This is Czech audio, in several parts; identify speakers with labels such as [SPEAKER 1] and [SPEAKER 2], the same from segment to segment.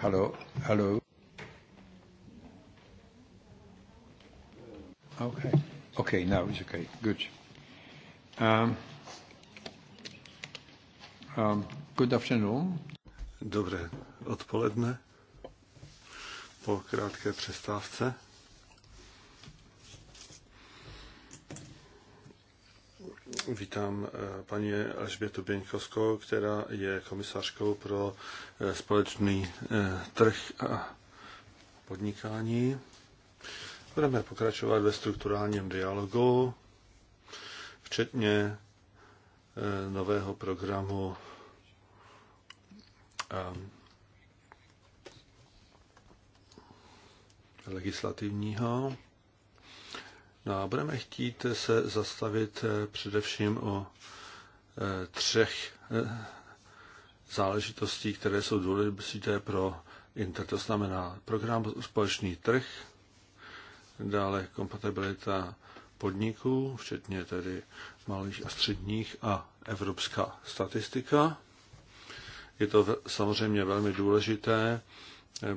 [SPEAKER 1] Hello, hm? hello. Okay, okay, now it's okay, good. Um, um, good afternoon. Dobré odpoledne po krátké přestávce. Vítám eh, paní Alžbětu Běňkovskou, která je komisařkou pro eh, společný eh, trh a podnikání. Budeme pokračovat ve strukturálním dialogu, včetně nového programu legislativního. No a budeme chtít se zastavit eh, především o eh, třech eh, záležitostí, které jsou důležité pro Inter. To znamená program společný trh, dále kompatibilita podniků, včetně tedy malých a středních a evropská statistika. Je to samozřejmě velmi důležité,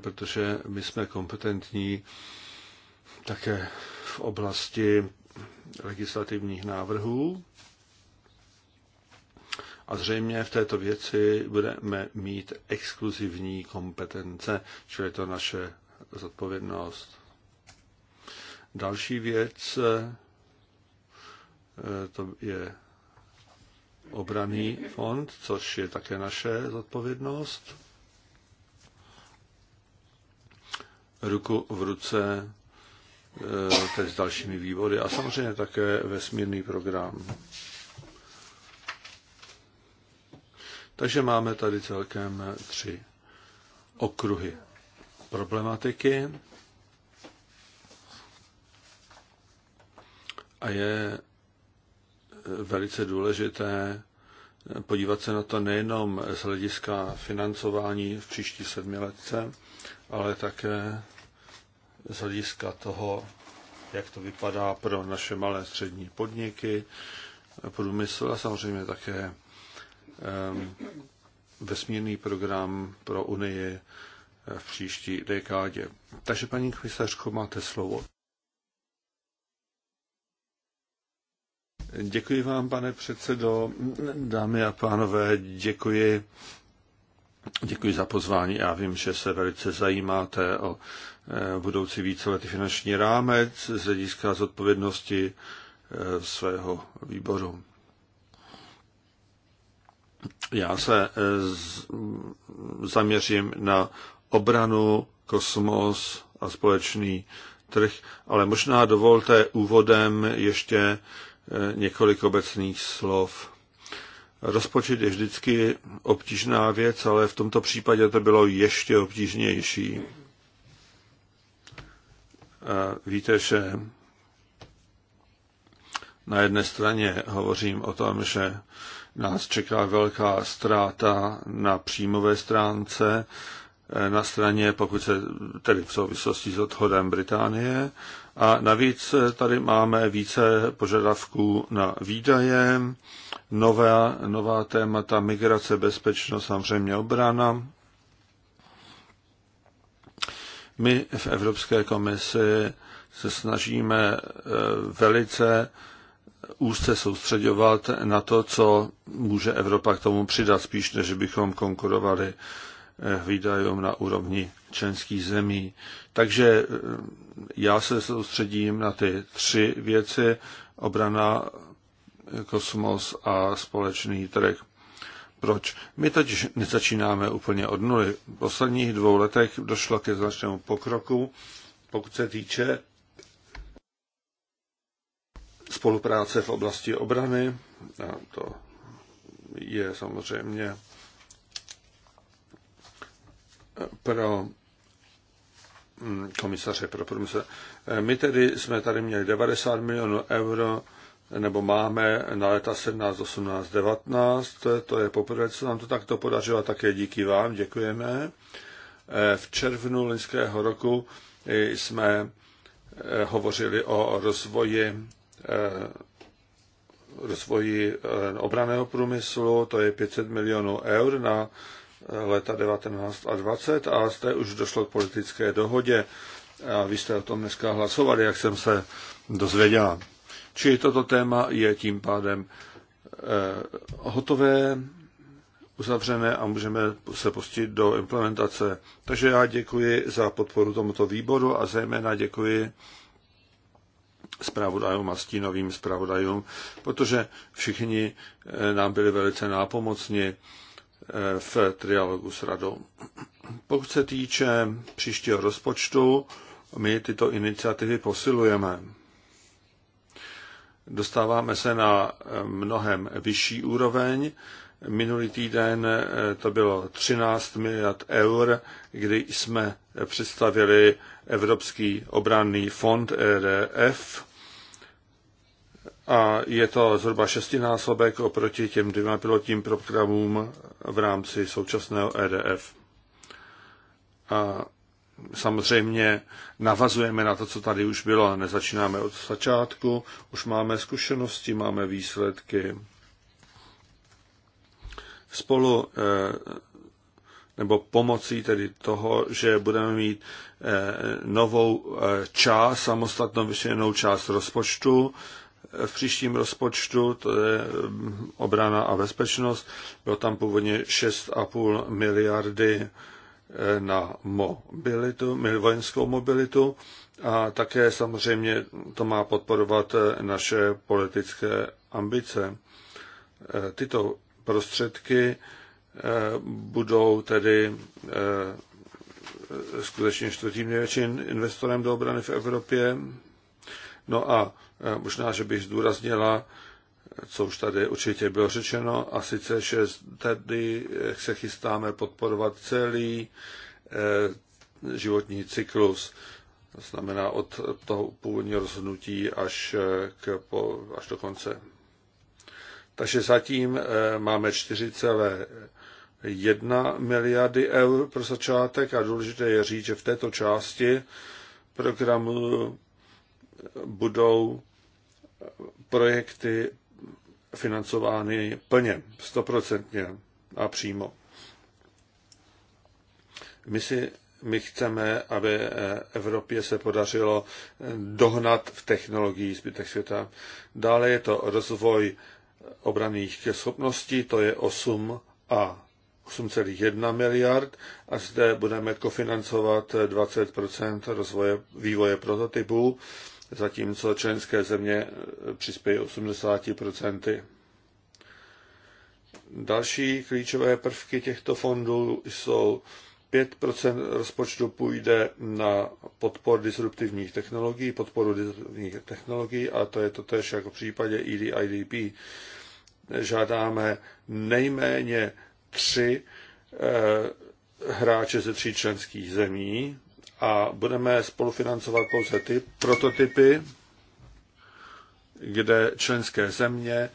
[SPEAKER 1] protože my jsme kompetentní také v oblasti legislativních návrhů. A zřejmě v této věci budeme mít exkluzivní kompetence, čili je to naše zodpovědnost. Další věc, eh, to je obraný fond, což je také naše zodpovědnost. Ruku v ruce Eh, tedy s dalšími výbory a samozřejmě také vesmírný program. Takže máme tady celkem tři okruhy problematiky. A je eh, velice důležité eh, podívat se na to nejenom z hlediska financování v příští sedmiletce, ale také z hlediska toho, jak to vypadá pro naše malé střední podniky, průmysl a samozřejmě také vesmírný program pro Unii v příští dekádě. Takže paní Kvisařko, máte slovo. Děkuji vám, pane předsedo, dámy a pánové, děkuji. Děkuji za pozvání. Já vím, že se velice zajímáte o Eh, budoucí víceletý finanční rámec z hlediska zodpovědnosti eh, svého výboru. Já se eh, zaměřím na obranu, kosmos a společný trh, ale možná dovolte úvodem ještě několik obecných slov. Rozpočet je vždycky obtížná věc, ale v tomto případě to bylo ještě obtížnější. Víte, že na jedné straně hovořím o tom, že nás čeká velká ztráta na příjmové stránce, na straně, pokud se tedy v souvislosti s odchodem Británie. A navíc tady máme více požadavků na výdaje, nová, nová témata migrace, bezpečnost, samozřejmě obrana. My v Evropské komisi se snažíme eh, velice eh, úzce soustředovat na to, co může Evropa k tomu přidat, spíš než bychom konkurovali eh, výdajům na úrovni členských zemí. Takže já se soustředím na ty tři věci, obrana, kosmos a společný trh. Proč? My totiž nezačínáme úplně od nuly. V posledních dvou letech došlo ke značnému pokroku, pokud se týče spolupráce v oblasti obrany. A to je samozřejmě pro mm, komisaře pro průmysl. My tedy jsme tady měli 90 milionů euro nebo máme na leta 17, 18, 19. To je poprvé, co nám to takto podařilo, také díky vám, děkujeme. E, v červnu loňského roku e, jsme e, hovořili o rozvoji rozvoji obraného průmyslu, to je 500 milionů eur na leta 19 a 20 a zde už došlo k politické dohodě. A vy jste o tom dneska hlasovali, jak jsem se dozvěděla. Čili toto téma je tím pádem eh, hotové, uzavřené a můžeme se pustit do implementace. Takže já děkuji za podporu tomuto výboru a zejména děkuji zpravodajům a stínovým zpravodajům, protože všichni eh, nám byli velice nápomocni eh, v trialogu s radou. Pokud se týče příštího rozpočtu, my tyto iniciativy posilujeme. Dostáváme se na eh, mnohem vyšší úroveň. Minulý týden eh, to bylo 13 miliard eur, kdy jsme představili Evropský obranný fond EDF a je to zhruba šestinásobek oproti těm dvěma pilotním programům v rámci současného EDF. A samozřejmě navazujeme na to, co tady už bylo, nezačínáme od začátku, už máme zkušenosti, máme výsledky. Spolu eh, nebo pomocí tedy toho, že budeme mít eh, novou eh, část, samostatnou vyšlenou část rozpočtu, v příštím rozpočtu, to je obrana a bezpečnost, bylo tam původně 6,5 miliardy na mobilitu, vojenskou mobilitu a také samozřejmě to má podporovat naše politické ambice. E, tyto prostředky e, budou tedy e, skutečně čtvrtým největším investorem do obrany v Evropě. No a možná, že bych zdůraznila co už tady určitě bylo řečeno, a sice, že tady se chystáme podporovat celý eh, životní cyklus, to znamená od toho původního rozhodnutí až, eh, k, po, až do konce. Takže zatím eh, máme 4,1 miliardy eur pro začátek a důležité je říct, že v této části programu budou projekty financovány plně, stoprocentně a přímo. My si my chceme, aby Evropě se podařilo dohnat v technologii zbytek světa. Dále je to rozvoj obraných schopností, to je 8 a 8,1 miliard a zde budeme kofinancovat 20 rozvoje, vývoje prototypů zatímco členské země eh, přispějí 80%. Další klíčové prvky těchto fondů jsou 5 rozpočtu půjde na podpor disruptivních technologií, podporu disruptivních technologií a to je to tež jako v případě EDIDP. Žádáme nejméně tři eh, hráče ze tří členských zemí, a budeme spolufinancovat pouze ty prototypy, kde členské země eh,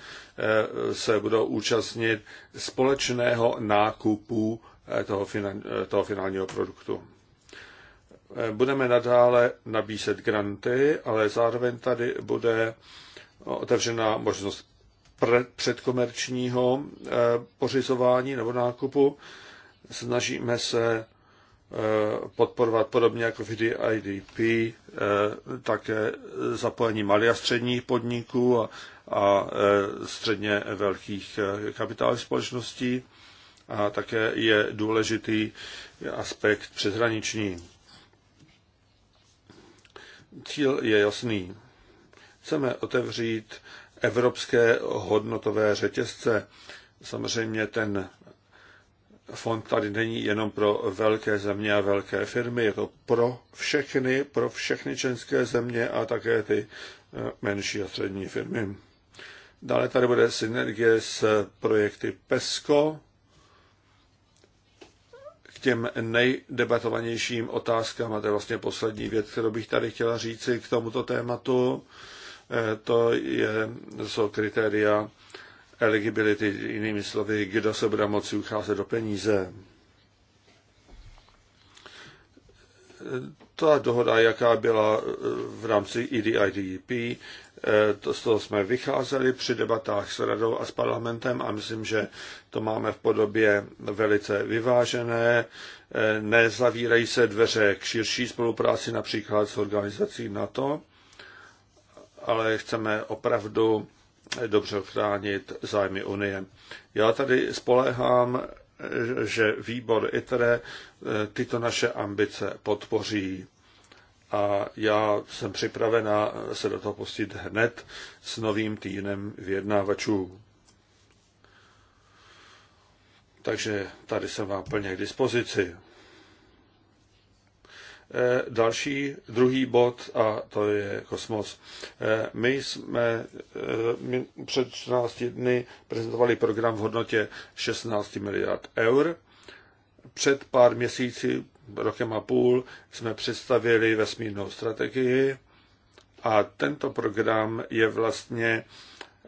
[SPEAKER 1] se budou účastnit společného nákupu eh, toho, finan, eh, toho finálního produktu. Budeme nadále nabízet granty, ale zároveň tady bude otevřená možnost předkomerčního pořizování nebo nákupu. Snažíme se Eh, podporovat podobně jako vždy IDP, eh, také zapojení malých a středních podniků a, a eh, středně velkých kapitálových společností. A také je důležitý aspekt přeshraniční. Cíl je jasný. Chceme otevřít evropské hodnotové řetězce. Samozřejmě ten fond tady není jenom pro velké země a velké firmy, je to pro všechny, pro všechny české země a také ty eh, menší a střední firmy. Dále tady bude synergie s projekty PESCO, k těm nejdebatovanějším otázkám, a to je vlastně poslední věc, kterou bych tady chtěla říci k tomuto tématu, eh, to je, jsou kritéria eligibility, jinými slovy, kdo se bude moci ucházet do peníze. Ta dohoda, jaká byla eh, v rámci EDIDP, eh, to, z toho jsme vycházeli při debatách s radou a s parlamentem a myslím, že to máme v podobě velice vyvážené. Eh, nezavírají se dveře k širší spolupráci například s organizací NATO, ale chceme opravdu dobře chránit zájmy Unie. Já tady spolehám, že výbor ITRE eh, tyto naše ambice podpoří a já jsem připravena se do toho pustit hned s novým týdnem vyjednávačů. Takže tady jsem vám plně k dispozici. Eh, další, druhý bod, a to je kosmos. Eh, my jsme eh, my před 14 dny prezentovali program v hodnotě 16 miliard eur. Před pár měsíci, rokem a půl, jsme představili vesmírnou strategii a tento program je vlastně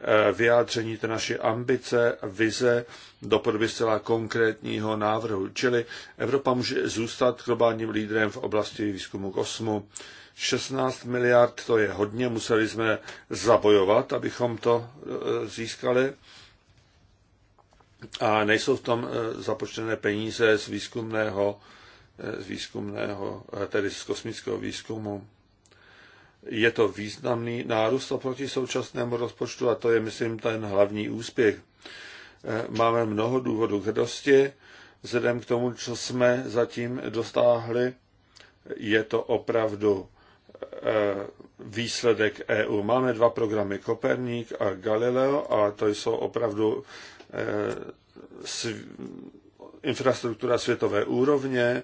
[SPEAKER 1] Eh, vyjádření té naše ambice, vize do podoby zcela konkrétního návrhu. Čili Evropa může zůstat globálním lídrem v oblasti výzkumu kosmu. 16 miliard to je hodně, museli jsme zabojovat, abychom to eh, získali. A nejsou v tom eh, započtené peníze z výzkumného, z výzkumného, tedy z kosmického výzkumu je to významný nárůst oproti současnému rozpočtu a to je, myslím, ten hlavní úspěch. Eh, máme mnoho důvodů k hrdosti. Vzhledem k tomu, co jsme zatím dostáhli, je to opravdu eh, výsledek EU. Máme dva programy Koperník a Galileo a to jsou opravdu eh, infrastruktura světové úrovně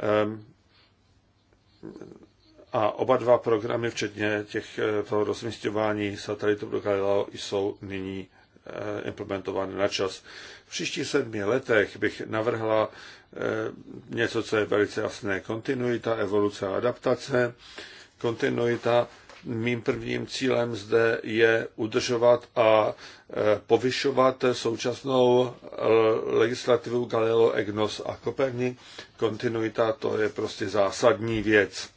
[SPEAKER 1] ehm, a oba dva programy, včetně těch pro eh, rozmístěvání satelitu do Galileo, jsou nyní eh, implementovány na čas. V příštích sedmi letech bych navrhla eh, něco, co je velice jasné. Kontinuita, evoluce a adaptace. Kontinuita mým prvním cílem zde je udržovat a povyšovat současnou legislativu Galileo, EGNOS a Koperni. Kontinuita to je prostě zásadní věc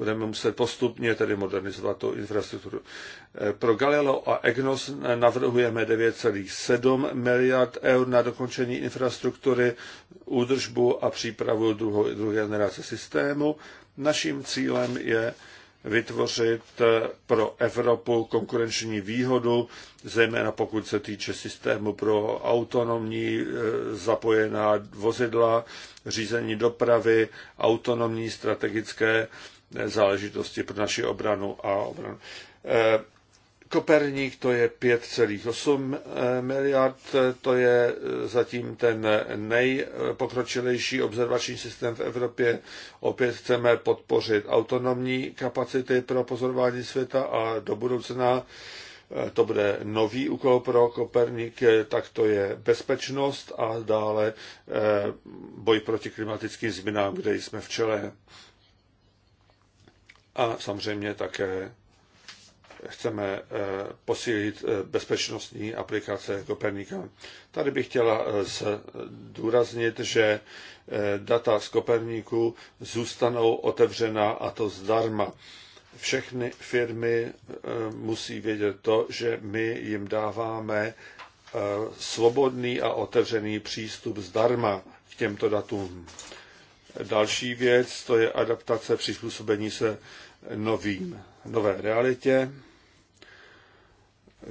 [SPEAKER 1] budeme muset postupně tedy modernizovat tu infrastrukturu. Eh, pro Galileo a EGNOS navrhujeme 9,7 miliard eur na dokončení infrastruktury, údržbu a přípravu druhou, druhé generace systému. Naším cílem je vytvořit eh, pro Evropu konkurenční výhodu, zejména pokud se týče systému pro autonomní eh, zapojená vozidla, řízení dopravy, autonomní strategické záležitosti pro naši obranu a obranu. Eh, Koperník to je 5,8 eh, miliard, to je eh, zatím ten nejpokročilejší observační systém v Evropě. Opět chceme podpořit autonomní kapacity pro pozorování světa a do budoucna to bude nový úkol pro Koperník, tak to je bezpečnost a dále boj proti klimatickým změnám, kde jsme v čele. A samozřejmě také chceme eh, posílit eh, bezpečnostní aplikace Kopernika. Tady bych chtěla eh, zdůraznit, že data z Koperníku zůstanou otevřena a to zdarma. Všechny firmy musí vědět to, že my jim dáváme svobodný a otevřený přístup zdarma k těmto datům. Další věc, to je adaptace, přizpůsobení se novým, nové realitě.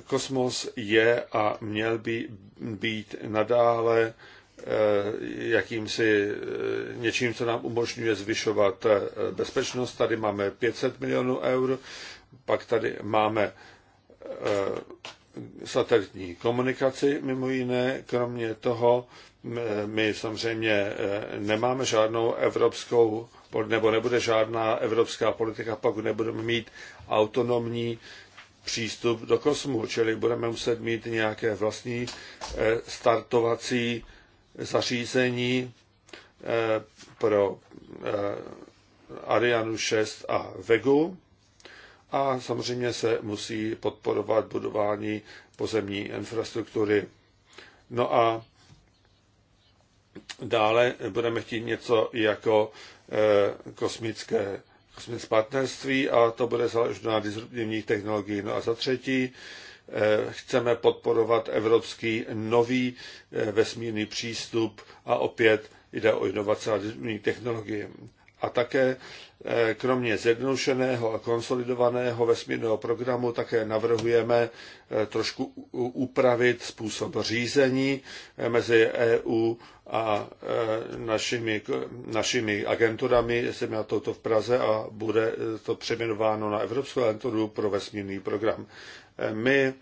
[SPEAKER 1] Kosmos je a měl by být nadále eh, jakýmsi eh, něčím, co nám umožňuje zvyšovat eh, bezpečnost. Tady máme 500 milionů eur, pak tady máme satelitní komunikaci mimo jiné. Kromě toho my samozřejmě eh, nemáme žádnou evropskou, nebo nebude žádná evropská politika, pokud nebudeme mít autonomní přístup do kosmu, čili budeme muset mít nějaké vlastní eh, startovací zařízení eh, pro Arianu 6 a Vegu a samozřejmě se musí podporovat budování pozemní infrastruktury. No a Dále budeme chtít něco jako eh, kosmické, kosmické partnerství a to bude založeno na disruptivních technologiích. No a za třetí, eh, chceme podporovat evropský nový eh, vesmírný přístup a opět jde o inovace a disruptivní technologie a také eh, kromě zjednodušeného a konsolidovaného vesmírného programu také navrhujeme eh, trošku upravit způsob řízení eh, mezi EU a našimi, našimi agenturami. Jsem na toto v Praze a bude to přeměnováno na Evropskou agenturu pro vesmírný program. My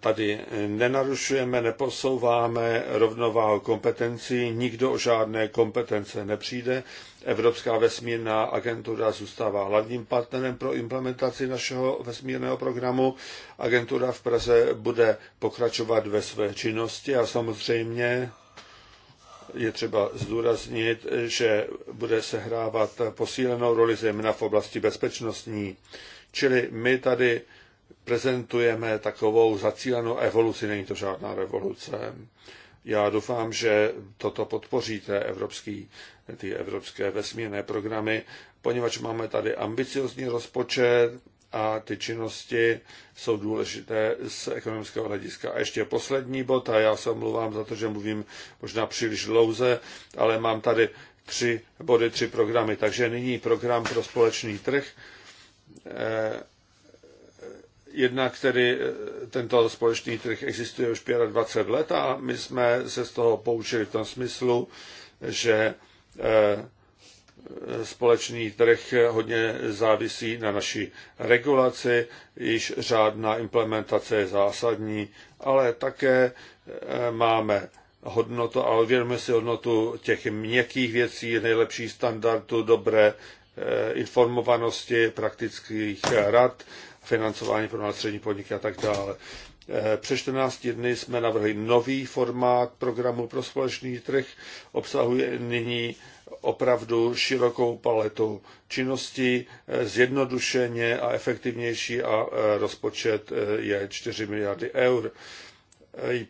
[SPEAKER 1] tady nenarušujeme, neposouváme rovnováhu kompetencí, nikdo o žádné kompetence nepřijde. Evropská vesmírná agentura zůstává hlavním partnerem pro implementaci našeho vesmírného programu. Agentura v Praze bude pokračovat ve své činnosti a samozřejmě je třeba zdůraznit, že bude sehrávat posílenou roli zejména v oblasti bezpečnostní. Čili my tady prezentujeme takovou zacílenou evoluci, není to žádná revoluce. Já doufám, že toto podpoříte evropský, ty evropské vesmírné programy, poněvadž máme tady ambiciozní rozpočet a ty činnosti jsou důležité z ekonomického hlediska. A ještě poslední bod, a já se omluvám za to, že mluvím možná příliš dlouze, ale mám tady tři body, tři programy. Takže nyní program pro společný trh. Eh, jednak tedy eh, tento společný trh existuje už 25 let a my jsme se z toho poučili v tom smyslu, že eh, společný trh hodně závisí na naší regulaci, již řádná implementace je zásadní, ale také eh, máme hodnotu a uvědomujeme si hodnotu těch měkkých věcí, nejlepších standardů, dobré informovanosti, praktických rad, financování pro střední podniky a tak dále. Eh, před 14 dny jsme navrhli nový formát programu pro společný trh. Obsahuje nyní opravdu širokou paletu činností, eh, zjednodušeně a efektivnější a eh, rozpočet je 4 miliardy eur.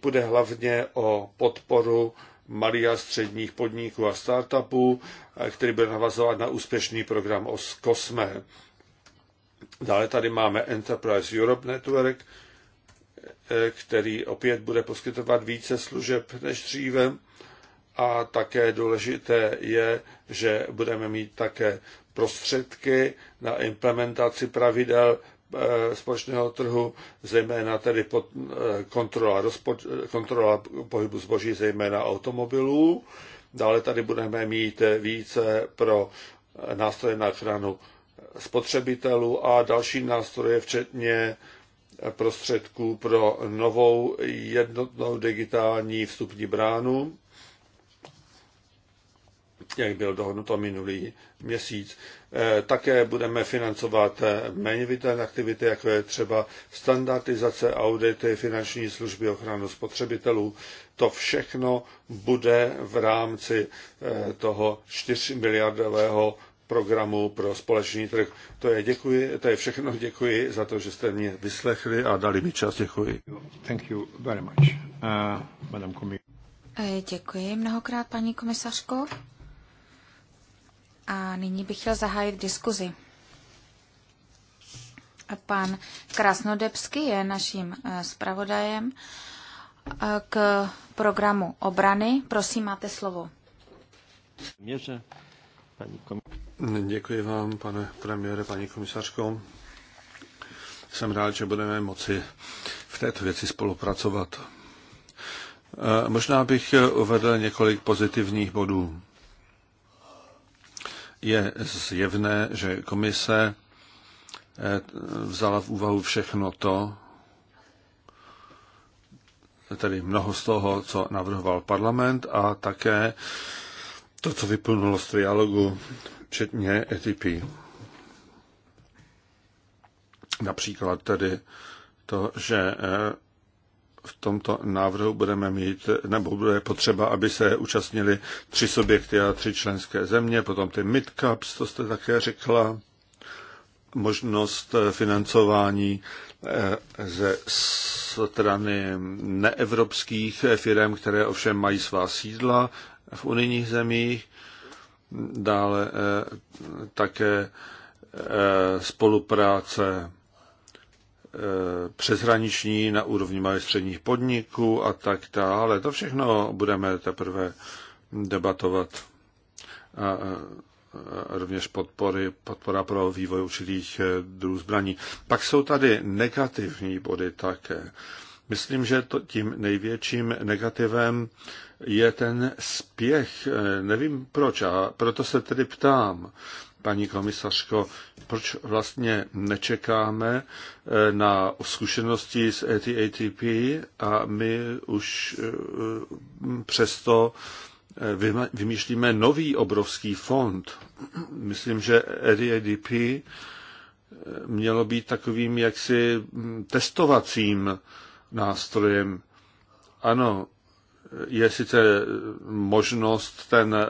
[SPEAKER 1] Půjde hlavně o podporu malých a středních podniků a startupů, který bude navazovat na úspěšný program OS COSME. Dále tady máme Enterprise Europe Network, eh, který opět bude poskytovat více služeb než dříve. A také důležité je, že budeme mít také prostředky na implementaci pravidel eh, společného trhu, zejména tedy pod eh, kontrola, rozpoč, kontrola pohybu zboží, zejména automobilů. Dále tady budeme mít více pro nástroje na ochranu spotřebitelů a další nástroje, včetně prostředků pro novou jednotnou digitální vstupní bránu, jak byl dohodnuto minulý měsíc. Eh, také budeme financovat méně vitelné aktivity, jako je třeba standardizace, audity, finanční služby, ochranu spotřebitelů. To všechno bude v rámci eh, toho 4 miliardového programu pro společný trh. To je, děkuji, to je všechno. Děkuji za to, že jste mě vyslechli a dali mi čas. Děkuji. Thank you very much, uh, madam
[SPEAKER 2] eh, Děkuji mnohokrát, paní komisařko. A nyní bych chtěl zahájit diskuzi. Pan Krasnodebský je naším eh, zpravodajem eh, k programu obrany. Prosím, máte slovo.
[SPEAKER 1] Měře paní komisařko. Děkuji vám, pane premiére, paní komisařko. Jsem rád, že budeme moci v této věci spolupracovat. E, možná bych uvedl několik pozitivních bodů. Je zjevné, že komise e, vzala v úvahu všechno to, tedy mnoho z toho, co navrhoval parlament a také to, co vyplnulo z trialogu, včetně ETP. Například tedy to, že eh, v tomto návrhu budeme mít, nebo bude potřeba, aby se účastnili tři subjekty a tři členské země, potom ty midcaps, to jste také řekla, možnost eh, financování eh, ze strany neevropských firm, které ovšem mají svá sídla v unijních zemích, dále eh, také eh, spolupráce eh, přeshraniční na úrovni malých středních podniků a tak dále. To všechno budeme teprve debatovat. A rovněž podpory, podpora pro vývoj určitých druhů zbraní. Pak jsou tady negativní body také. Myslím, že to tím největším negativem je ten spěch. Eh, nevím proč a proto se tedy ptám, paní komisařko, proč vlastně nečekáme eh, na zkušenosti z e ATATP a my už eh, přesto vymýšlíme nový obrovský fond. Myslím, že e ATATP mělo být takovým jaksi hm, testovacím nástrojem. Ano, je sice možnost ten, eh,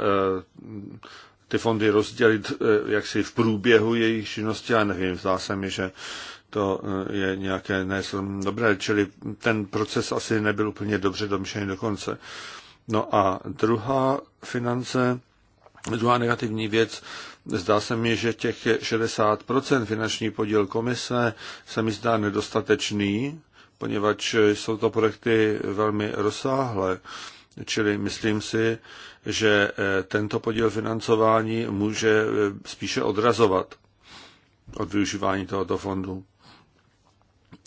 [SPEAKER 1] ty fondy rozdělit eh, jaksi v průběhu jejich činnosti, ale nevím, zdá se mi, že to eh, je nějaké nejsem dobré, čili ten proces asi nebyl úplně dobře domyšlený do konce. No a druhá finance, druhá negativní věc, zdá se mi, že těch 60% finanční podíl komise se mi zdá nedostatečný, poněvadž jsou to projekty velmi rozsáhlé. Čili myslím si, že eh, tento podíl financování může eh, spíše odrazovat od využívání tohoto fondu.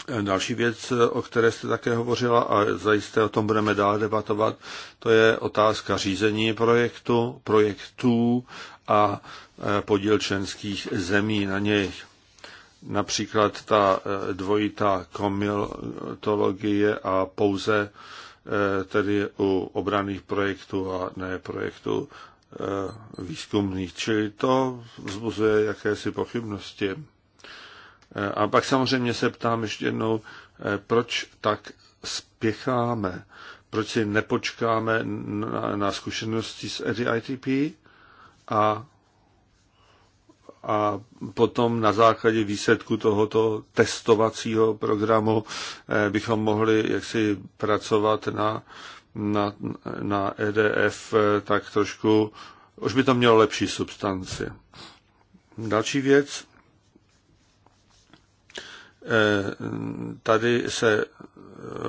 [SPEAKER 1] Eh, další věc, o které jste také hovořila a zajisté o tom budeme dál debatovat, to je otázka řízení projektu, projektů a podíl členských zemí na něj. Například ta eh, dvojitá komitologie a pouze eh, tedy u obraných projektů a ne projektů eh, výzkumných. Čili to vzbuzuje jakési pochybnosti. A pak samozřejmě se ptám ještě jednou, proč tak spěcháme? Proč si nepočkáme na, na zkušenosti z EDITP a a potom na základě výsledku tohoto testovacího programu eh, bychom mohli jaksi pracovat na, na, na EDF eh, tak trošku, už by to mělo lepší substanci. Další věc, eh, tady se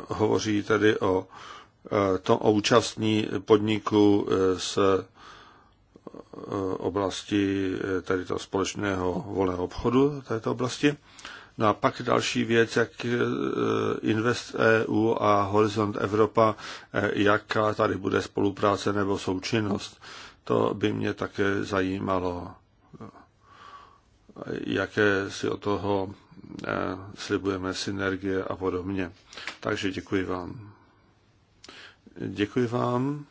[SPEAKER 1] hovoří tady o, to, o účastní podniku s oblasti eh, tady toho společného volného obchodu této oblasti. No a pak další věc, jak eh, Invest EU a Horizont Evropa, eh, jaká tady bude spolupráce nebo součinnost. To by mě také zajímalo, jaké si od toho slibujeme synergie a podobně. Takže děkuji vám. Děkuji vám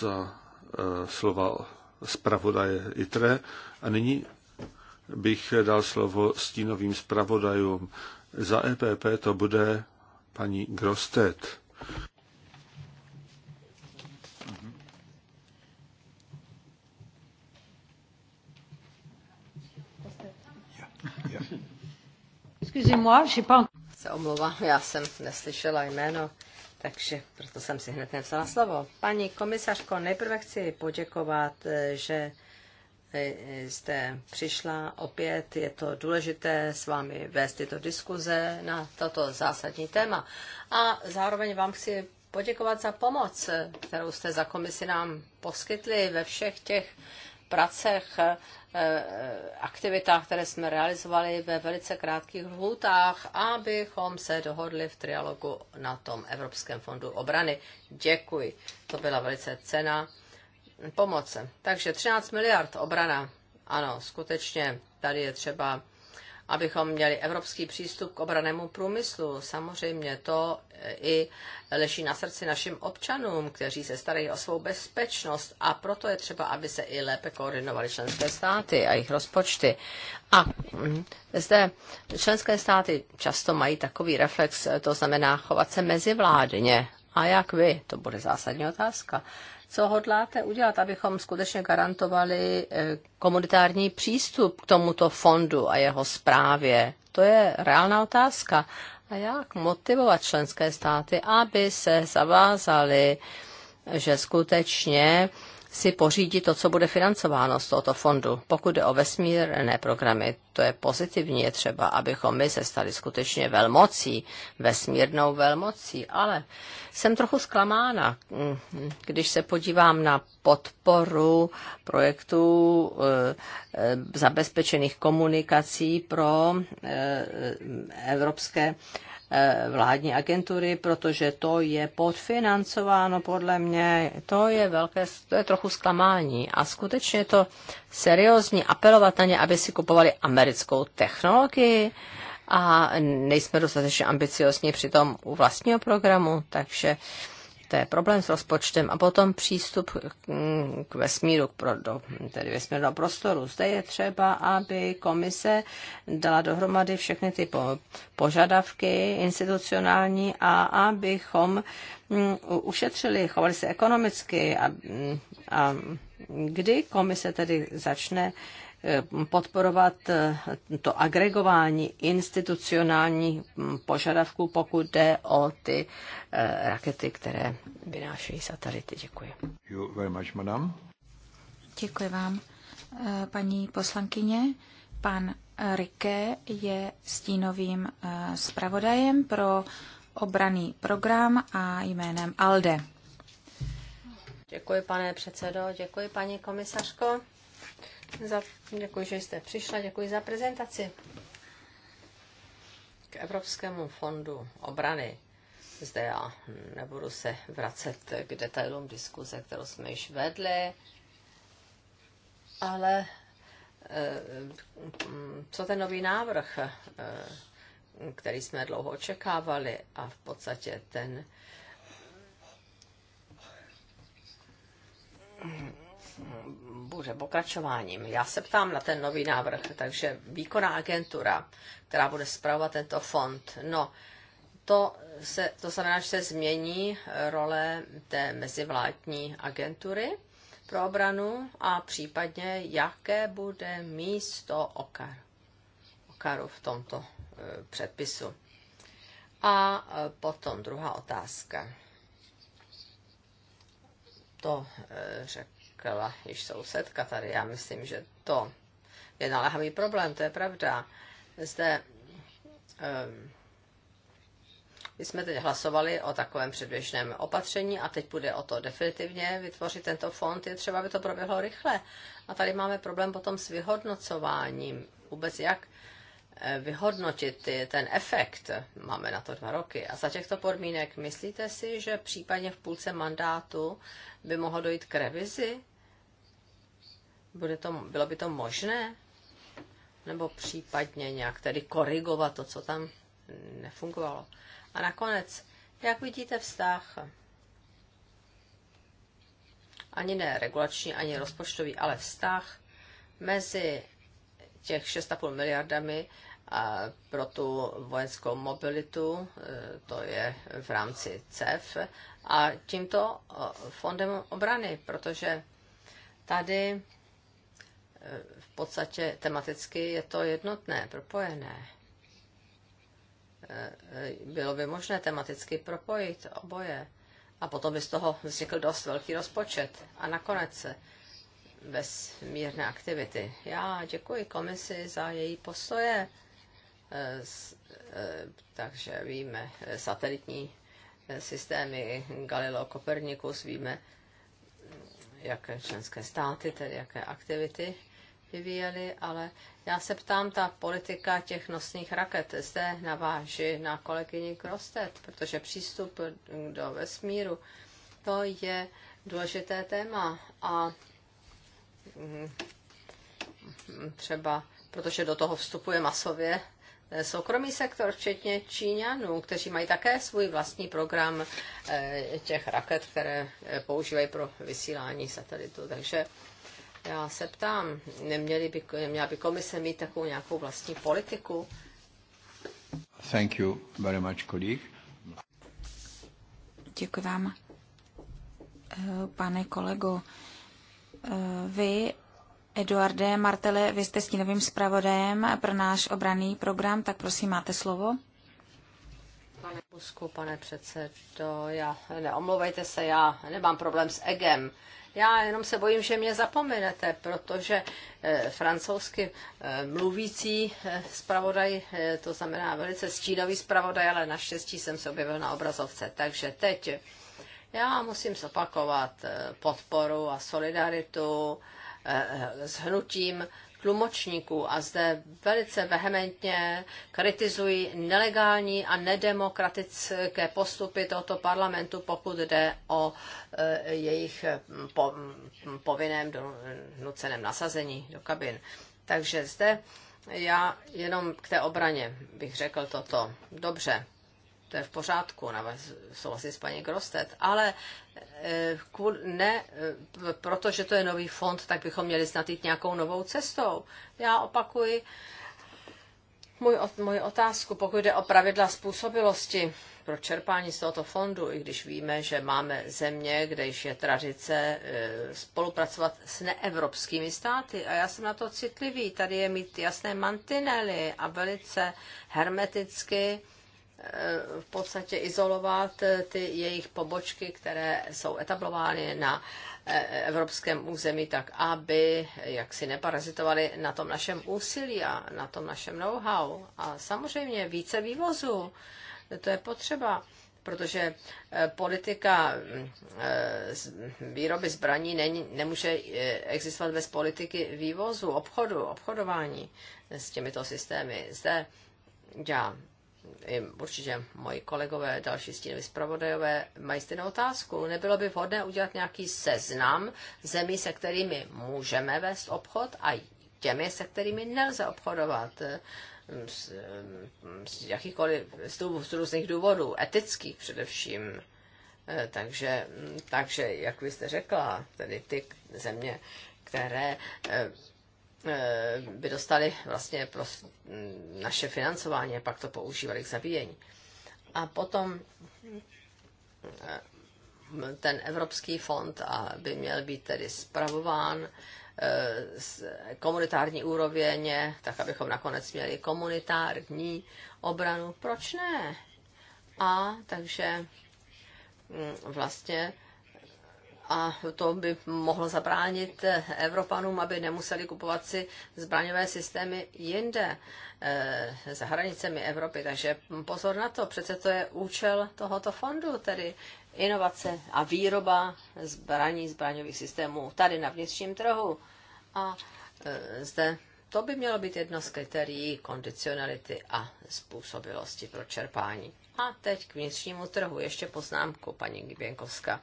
[SPEAKER 1] za eh, slova zpravodaje ITRE. A nyní bych dal slovo stínovým zpravodajům. Za EPP to bude paní Grostet.
[SPEAKER 3] Se omlouvám, já jsem neslyšela jméno. Takže proto jsem si hned nevzala slovo. Paní komisařko, nejprve chci poděkovat, že jste přišla opět. Je to důležité s vámi vést tyto diskuze na toto zásadní téma. A zároveň vám chci poděkovat za pomoc, kterou jste za komisi nám poskytli ve všech těch pracech, eh, eh, aktivitách, které jsme realizovali ve velice krátkých lhůtách, abychom se dohodli v trialogu na tom Evropském fondu obrany. Děkuji, to byla velice cena pomoc. Takže 13 miliard obrana, ano, skutečně tady je třeba abychom měli evropský přístup k obranému průmyslu. Samozřejmě to eh, i leží na srdci našim občanům, kteří se starají o svou bezpečnost a proto je třeba, aby se i lépe koordinovaly členské státy a jejich rozpočty. A mm, zde členské státy často mají takový reflex, eh, to znamená chovat se mezivládně. A jak vy? To bude zásadní otázka. Co hodláte udělat, abychom skutečně garantovali eh, komunitární přístup k tomuto fondu a jeho zprávě? To je reálná otázka. A jak motivovat členské státy, aby se zavázali, že skutečně si pořídí to, co bude financováno z tohoto fondu. Pokud jde o vesmírné programy, to je pozitivní, je třeba, abychom my se stali skutečně velmocí, vesmírnou velmocí, ale jsem trochu zklamána, mm, když se podívám na podporu projektů eh, eh, zabezpečených komunikací pro eh, evropské Eh, vládní agentury, protože to je podfinancováno podle mě. To je velké, to je trochu zklamání. A skutečně to seriózní apelovat na ně, aby si kupovali americkou technologii a nejsme dostatečně ambiciozní při tom u vlastního programu, takže to je problém s rozpočtem. A potom přístup k vesmíru, k pro, do, tedy do prostoru. Zde je třeba, aby komise dala dohromady všechny ty po, požadavky institucionální a abychom mm, ušetřili, chovali se ekonomicky a, mm, a kdy komise tedy začne uh, podporovat eh, to agregování institucionální hm, požadavků, pokud jde o ty eh, rakety, které vynášejí satelity. Děkuji.
[SPEAKER 1] You very much, madam.
[SPEAKER 2] Děkuji vám. Eh, paní poslankyně, pan Rike je stínovým zpravodajem pro obraný program a jménem ALDE.
[SPEAKER 3] Děkuji, pane předsedo, děkuji, paní komisařko. Za, děkuji, že jste přišla, děkuji za prezentaci. K Evropskému fondu obrany. Zde já nebudu se vracet k detailům diskuze, kterou jsme již vedli, ale eh, co ten nový návrh, eh, který jsme dlouho očekávali a v podstatě ten bude pokračováním. Já se ptám na ten nový návrh, takže výkonná agentura, která bude zpravovat tento fond, no, to, se, to znamená, že se změní role té mezivládní agentury pro obranu a případně, jaké bude místo OKAR, OKARu v tomto e, předpisu. A e, potom druhá otázka. To e, řekl řekla již sousedka tady, já myslím, že to je naléhavý problém, to je pravda. Zde um, my jsme teď hlasovali o takovém předběžném opatření a teď bude o to definitivně vytvořit tento fond. Je třeba, aby to proběhlo rychle. A tady máme problém potom s vyhodnocováním. Vůbec jak eh, vyhodnotit ten efekt. Máme na to dva roky. A za těchto podmínek myslíte si, že případně v půlce mandátu by mohlo dojít k revizi bude to, bylo by to možné? Nebo případně nějak tedy korigovat to, co tam nefungovalo? A nakonec, jak vidíte vztah? Ani ne regulační, ani rozpočtový, ale vztah mezi těch 6,5 miliardami a pro tu vojenskou mobilitu, e, to je v rámci CEF, a tímto e, fondem obrany, protože tady v podstatě tematicky je to jednotné, propojené. E, e, bylo by možné tematicky propojit oboje. A potom by z toho vznikl dost velký rozpočet. A nakonec e, mírné aktivity. Já děkuji komisi za její postoje. Takže víme, satelitní systémy Galileo Copernicus, víme, jaké členské státy, tedy jaké aktivity vyvíjeli, ale já se ptám, ta politika těch nosných raket zde naváží na kolegyni Krostet, protože přístup do vesmíru, to je důležité téma a mm, třeba, protože do toho vstupuje masově eh, soukromý sektor, včetně Číňanů, kteří mají také svůj vlastní program eh, těch raket, které eh, používají pro vysílání satelitu. Takže já se ptám, neměli by, neměla by komise mít takovou nějakou vlastní politiku? Thank you very much, colleague.
[SPEAKER 2] Děkuji vám, eh, pane kolego. Eh, vy, Eduarde Martele, vy jste stínovým zpravodajem pro náš obraný program, tak prosím, máte slovo.
[SPEAKER 3] Pane Busku, pane předsedo, já, neomlouvejte se, já nemám problém s EGEM. Já jenom se bojím, že mě zapomenete, protože eh, francouzsky eh, mluvící eh, zpravodaj, to znamená velice stídavý zpravodaj, ale naštěstí jsem se objevil na obrazovce. Takže teď já musím zopakovat podporu a solidaritu s hnutím tlumočníků a zde velice vehementně kritizují nelegální a nedemokratické postupy tohoto parlamentu, pokud jde o eh, jejich mm, mm, povinném nuceném nasazení do kabin. Takže zde já jenom k té obraně bych řekl toto. Dobře, to je v pořádku, souhlasím s paní Grostet, ale eh, ne, eh, protože to je nový fond, tak bychom měli snad jít nějakou novou cestou. Já opakuji můj, můj otázku, pokud jde o pravidla způsobilosti pro čerpání z tohoto fondu, i když víme, že máme země, kde již je tradice eh, spolupracovat s neevropskými státy. A já jsem na to citlivý. Tady je mít jasné mantinely a velice hermeticky v podstatě izolovat eh, ty jejich pobočky, které jsou etablovány na eh, evropském území, tak aby jaksi neparazitovali na tom našem úsilí a na tom našem know-how. A samozřejmě více vývozu, to je potřeba protože eh, politika mm, výroby zbraní není, nemůže existovat bez politiky vývozu, obchodu, obchodování s těmito systémy. Zde já určitě moji kolegové, další stínoví zpravodajové mají stejnou otázku. Nebylo by vhodné udělat nějaký seznam zemí, se kterými můžeme vést obchod a těmi, se kterými nelze obchodovat z, z jakýchkoliv z, z různých důvodů, etických především. Eh, takže, mm, takže, jak vy jste řekla, tedy ty země, které eh, Eh, by dostali vlastně pro naše financování a pak to používali k zabíjení. A potom eh, ten Evropský fond a by měl být tedy spravován eh, z komunitární úrovně, tak abychom nakonec měli komunitární obranu. Proč ne? A takže mm, vlastně a to by mohlo zabránit Evropanům, aby nemuseli kupovat si zbraňové systémy jinde eh, za hranicemi Evropy. Takže pozor na to, přece to je účel tohoto fondu, tedy inovace a výroba zbraní, zbraňových systémů tady na vnitřním trhu. A eh, zde to by mělo být jedno z kritérií kondicionality a způsobilosti pro čerpání. A teď k vnitřnímu trhu ještě poznámku paní Gibienkovská.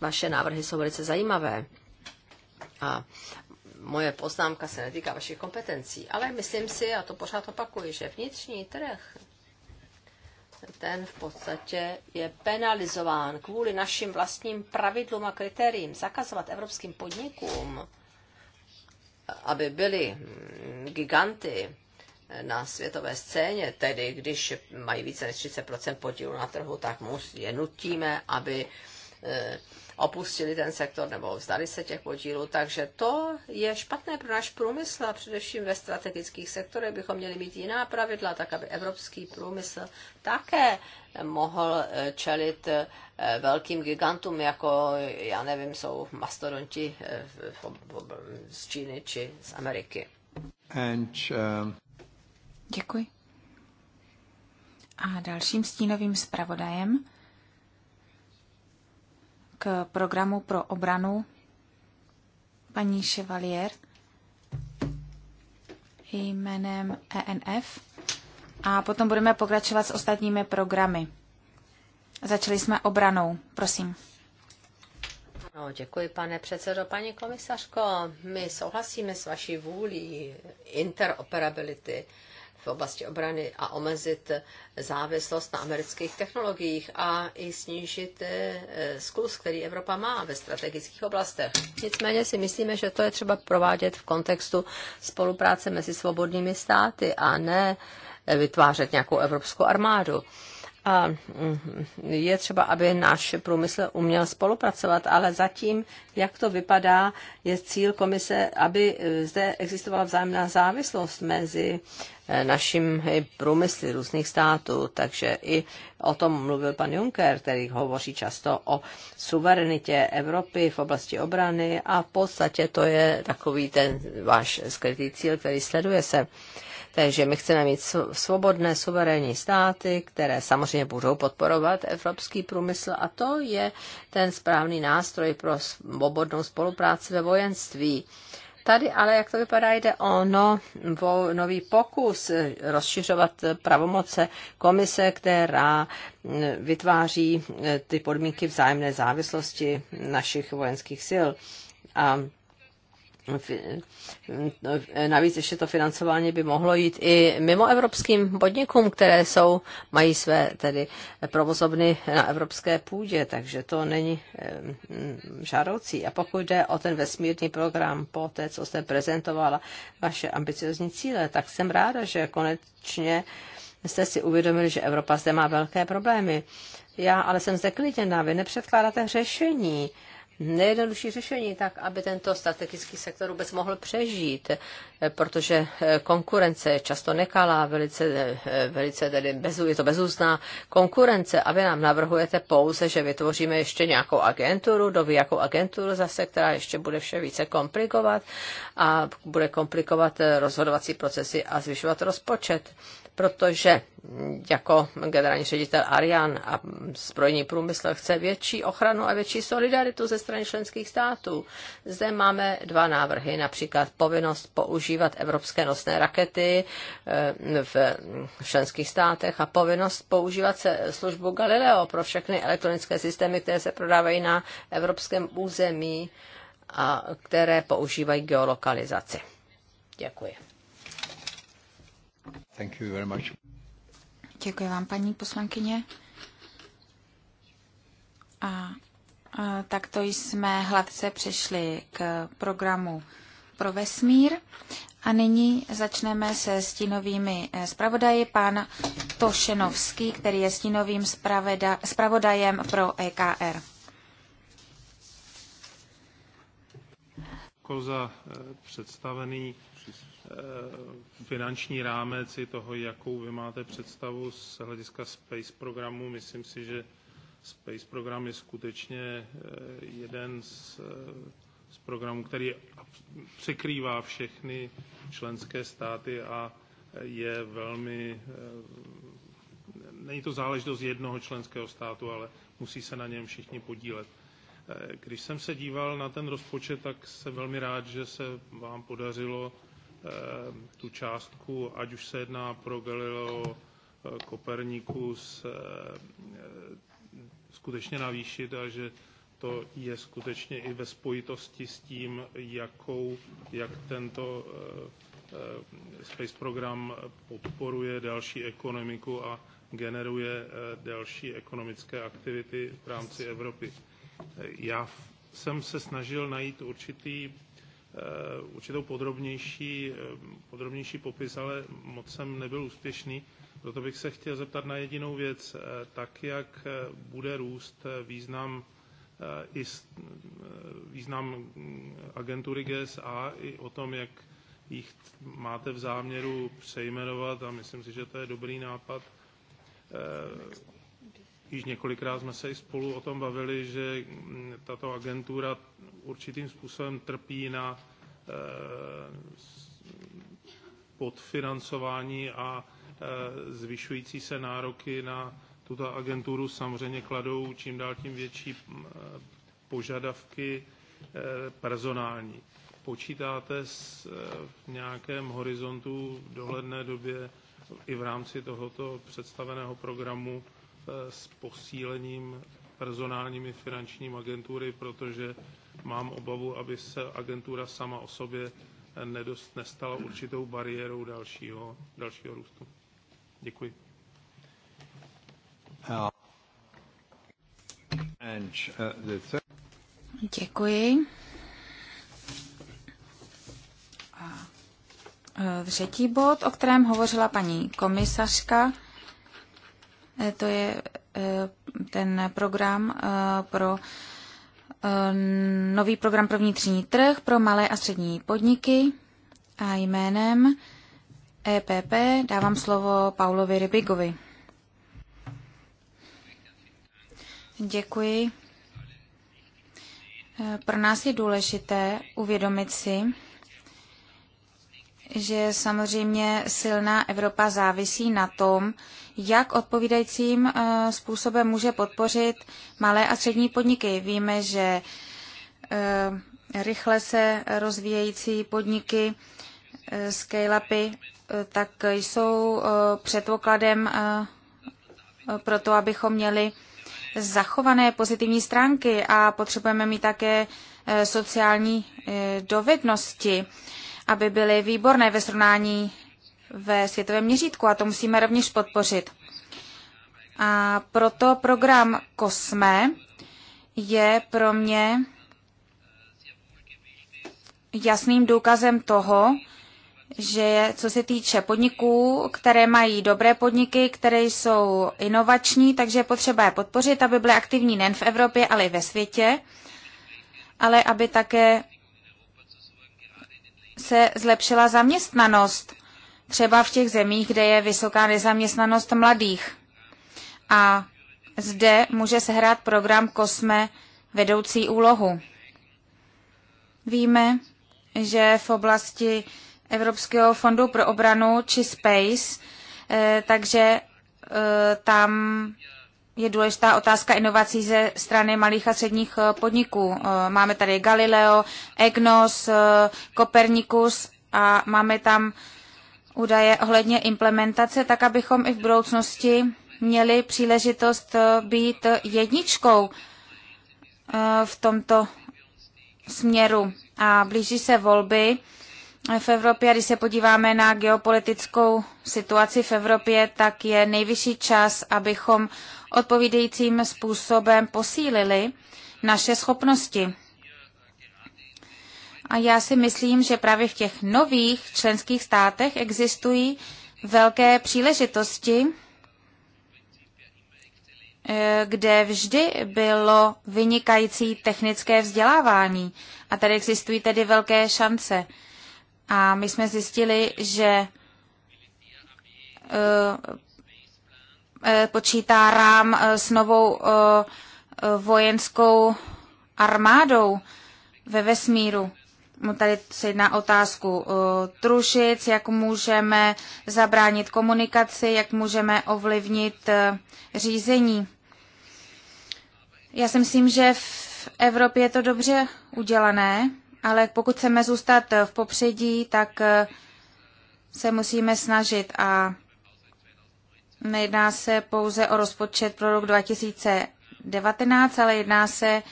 [SPEAKER 3] Vaše návrhy jsou velice zajímavé. A moje poznámka se netýká vašich kompetencí, ale myslím si, a to pořád opakuji, že vnitřní trh, ten v podstatě je penalizován kvůli našim vlastním pravidlům a kritériím zakazovat evropským podnikům, aby byli giganty na světové scéně, tedy když mají více než 30% podílu na trhu, tak je nutíme, aby eh, opustili ten sektor nebo vzdali se těch podílů. Takže to je špatné pro náš průmysl a především ve strategických sektorech bychom měli mít jiná pravidla, tak aby evropský průmysl také mohl eh, čelit eh, velkým gigantům, jako, já nevím, jsou mastodonti eh, z Číny či z Ameriky. And,
[SPEAKER 1] um...
[SPEAKER 2] Děkuji. A dalším stínovým zpravodajem k programu pro obranu paní Chevalier jménem ENF a potom budeme pokračovat s ostatními programy. Začali jsme obranou, prosím.
[SPEAKER 3] No, děkuji, pane předsedo. Paní komisařko, my souhlasíme s vaší vůlí interoperability v oblasti obrany a omezit závislost na amerických technologiích a i snížit eh, zkus, který Evropa má ve strategických oblastech. Nicméně si myslíme, že to je třeba provádět v kontextu spolupráce mezi svobodnými státy a ne eh, vytvářet nějakou evropskou armádu. A mm, je třeba, aby náš průmysl uměl spolupracovat, ale zatím, jak to vypadá, je cíl komise, aby eh, zde existovala vzájemná závislost mezi eh, naším eh, průmysly různých států. Takže i o tom mluvil pan Juncker, který hovoří často o suverenitě Evropy v oblasti obrany a v podstatě to je takový ten váš skrytý cíl, který sleduje se. Takže my chceme mít svobodné, suverénní státy, které samozřejmě budou podporovat evropský průmysl a to je ten správný nástroj pro svobodnou spolupráci ve vojenství. Tady ale, jak to vypadá, jde o no, vo, nový pokus eh, rozšiřovat pravomoce komise, která hm, vytváří eh, ty podmínky vzájemné závislosti našich vojenských sil. A Navíc ještě to financování by mohlo jít i mimo evropským podnikům, které jsou, mají své tedy provozovny na evropské půdě, takže to není žádoucí. A pokud jde o ten vesmírný program, po té, co jste prezentovala vaše ambiciozní cíle, tak jsem ráda, že konečně jste si uvědomili, že Evropa zde má velké problémy. Já ale jsem zde klidněná, vy nepředkládáte řešení nejjednodušší řešení, tak aby tento strategický sektor vůbec mohl přežít, eh, protože eh, konkurence je často nekalá, velice, eh, velice tedy bez, je to bezúzná konkurence a vy nám navrhujete pouze, že vytvoříme ještě nějakou agenturu, doví jakou agenturu zase, která ještě bude vše více komplikovat a bude komplikovat rozhodovací procesy a zvyšovat rozpočet protože jako generální ředitel Arian a zbrojní průmysl chce větší ochranu a větší solidaritu ze strany členských států. Zde máme dva návrhy, například povinnost používat evropské nosné rakety eh, v členských státech a povinnost používat se službu Galileo pro všechny elektronické systémy, které se prodávají na evropském území a které používají geolokalizaci. Děkuji. Thank you very much.
[SPEAKER 2] Děkuji vám, paní poslankyně. A, a takto jsme hladce přešli k programu pro vesmír. A nyní začneme se stínovými eh, zpravodaji. Pán Tošenovský, který je stínovým zpravodajem pro EKR.
[SPEAKER 4] Děkuji za eh, představený Eh, finanční rámec i toho, jakou vy máte představu z hlediska Space programu. Myslím si, že Space program je skutečně eh, jeden z, eh, z programů, který překrývá všechny členské státy a je velmi. Není to záležitost jednoho členského státu, ale musí se na něm všichni podílet. Když jsem se díval na ten rozpočet, tak jsem velmi rád, že se vám podařilo Ehm, tu částku, ať už se jedná pro Galileo eh, Kopernikus, eh, eh, skutečně navýšit a že to je skutečně i ve spojitosti s tím, jakou, jak tento space program podporuje další ekonomiku a generuje další ekonomické aktivity v rámci Evropy. Já jsem se snažil najít určitý Eh, určitou podrobnější, eh, podrobnější popis, ale moc jsem nebyl úspěšný. Proto bych se chtěl zeptat na jedinou věc. Eh, tak, jak bude růst význam, význam mm, agentury GSA, i o tom, jak jich máte v záměru přejmenovat, a myslím si, že to je dobrý nápad. Již několikrát jsme se i spolu o tom bavili, že mm, tato agentura určitým způsobem trpí na Eh, podfinancování a eh, zvyšující se nároky na tuto agenturu samozřejmě kladou čím dál tím větší eh, požadavky personální. Počítáte s, v nějakém horizontu v dohledné době i v rámci tohoto představeného programu s posílením personálními finančním agentury, protože mám obavu, aby se agentura sama o sobě eh, nedost, nestala určitou bariérou dalšího, dalšího růstu. Děkuji.
[SPEAKER 2] Děkuji. A eh, třetí bod, o kterém hovořila paní komisařka, eh, to je ten program pro Eh, nový program pro vnitřní trh pro malé a střední podniky a jménem EPP dávám slovo Paulovi Rybigovi. Děkuji. Eh, pro nás je důležité uvědomit si, že samozřejmě silná Evropa závisí na tom, jak odpovídajícím eh, způsobem může podpořit malé a střední podniky. Víme, že eh, rychle se rozvíjející podniky, eh, scale-upy, tak jsou předpokladem pro to, abychom měli zachované pozitivní stránky a potřebujeme mít také sociální dovednosti aby byly výborné ve srovnání ve světovém měřítku a to musíme rovněž podpořit. A proto program COSME je pro mě jasným důkazem toho, že co se týče podniků, které mají dobré podniky, které jsou inovační, takže je potřeba je podpořit, aby byly aktivní nejen v Evropě, ale i ve světě, ale aby také se zlepšila zaměstnanost, třeba v těch zemích, kde je vysoká nezaměstnanost mladých. A zde může sehrát program Kosme vedoucí úlohu. Víme, že v oblasti Evropského fondu pro obranu či Space, eh, takže eh, tam je důležitá otázka inovací ze strany malých a středních eh, podniků. Eh, máme tady Galileo, EGNOS, eh, Kopernikus a máme tam údaje ohledně implementace, tak abychom i v budoucnosti měli příležitost být jedničkou v tomto směru. A blíží se volby v Evropě. A když se podíváme na geopolitickou situaci v Evropě, tak je nejvyšší čas, abychom odpovídajícím způsobem posílili naše schopnosti. A já si myslím, že právě v těch nových členských státech existují velké příležitosti, eh, kde vždy bylo vynikající technické vzdělávání. A tady existují tedy velké šance. A my jsme zjistili, že eh, Eh, počítá rám eh, s novou eh, vojenskou armádou ve vesmíru. Tady se jedná otázku trušic, jak můžeme zabránit komunikaci, jak můžeme ovlivnit řízení. Já si myslím, že v Evropě je to dobře udělané, ale pokud chceme zůstat v popředí, tak se musíme snažit a Nejedná se pouze o rozpočet pro rok 2019, ale jedná se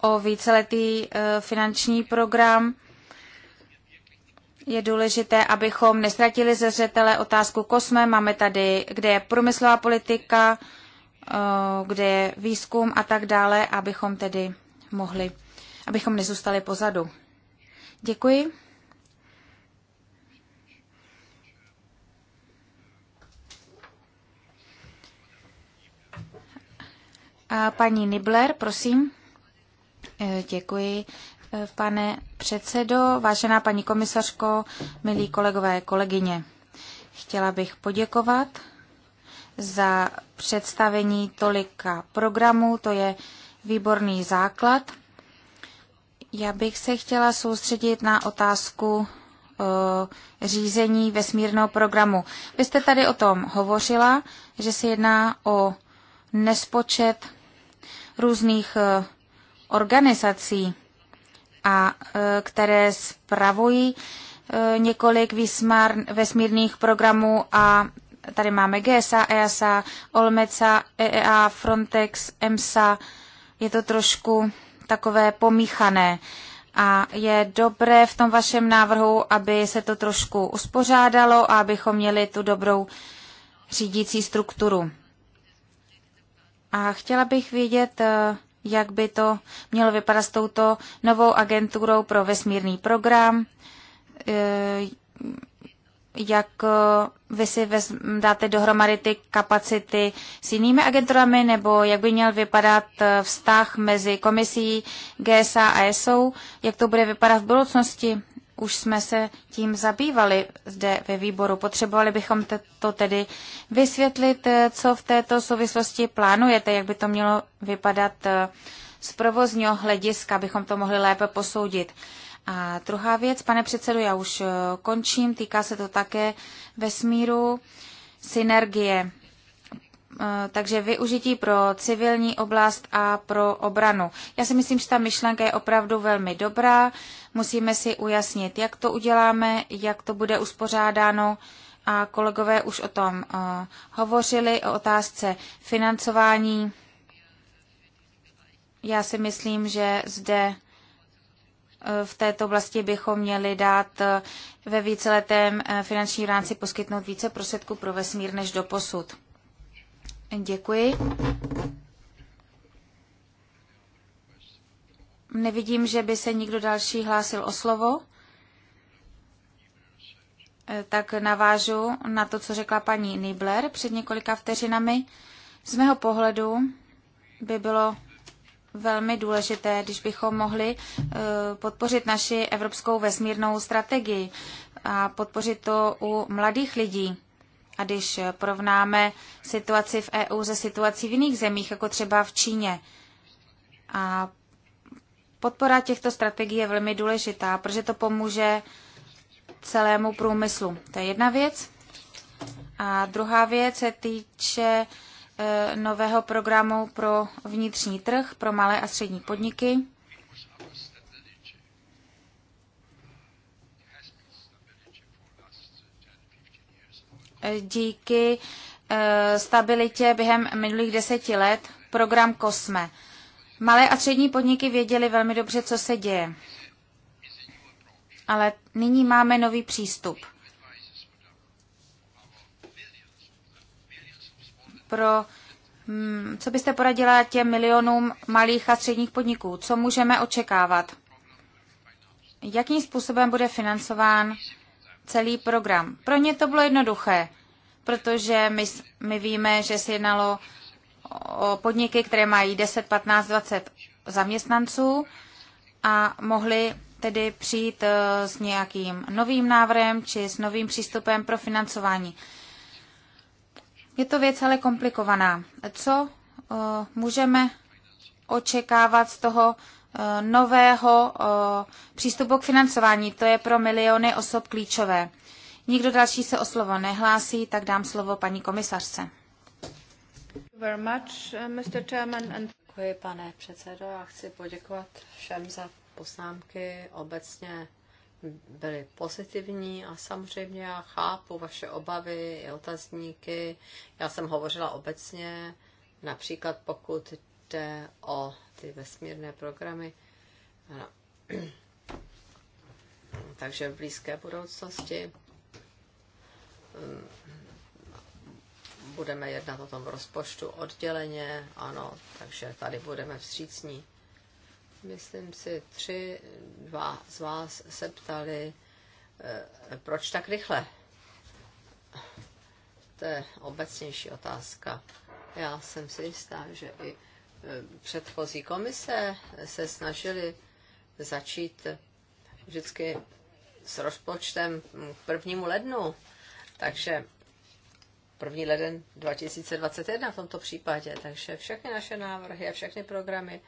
[SPEAKER 2] o víceletý e, finanční program. Je důležité, abychom nestratili ze zřetele otázku kosme. Máme tady, kde je průmyslová politika, e, kde je výzkum a tak dále, abychom tedy mohli, abychom nezůstali pozadu. Děkuji. A paní Nibler, prosím. E, děkuji, e, pane předsedo, vážená paní komisařko, milí kolegové, kolegyně. Chtěla bych poděkovat za představení tolika programů, to je výborný základ. Já bych se chtěla soustředit na otázku e, řízení vesmírného programu. Vy jste tady o tom hovořila, že se jedná o nespočet různých eh, organizací, a eh, které spravují eh, několik vysmár, vesmírných programů a tady máme GSA, e EASA, Olmeca, EEA, Frontex, EMSA. Je to trošku takové pomíchané a je dobré v tom vašem návrhu, aby se to trošku uspořádalo a abychom měli tu dobrou řídící strukturu. A chtěla bych vědět, eh, jak by to mělo vypadat s touto novou agenturou pro vesmírný program, eh, jak eh, vy si dáte dohromady ty kapacity s jinými agenturami, nebo jak by měl vypadat vztah mezi komisí GSA a ESO, jak to bude vypadat v budoucnosti. Už jsme se tím zabývali zde ve výboru. Potřebovali bychom to tedy vysvětlit, eh, co v této souvislosti plánujete, jak by to mělo vypadat eh, z provozního hlediska, abychom to mohli lépe posoudit. A druhá věc, pane předsedu, já už eh, končím, týká se to také vesmíru, synergie Eh, takže využití pro civilní oblast a pro obranu. Já si myslím, že ta myšlenka je opravdu velmi dobrá. Musíme si ujasnit, jak to uděláme, jak to bude uspořádáno. A kolegové už o tom eh, hovořili, o otázce financování. Já si myslím, že zde eh, v této oblasti bychom měli dát ve víceletém finanční rámci poskytnout více prostředků pro vesmír než do posud. Děkuji. Nevidím, že by se nikdo další hlásil o slovo. E, tak navážu na to, co řekla paní Nibler před několika vteřinami. Z mého pohledu by bylo velmi důležité, když bychom mohli e, podpořit naši evropskou vesmírnou strategii a podpořit to u mladých lidí a když porovnáme situaci v EU se situací v jiných zemích, jako třeba v Číně, a podpora těchto strategií je velmi důležitá, protože to pomůže celému průmyslu. To je jedna věc. A druhá věc se týče e, nového programu pro vnitřní trh, pro malé a střední podniky. díky eh, stabilitě během minulých deseti let program COSME. Malé a střední podniky věděly velmi dobře, co se děje. Ale nyní máme nový přístup. Pro, hm, co byste poradila těm milionům malých a středních podniků? Co můžeme očekávat? Jakým způsobem bude financován celý program. Pro ně to bylo jednoduché, protože my, my víme, že se jednalo o podniky, které mají 10, 15, 20 zaměstnanců a mohli tedy přijít eh, s nějakým novým návrhem či s novým přístupem pro financování. Je to věc ale komplikovaná. Co eh, můžeme očekávat z toho Eh, nového eh, přístupu k financování. To je pro miliony osob klíčové. Nikdo další se o slovo nehlásí, tak dám slovo paní komisařce.
[SPEAKER 3] Eh, Děkuji, pane předsedo, a chci poděkovat všem za poznámky. Obecně byly pozitivní a samozřejmě já chápu vaše obavy i otazníky. Já jsem hovořila obecně, například pokud jde o ty vesmírné programy. Ano. Takže v blízké budoucnosti mm, budeme jednat o tom rozpočtu odděleně, ano, takže tady budeme vstřícní. Myslím si, tři, dva z vás se ptali, eh, proč tak rychle? To je obecnější otázka. Já jsem si jistá, že i předchozí komise se snažili začít vždycky s rozpočtem k prvnímu lednu. Takže první leden 2021 v tomto případě. Takže všechny naše návrhy a všechny programy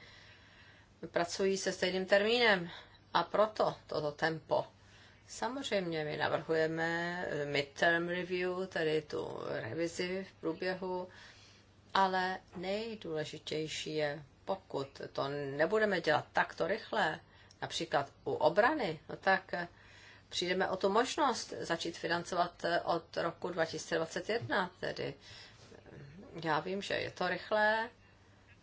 [SPEAKER 3] pracují se stejným termínem. A proto toto tempo. Samozřejmě my navrhujeme midterm review, tedy tu revizi v průběhu ale nejdůležitější je, pokud to nebudeme dělat takto rychle, například u obrany, no tak eh, přijdeme o tu možnost začít financovat eh, od roku 2021. Tedy eh, já vím, že je to rychlé,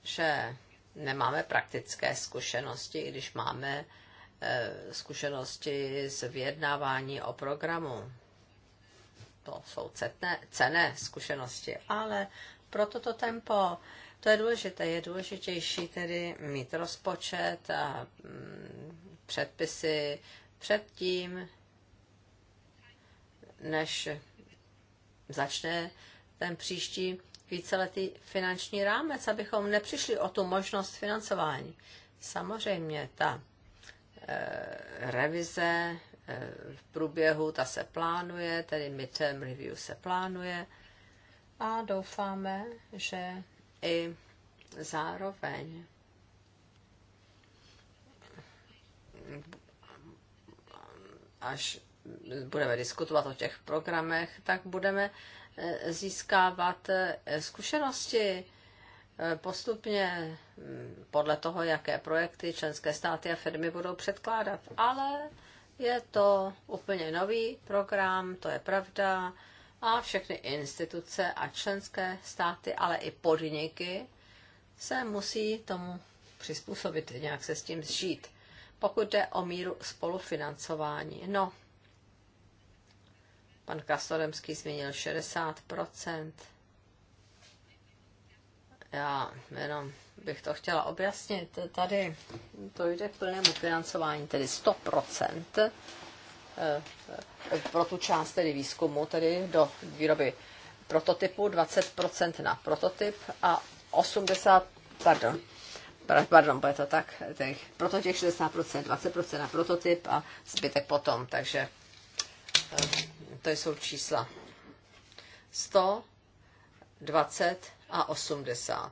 [SPEAKER 3] že nemáme praktické zkušenosti, i když máme zkušenosti z vyjednávání o programu. To jsou cené, cené zkušenosti, ale pro toto tempo. To je důležité. Je důležitější tedy mít rozpočet a mm, předpisy předtím, než začne ten příští víceletý finanční rámec, abychom nepřišli o tu možnost financování. Samozřejmě ta e, revize e, v průběhu, ta se plánuje, tedy midterm review se plánuje, a doufáme, že i zároveň až budeme diskutovat o těch programech, tak budeme eh, získávat eh, zkušenosti eh, postupně mm, podle toho, jaké projekty členské státy a firmy budou předkládat. Ale je to úplně nový program, to je pravda a všechny instituce a členské státy, ale i podniky se musí tomu přizpůsobit, nějak se s tím zžít. Pokud jde o míru spolufinancování, no, pan Kastoremský zmínil 60%. Já jenom bych to chtěla objasnit. Tady to jde k plnému financování, tedy 100%. Eh, pro tu část tedy výzkumu, tedy do výroby prototypu, 20% na prototyp a 80, pardon, pardon, bude to tak, tak proto těch 60%, 20% na prototyp a zbytek potom, takže eh, to jsou čísla 100, 20 a 80.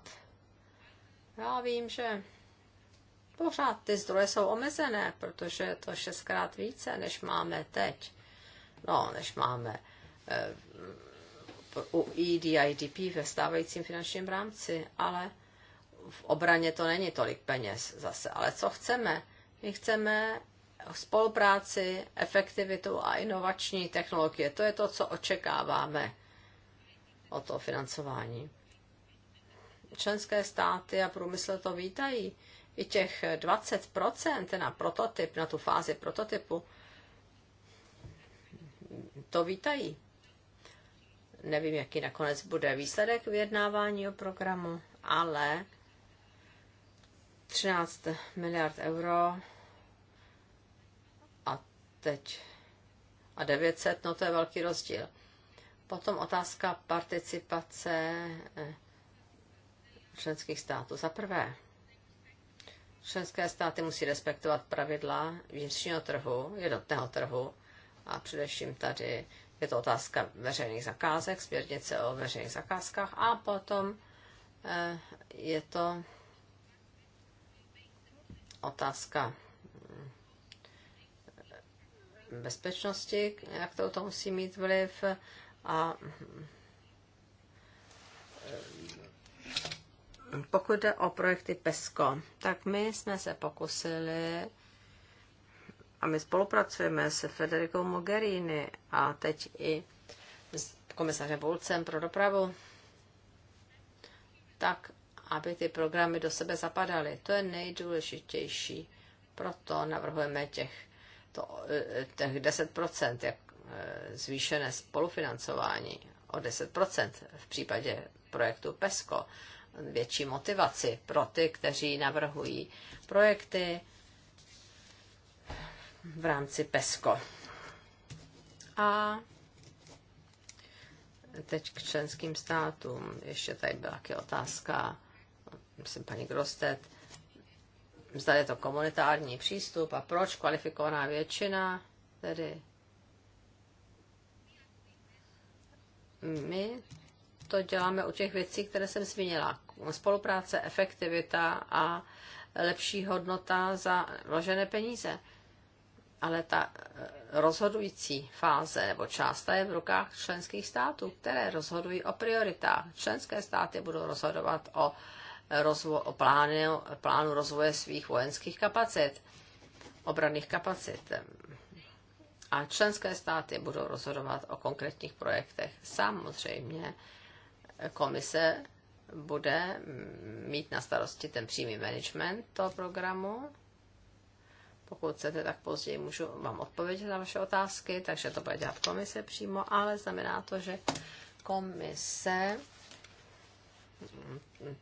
[SPEAKER 3] Já vím, že pořád ty zdroje jsou omezené, protože je to šestkrát více, než máme teď. No, než máme eh, u EDIDP ve stávajícím finančním rámci, ale v obraně to není tolik peněz zase. Ale co chceme? My chceme spolupráci, efektivitu a inovační technologie. To je to, co očekáváme o to financování. Členské státy a průmysl to vítají i těch 20% na prototyp, na tu fázi prototypu, to vítají. Nevím, jaký nakonec bude výsledek vyjednávání o programu, ale 13 miliard euro a teď a 900, no to je velký rozdíl. Potom otázka participace eh, členských států. Za prvé, Členské státy musí respektovat pravidla vnitřního trhu, jednotného trhu a především tady je to otázka veřejných zakázek, směrnice o veřejných zakázkách a potom eh, je to otázka hm, bezpečnosti, jak to, to musí mít vliv a hm, pokud jde o projekty PESCO, tak my jsme se pokusili a my spolupracujeme s Federikou Mogherini a teď i s komisařem Volcem pro dopravu, tak, aby ty programy do sebe zapadaly. To je nejdůležitější. Proto navrhujeme těch, to, těch 10%, jak eh, zvýšené spolufinancování o 10% v případě projektu PESCO větší motivaci pro ty, kteří navrhují projekty v rámci PESCO. A teď k členským státům. Ještě tady byla taky otázka, myslím, paní Grostet, zda je to komunitární přístup a proč kvalifikovaná většina, tedy my to děláme u těch věcí, které jsem zmínila spolupráce, efektivita a lepší hodnota za vložené peníze. Ale ta eh, rozhodující fáze nebo část je v rukách členských států, které rozhodují o prioritách. Členské státy budou rozhodovat o, rozvo- o plánu, plánu rozvoje svých vojenských kapacit, obranných kapacit. A členské státy budou rozhodovat o konkrétních projektech. Samozřejmě komise bude mít na starosti ten přímý management toho programu. Pokud chcete, tak později můžu vám odpovědět na vaše otázky, takže to bude dělat komise přímo, ale znamená to, že komise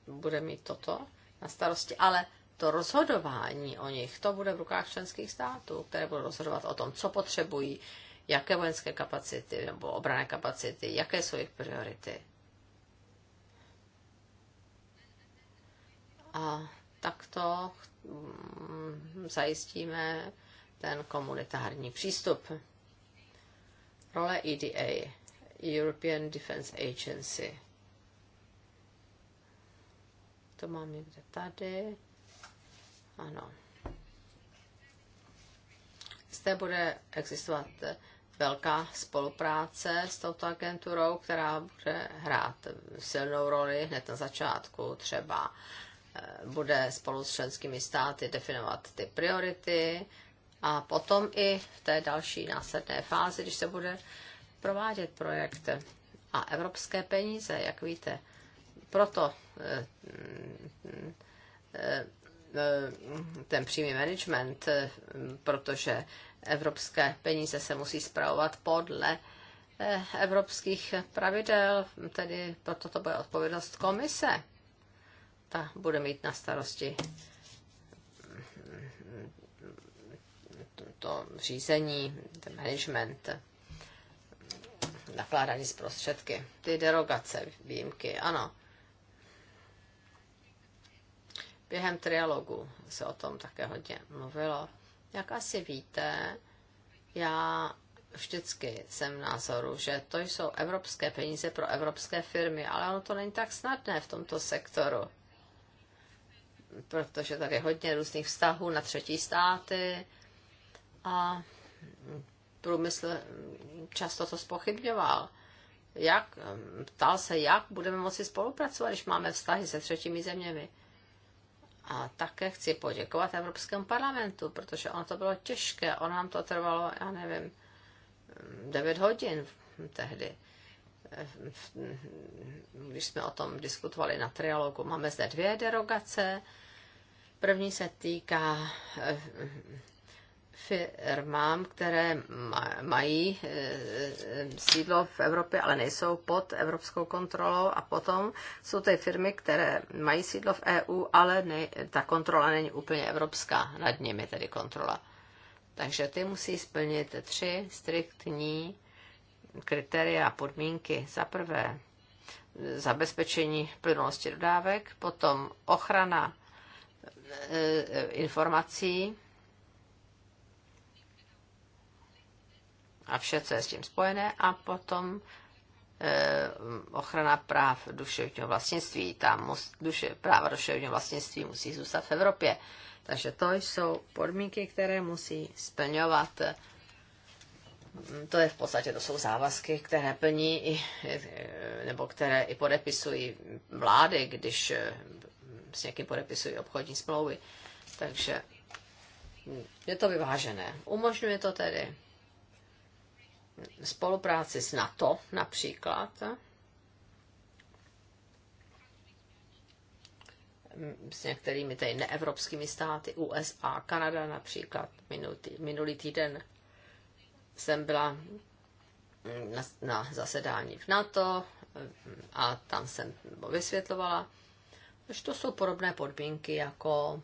[SPEAKER 3] bude mít toto na starosti, ale to rozhodování o nich, to bude v rukách členských států, které budou rozhodovat o tom, co potřebují, jaké vojenské kapacity nebo obrané kapacity, jaké jsou jejich priority. A takto mm, zajistíme ten komunitární přístup. Role EDA, European Defense Agency. To mám někde tady. Ano. Zde bude existovat velká spolupráce s touto agenturou, která bude hrát silnou roli hned na začátku třeba Eh, bude spolu s členskými státy definovat ty priority a potom i v té další následné fázi, když se bude provádět projekt a evropské peníze, jak víte. Proto eh, mm, eh, ten přímý management, protože evropské peníze se musí zpravovat podle evropských pravidel, tedy proto to bude odpovědnost komise ta bude mít na starosti to řízení, ten management, nakládání z prostředky, ty derogace, výjimky, ano. Během trialogu se o tom také hodně mluvilo. Jak asi víte, já vždycky jsem v názoru, že to jsou evropské peníze pro evropské firmy, ale ono to není tak snadné v tomto sektoru protože tady je hodně různých vztahů na třetí státy a průmysl často to spochybňoval. Jak, ptal se, jak budeme moci spolupracovat, když máme vztahy se třetími zeměmi. A také chci poděkovat Evropskému parlamentu, protože ono to bylo těžké, ono nám to trvalo, já nevím, 9 hodin tehdy když jsme o tom diskutovali na trialogu, máme zde dvě derogace. První se týká eh, firmám, které mají eh, sídlo v Evropě, ale nejsou pod evropskou kontrolou. A potom jsou ty firmy, které mají sídlo v EU, ale ne, ta kontrola není úplně evropská, nad nimi tedy kontrola. Takže ty musí splnit tři striktní kritéria a podmínky. Za prvé zabezpečení plynulosti dodávek, potom ochrana e, e, informací a vše, co je s tím spojené, a potom e, ochrana práv duševního vlastnictví. Tam duše, práva duševního vlastnictví musí zůstat v Evropě. Takže to jsou podmínky, které musí splňovat to je v podstatě, to jsou závazky, které plní i, nebo které i podepisují vlády, když e, s někým podepisují obchodní smlouvy. Takže je to vyvážené. Umožňuje to tedy spolupráci s NATO například. S některými tedy neevropskými státy, USA, Kanada například. Minulý, minulý týden jsem byla mm, na, na zasedání v NATO mm, a tam jsem vysvětlovala, že to jsou podobné podmínky jako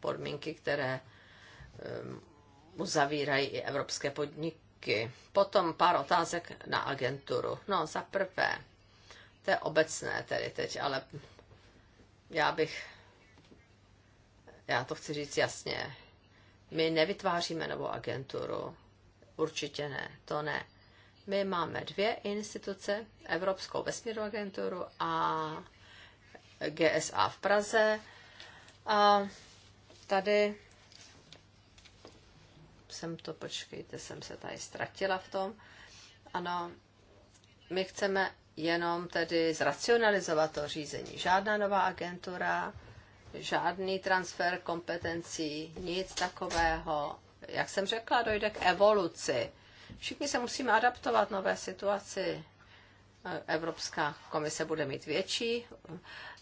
[SPEAKER 3] podmínky, které mm, uzavírají i evropské podniky. Potom pár otázek na agenturu. No, za prvé, to je obecné tedy teď, ale já bych, já to chci říct jasně, my nevytváříme novou agenturu, Určitě ne, to ne. My máme dvě instituce, Evropskou vesmírnou agenturu a GSA v Praze. A tady jsem to, počkejte, jsem se tady ztratila v tom. Ano, my chceme jenom tedy zracionalizovat to řízení. Žádná nová agentura, žádný transfer kompetencí, nic takového, jak jsem řekla, dojde k evoluci. Všichni se musíme adaptovat nové situaci. Evropská komise bude mít větší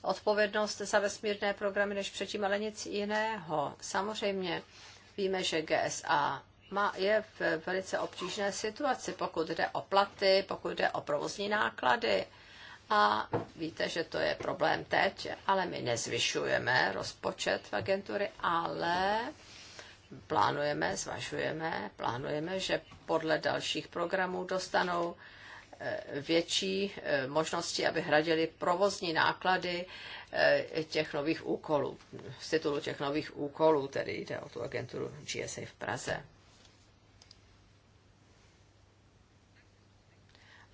[SPEAKER 3] odpovědnost za vesmírné programy než předtím, ale nic jiného. Samozřejmě víme, že GSA má, je v velice obtížné situaci, pokud jde o platy, pokud jde o provozní náklady. A víte, že to je problém teď, ale my nezvyšujeme rozpočet v agentury, ale plánujeme, zvažujeme, plánujeme, že podle dalších programů dostanou eh, větší eh, možnosti, aby hradili provozní náklady eh, těch nových úkolů, z titulu těch nových úkolů, tedy jde o tu agenturu GSA v Praze.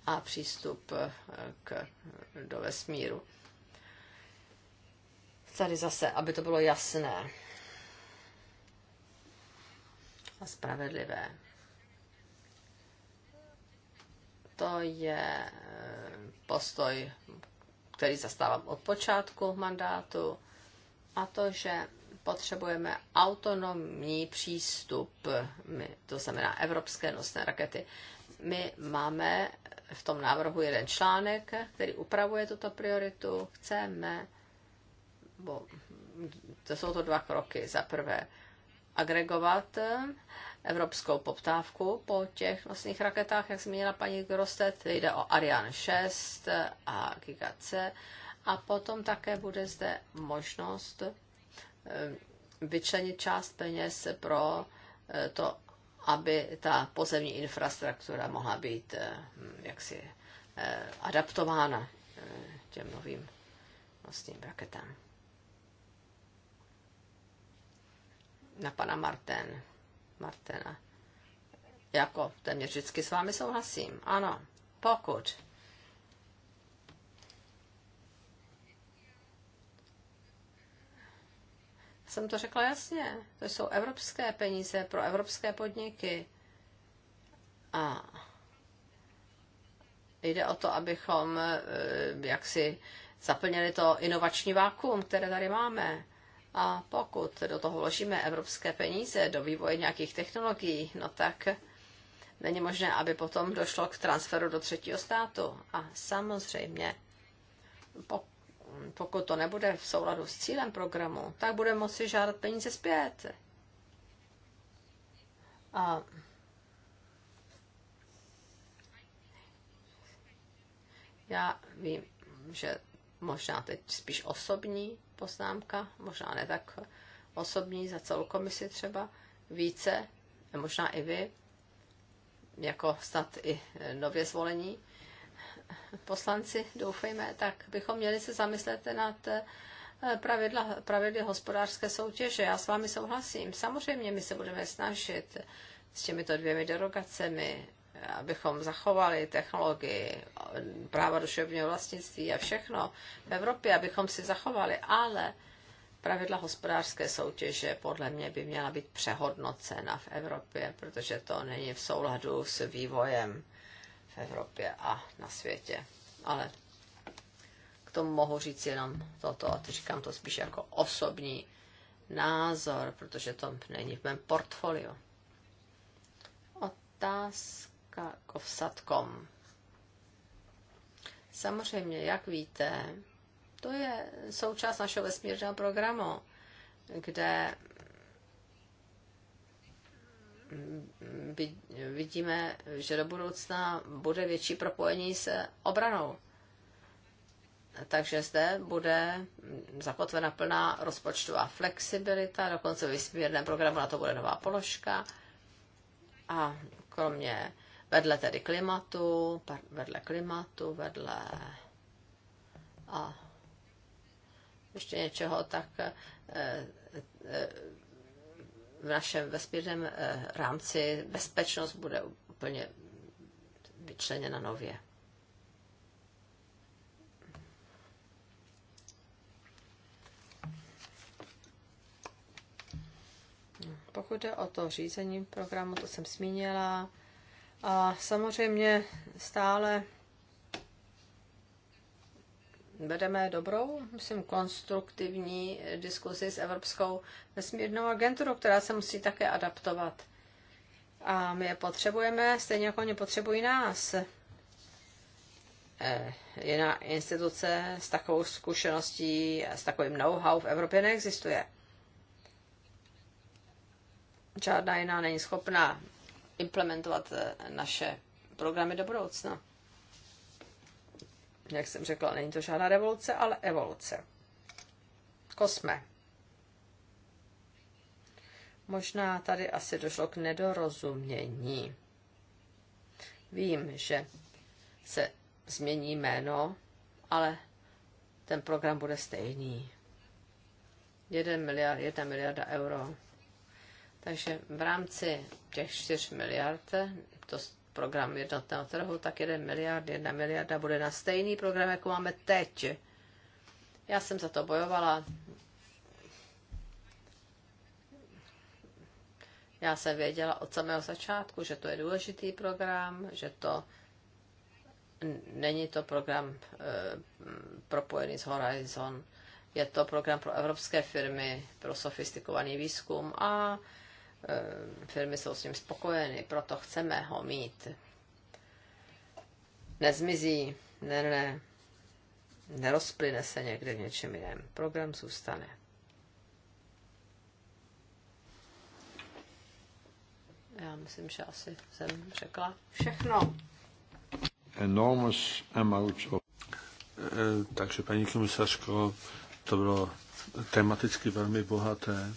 [SPEAKER 3] A přístup k, do vesmíru. Tady zase, aby to bylo jasné a spravedlivé. To je eh, postoj, který zastávám od počátku mandátu, a to, že potřebujeme autonomní přístup, my, to znamená evropské nosné rakety. My máme v tom návrhu jeden článek, který upravuje tuto prioritu. Chceme, bo, to jsou to dva kroky. Za prvé, agregovat eh, evropskou poptávku po těch nosných raketách, jak zmínila paní Grostet. Jde o Ariane 6 a Giga C. A potom také bude zde možnost eh, vyčlenit část peněz pro eh, to, aby ta pozemní infrastruktura mohla být jaksi adaptována těm novým nosným raketám. na pana Marten, Martena. Jako téměř vždycky s vámi souhlasím. Ano, pokud jsem to řekla jasně. To jsou evropské peníze pro evropské podniky. A jde o to, abychom eh, jaksi zaplnili to inovační vákuum, které tady máme. A pokud do toho vložíme evropské peníze do vývoje nějakých technologií, no tak není možné, aby potom došlo k transferu do třetího státu. A samozřejmě, pokud to nebude v souladu s cílem programu, tak bude moci žádat peníze zpět. A já vím, že možná teď spíš osobní poznámka, možná ne tak osobní, za celou komisi třeba, více, možná i vy, jako snad i nově zvolení poslanci, doufejme, tak bychom měli se zamyslet nad eh, pravidla, pravidly hospodářské soutěže. Já s vámi souhlasím. Samozřejmě my se budeme snažit s těmito dvěmi derogacemi abychom zachovali technologii, práva duševního vlastnictví a všechno v Evropě, abychom si zachovali, ale pravidla hospodářské soutěže podle mě by měla být přehodnocena v Evropě, protože to není v souladu s vývojem v Evropě a na světě. Ale k tomu mohu říct jenom toto, a to říkám to spíš jako osobní názor, protože to není v mém portfoliu. Otázka www.kovsat.com. Samozřejmě, jak víte, to je součást našeho vesmírného programu, kde vidíme, že do budoucna bude větší propojení se obranou. Takže zde bude zakotvena plná rozpočtová flexibilita, dokonce v vysmírném programu na to bude nová položka. A kromě vedle tedy klimatu, vedle klimatu, vedle a ještě něčeho, tak eh, eh, v našem vesmírném eh, rámci bezpečnost bude úplně vyčleněna nově. Pokud jde o to řízení programu, to jsem zmínila, a samozřejmě stále vedeme dobrou, myslím, konstruktivní diskuzi s Evropskou vesmírnou agenturou, která se musí také adaptovat. A my je potřebujeme, stejně jako oni potřebují nás. Eh, jiná instituce s takovou zkušeností, s takovým know-how v Evropě neexistuje. Žádná jiná není schopná implementovat eh, naše programy do budoucna. Jak jsem řekla, není to žádná revoluce, ale evoluce. Kosme. Možná tady asi došlo k nedorozumění. Vím, že se změní jméno, ale ten program bude stejný. 1 miliard, 1 miliarda euro takže v rámci těch 4 miliard, to program jednotného trhu, tak 1 miliard, 1 miliarda bude na stejný program, jako máme teď. Já jsem za to bojovala. Já jsem věděla od samého začátku, že to je důležitý program, že to není to program e, propojený s Horizon, je to program pro evropské firmy, pro sofistikovaný výzkum a Eh, firmy jsou s ním spokojeny, proto chceme ho mít. Nezmizí, ne, ne, nerozplyne se někde v něčem jiném. Program zůstane. Já myslím, že asi jsem řekla všechno.
[SPEAKER 1] Enormous amount of... Eh, takže, paní komisařko, to bylo tematicky velmi bohaté.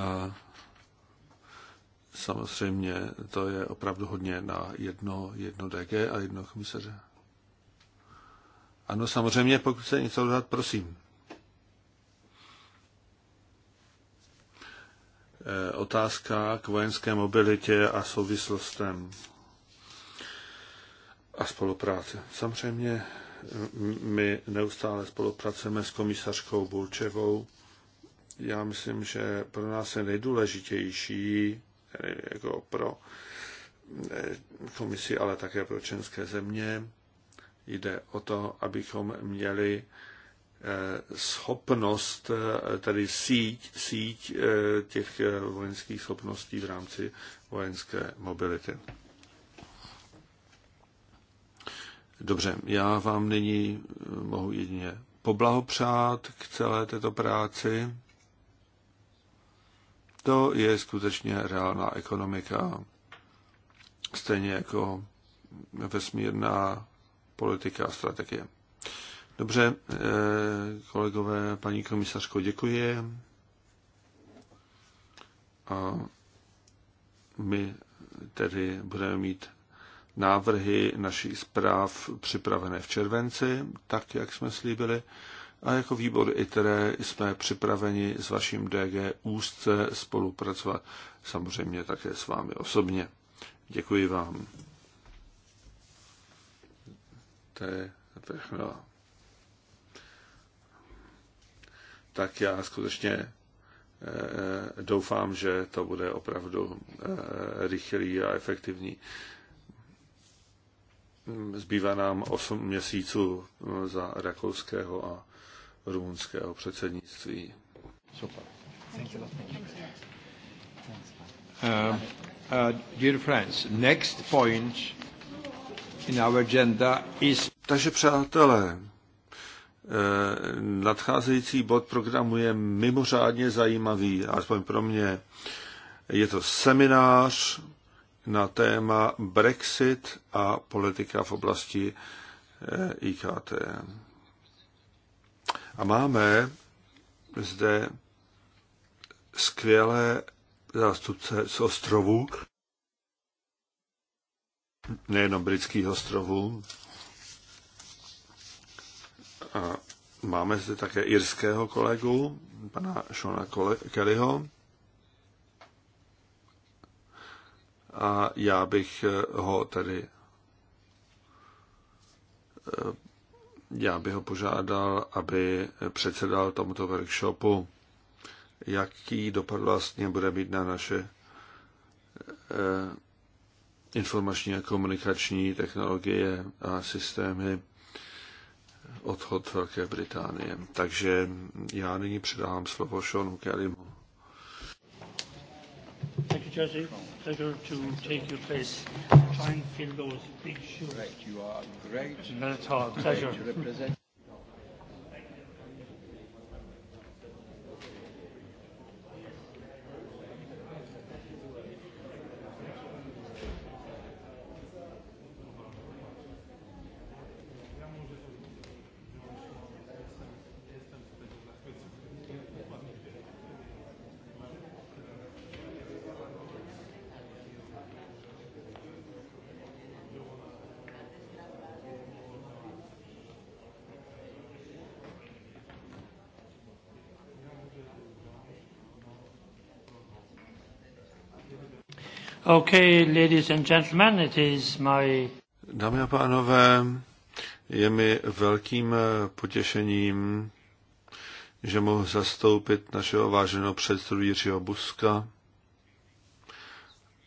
[SPEAKER 1] A samozřejmě to je opravdu hodně na jedno, jedno DG a jedno komisaře. Ano, samozřejmě, pokud se něco dodat, prosím. E, otázka k vojenské mobilitě a souvislostem a spolupráce. Samozřejmě my neustále spolupracujeme s komisařkou Bulčevou já myslím, že pro nás je nejdůležitější, jako pro eh, komisi, ale také pro členské země, jde o to, abychom měli eh, schopnost, eh, tedy síť, síť těch vojenských schopností v rámci vojenské mobility. Dobře, já vám nyní mohu jedině poblahopřát k celé této práci. To je skutečně reálná ekonomika, stejně jako vesmírná politika a strategie. Dobře, eh, kolegové, paní komisařko, děkuji. A my tedy budeme mít návrhy našich zpráv připravené v červenci, tak jak jsme slíbili. A jako výbor ITRE jsme připraveni s vaším DG úzce spolupracovat, samozřejmě také s vámi osobně. Děkuji vám. To je všechno. Tak já skutečně eh, eh, doufám, že to bude opravdu eh, rychlý a efektivní. Zbývá nám 8 měsíců za rakouského a rumunského předsednictví. Um, uh, Takže přátelé, eh, nadcházející bod programu je mimořádně zajímavý, aspoň pro mě. Je to seminář na téma Brexit a politika v oblasti eh, IKT. A máme zde skvělé zástupce z ostrovů, nejenom britských ostrovů. A máme zde také irského kolegu, pana Shona Kellyho. A já bych ho tedy eh, já bych ho požádal, aby předsedal tomuto workshopu. Jaký dopad vlastně bude mít na naše eh, informační a komunikační technologie a systémy odchod Velké Británie. Takže já nyní předávám slovo Seanu Kellymu.
[SPEAKER 4] Thank you, Jesse. Pleasure to take your place. Try and fill those
[SPEAKER 1] big shoes. Great, you are great. Not at all. Pleasure.
[SPEAKER 4] Okay, ladies and gentlemen, it is my...
[SPEAKER 1] Dámy a pánové, je mi velkým eh, potěšením, že mohu zastoupit našeho váženého předsedu Jiřího Buska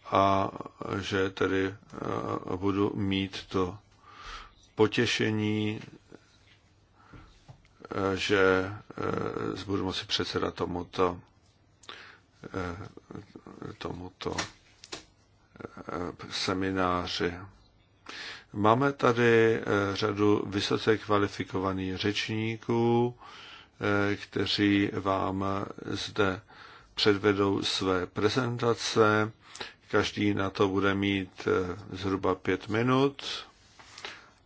[SPEAKER 1] a že tedy eh, budu mít to potěšení, eh, že budu moci předsedat tomuto, tomuto semináři. Máme tady eh, řadu vysoce kvalifikovaných řečníků, eh, kteří vám zde předvedou své prezentace. Každý na to bude mít eh, zhruba pět minut.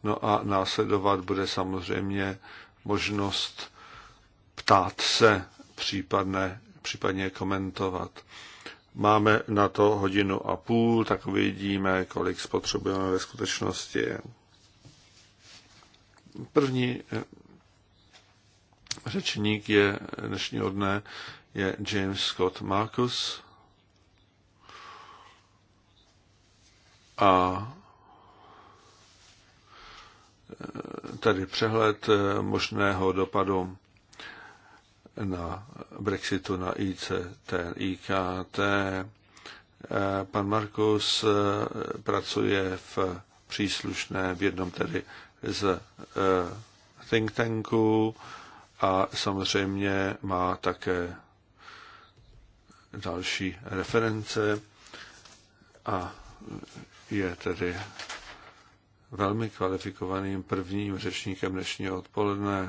[SPEAKER 1] No a následovat bude samozřejmě možnost ptát se, případně případně komentovat. Máme na to hodinu a půl, tak uvidíme, kolik spotřebujeme ve skutečnosti. První eh, řečník je dnešního dne je James Scott Marcus a eh, tady přehled eh, možného dopadu na Brexitu, na ICT, IKT. Eh, pan Markus eh, pracuje v příslušné, v jednom tedy z eh, think tanku a samozřejmě má také další reference a je tedy velmi kvalifikovaným prvním řečníkem dnešního odpoledne.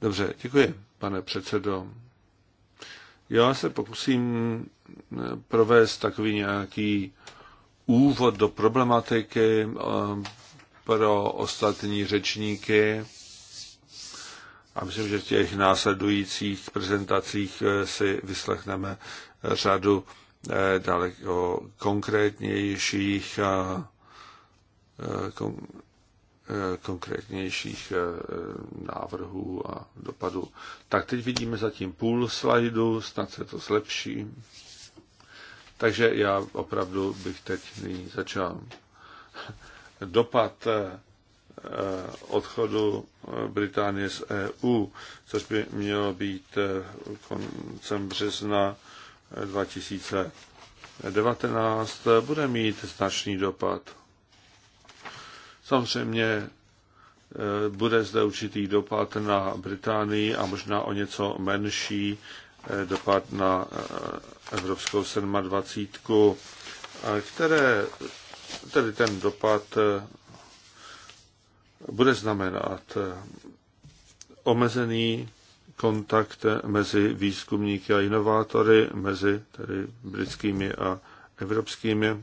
[SPEAKER 1] Dobře, děkuji, pane předsedo. Já se pokusím eh, provést takový nějaký úvod do problematiky eh, pro ostatní řečníky. A myslím, že v těch následujících prezentacích eh, si vyslechneme řadu daleko konkrétnějších konkrétnějších eh, návrhů a dopadů. Tak teď vidíme zatím půl slajdu, snad se to zlepší. Takže já opravdu bych teď nyní začal. Dopad eh, odchodu eh, Británie z EU, což by mělo být koncem března 2019, bude mít značný dopad Samozřejmě eh, bude zde určitý dopad na Británii a možná o něco menší eh, dopad na eh, Evropskou 27, které tedy ten dopad bude znamenat omezený kontakt mezi výzkumníky a inovátory, mezi tedy britskými a evropskými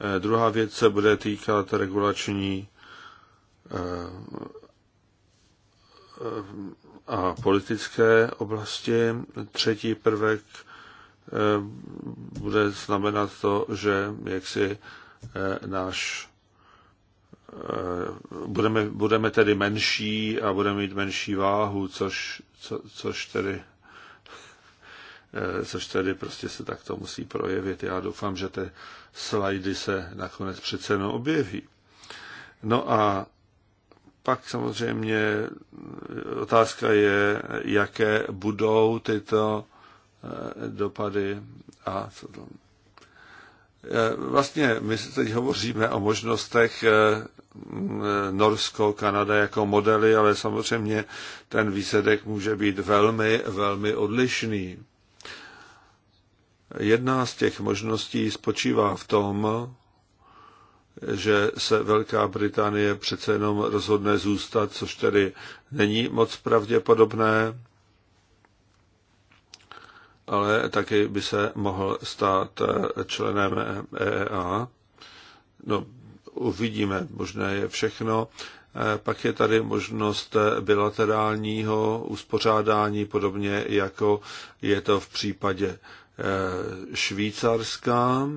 [SPEAKER 1] Eh, druhá věc se bude týkat regulační eh, eh, a politické oblasti. Třetí prvek bude znamenat to, že jaksi náš budeme, budeme tedy menší a budeme mít menší váhu, což, co, což tedy Eh, což tedy prostě se takto musí projevit. Já doufám, že ty slajdy se nakonec přece jenom objeví. No a pak samozřejmě otázka je, jaké budou tyto eh, dopady a co to. Eh, vlastně my teď hovoříme o možnostech mm, Norsko, Kanada jako modely, ale samozřejmě ten výsledek může být velmi, velmi odlišný. Jedna z těch možností spočívá v tom, že se Velká Británie přece jenom rozhodne zůstat, což tedy není moc pravděpodobné, ale taky by se mohl stát členem EEA. No, uvidíme, možné je všechno. Pak je tady možnost bilaterálního uspořádání, podobně jako je to v případě Eh, švýcarská,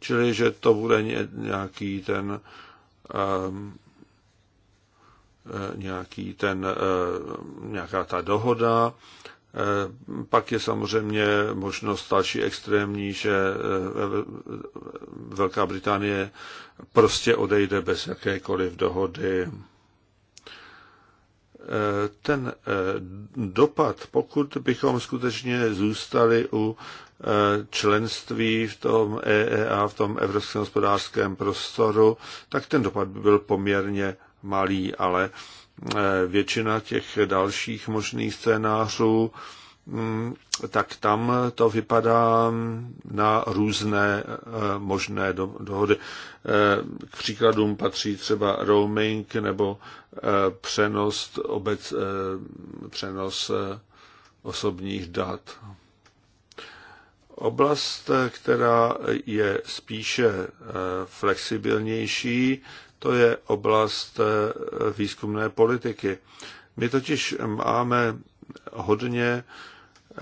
[SPEAKER 1] čili že to bude nějaký ten ehm, eh, nějaký ten, eh, nějaká ta dohoda. Pak je samozřejmě možnost další extrémní, že Velká Británie prostě odejde bez jakékoliv dohody ten eh, dopad, pokud bychom skutečně zůstali u eh, členství v tom EEA, v tom Evropském hospodářském prostoru, tak ten dopad by byl poměrně malý, ale eh, většina těch dalších možných scénářů Mm, tak tam to vypadá na různé eh, možné dohody. Eh, k příkladům patří třeba roaming nebo eh, přenos, obec, přenos osobních dat. Oblast, která je spíše flexibilnější, to je oblast výzkumné politiky. My totiž máme hodně eh,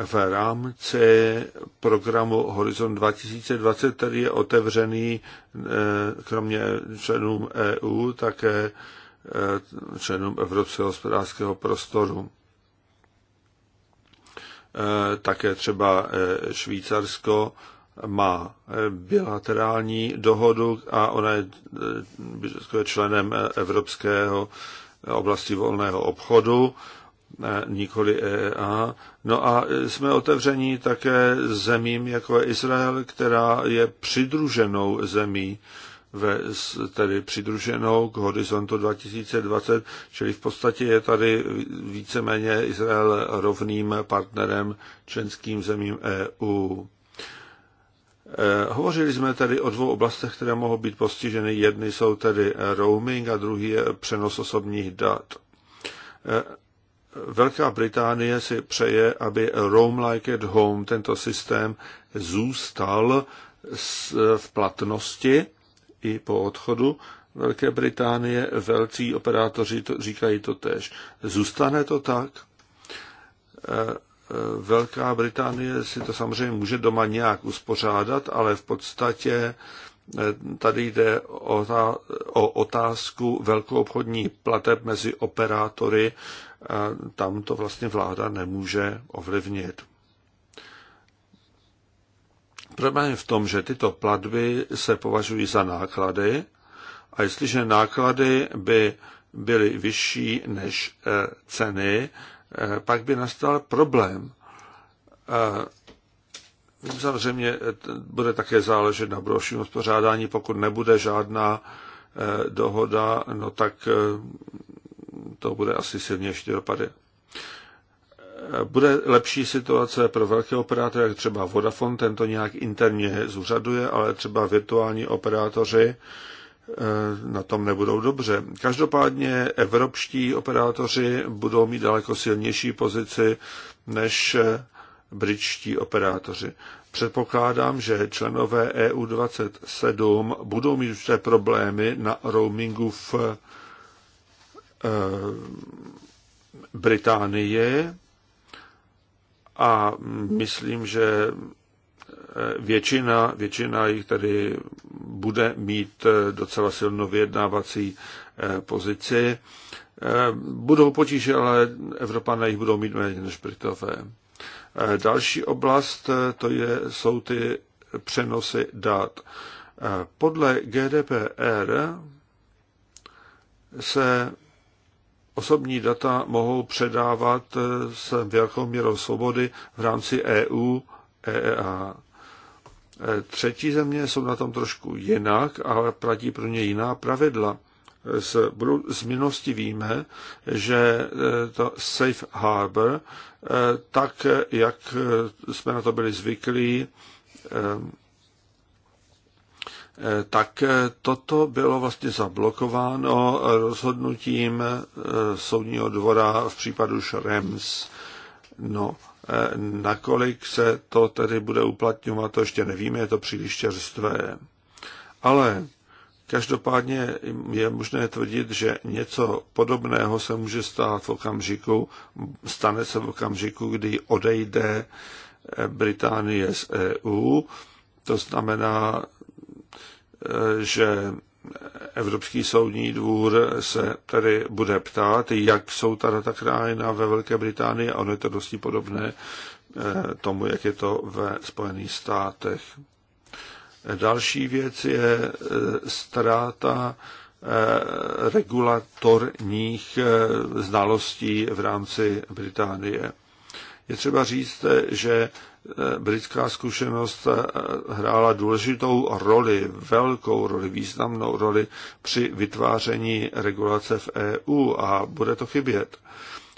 [SPEAKER 1] v rámci programu Horizon 2020, který je otevřený e, kromě členům EU také e, členům Evropského hospodářského prostoru. E, také třeba Švýcarsko má bilaterální dohodu a ona je členem Evropského oblasti volného obchodu nikoli EEA. No a jsme otevření také zemím, jako je Izrael, která je přidruženou zemí, ve, tedy přidruženou k horizontu 2020, čili v podstatě je tady víceméně Izrael rovným partnerem členským zemím EU. E, hovořili jsme tedy o dvou oblastech, které mohou být postiženy. Jedny jsou tedy roaming a druhý je přenos osobních dat. E, Velká Británie si přeje, aby Roam Like at Home, tento systém, zůstal v platnosti i po odchodu Velké Británie. Velcí operátoři to, říkají to tež. Zůstane to tak? E, e, Velká Británie si to samozřejmě může doma nějak uspořádat, ale v podstatě e, tady jde o, ta, o otázku velkoobchodní plateb mezi operátory tam to vlastně vláda nemůže ovlivnit. Problém je v tom, že tyto platby se považují za náklady a jestliže náklady by byly vyšší než eh, ceny, eh, pak by nastal problém. Samozřejmě eh, bude také záležet na budoucím uspořádání. Pokud nebude žádná dohoda, no tak to bude asi silnější dopady. Bude lepší situace pro velké operátory, jak třeba Vodafone, ten to nějak interně zúřaduje, ale třeba virtuální operátoři eh, na tom nebudou dobře. Každopádně evropští operátoři budou mít daleko silnější pozici než eh, britští operátoři. Předpokládám, že členové EU27 budou mít určité problémy na roamingu v Eh, Británie a myslím, že eh, většina, většina jich tady bude mít eh, docela silnou vyjednávací pozici. Budou potíže, ale Evropané jich budou mít méně než Britové. Další oblast to je, jsou ty přenosy dat. Podle GDPR se osobní data mohou předávat eh, s velkou jako měrou svobody v rámci EU, EEA. Eh, třetí země jsou na tom trošku jinak, ale platí pro ně jiná pravidla. Z, eh, z minulosti víme, že to Safe Harbor, tak jak jsme na to byli zvyklí, Eh, tak eh, toto bylo vlastně zablokováno rozhodnutím eh, soudního dvora v případu Šrems. No, nakolik se to tedy bude uplatňovat, to ještě nevíme, je to příliš čerstvé. Ale Každopádně je možné tvrdit, že něco podobného se může stát v okamžiku, stane se v okamžiku, kdy odejde Británie z EU. To znamená, že Evropský soudní dvůr se tedy bude ptát, jak jsou ta data chráněna ve Velké Británii, a ono je to dosti podobné eh, tomu, jak je to ve Spojených státech. Další věc je eh, ztráta eh, regulatorních znalostí v rámci Británie. Je třeba říct, že Eh, britská zkušenost eh, hrála důležitou roli, velkou roli, významnou roli při vytváření regulace v EU a bude to chybět.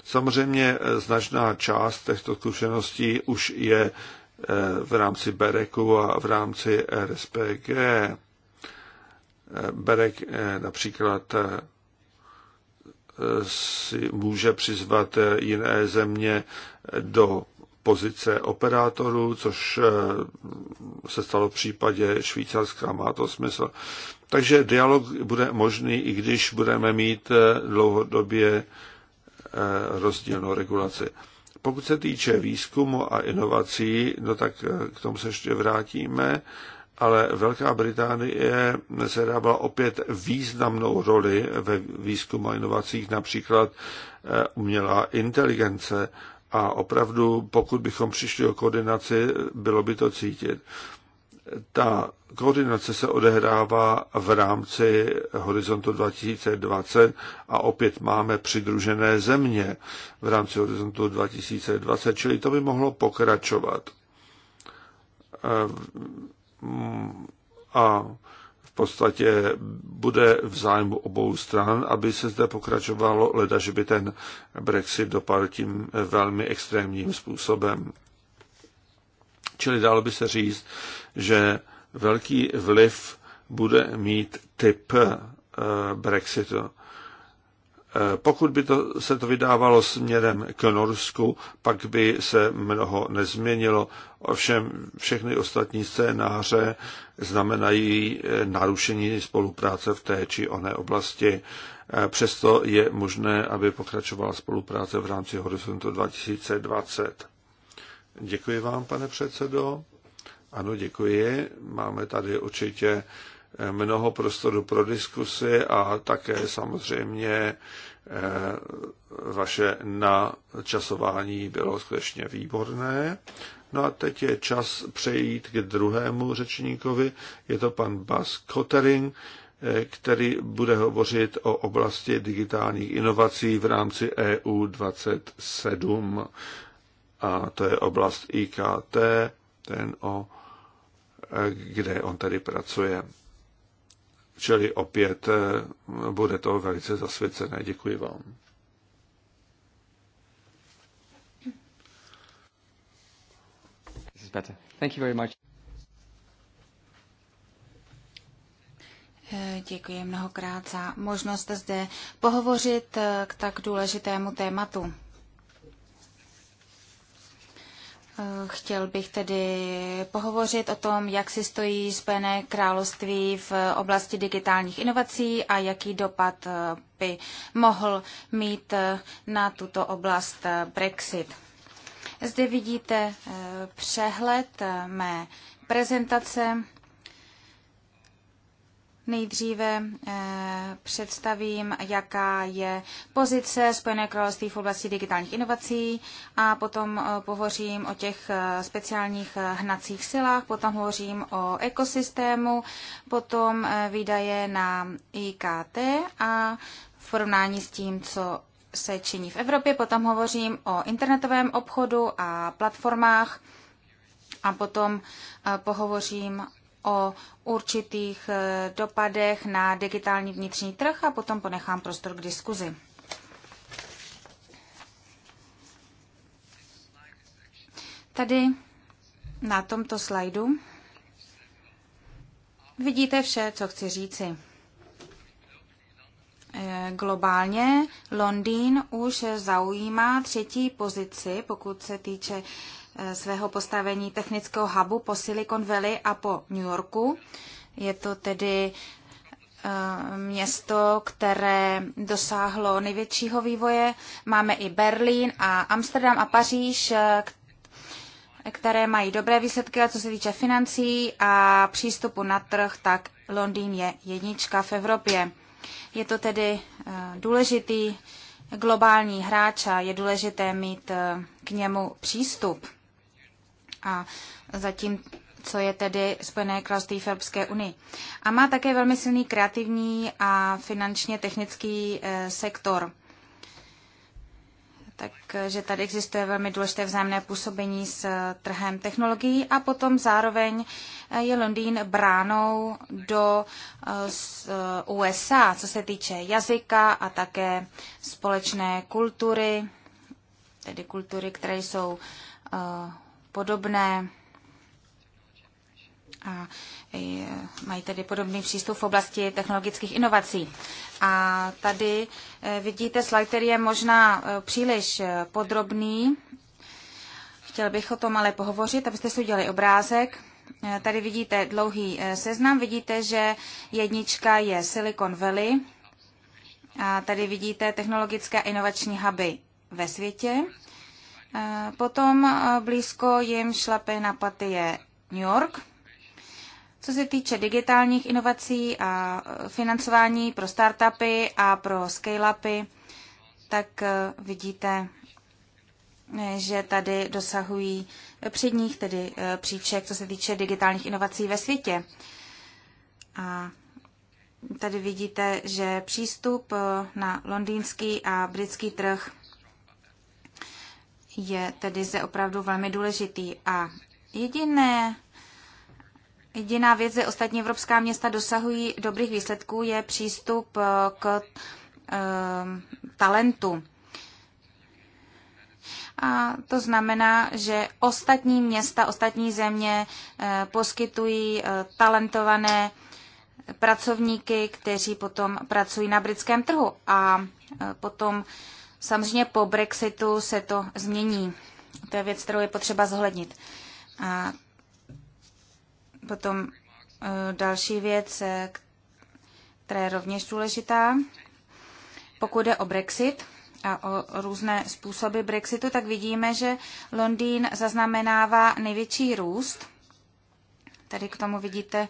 [SPEAKER 1] Samozřejmě eh, značná část těchto zkušeností už je v rámci Bereku a v rámci RSPG. Berek například si může přizvat jiné země do pozice operátorů, což eh, se stalo v případě Švýcarska, má to smysl. Takže dialog bude možný, i když budeme mít eh, dlouhodobě eh, rozdílnou regulaci. Pokud se týče výzkumu a inovací, no tak k tomu se ještě vrátíme, ale Velká Británie se dávala opět významnou roli ve výzkumu a inovacích, například umělá inteligence, a opravdu, pokud bychom přišli o koordinaci, bylo by to cítit. Ta koordinace se odehrává v rámci Horizontu 2020 a opět máme přidružené země v rámci Horizontu 2020, čili to by mohlo pokračovat. Ehm, a podstatě bude v zájmu obou stran, aby se zde pokračovalo, leda, že by ten Brexit dopadl tím velmi extrémním způsobem. Čili dalo by se říct, že velký vliv bude mít typ eh, Brexitu. Eh, pokud by to, se to vydávalo směrem k Norsku, pak by se mnoho nezměnilo. Ovšem všechny ostatní scénáře znamenají eh, narušení spolupráce v té či oné oblasti. Eh, přesto je možné, aby pokračovala spolupráce v rámci Horizontu 2020. Děkuji vám, pane předsedo. Ano, děkuji. Máme tady určitě mnoho prostoru pro diskusy a také samozřejmě eh, vaše načasování bylo skutečně výborné. No a teď je čas přejít k druhému řečníkovi. Je to pan Bas Kotering, eh, který bude hovořit o oblasti digitálních inovací v rámci EU 27. A to je oblast IKT, ten o, eh, kde on tady pracuje. Čili opět eh, bude to velice zasvěcené. Děkuji vám. This is better.
[SPEAKER 3] Thank you very much.
[SPEAKER 2] Eh, děkuji mnohokrát za možnost zde pohovořit eh, k tak důležitému tématu. Chtěl bych tedy pohovořit o tom, jak si stojí Spojené království v oblasti digitálních inovací a jaký dopad eh, by mohl mít eh, na tuto oblast eh, Brexit. Zde vidíte přehled mé prezentace Nejdříve eh, představím, jaká je pozice Spojené království v oblasti digitálních inovací a potom eh, pohořím o těch eh, speciálních hnacích silách, potom hovořím o ekosystému, potom výdaje na IKT a v porovnání s tím, co se činí v Evropě, potom hovořím o internetovém obchodu a platformách a potom pohovořím o určitých eh, dopadech na digitální vnitřní trh a potom ponechám prostor k diskuzi. Tady na tomto slajdu vidíte vše, co chci říci. Eh, globálně Londýn už zaujímá třetí pozici, pokud se týče Eh, svého postavení technického hubu po Silicon Valley a po New Yorku. Je to tedy eh, město, které dosáhlo největšího vývoje. Máme i Berlín a Amsterdam a Paříž, eh, které mají dobré výsledky, a co se týče financí a přístupu na trh, tak Londýn je jednička v Evropě. Je to tedy důležitý globální hráč a je důležité mít k němu přístup a zatím co je tedy Spojené království v Evropské unii. A má také velmi silný kreativní a finančně technický eh, sektor. Takže tady existuje velmi důležité vzájemné působení s eh, trhem technologií a potom zároveň eh, je Londýn bránou do USA, co se týče jazyka a také společné kultury, tedy kultury, které jsou podobné a mají tedy podobný přístup v oblasti technologických inovací. A tady eh, vidíte slide, který je možná eh, příliš eh, podrobný. Chtěl bych o tom ale pohovořit, abyste si udělali obrázek. Tady vidíte dlouhý seznam, vidíte, že jednička je Silicon Valley. A tady vidíte technologické inovační huby ve světě. Potom eh, blízko jim šlape na paty je New York. Co se týče digitálních inovací a eh, financování pro startupy a pro scale-upy, tak eh, vidíte, že tady dosahují předních, tedy příček, co se týče digitálních inovací ve světě. A tady vidíte, že přístup na londýnský a britský trh je tedy zde opravdu velmi důležitý. A jediné, jediná věc, kde ostatní evropská města dosahují dobrých výsledků, je přístup eh, k eh, talentu. A to znamená, že ostatní města, ostatní země eh, poskytují talentované pracovníky, kteří potom pracují na britském trhu. A potom Samozřejmě po Brexitu se to změní. To je věc, kterou je potřeba zohlednit. A potom e, další věc, e, která je rovněž důležitá. Pokud jde o Brexit a o různé způsoby Brexitu, tak vidíme, že Londýn zaznamenává největší růst. Tady k tomu vidíte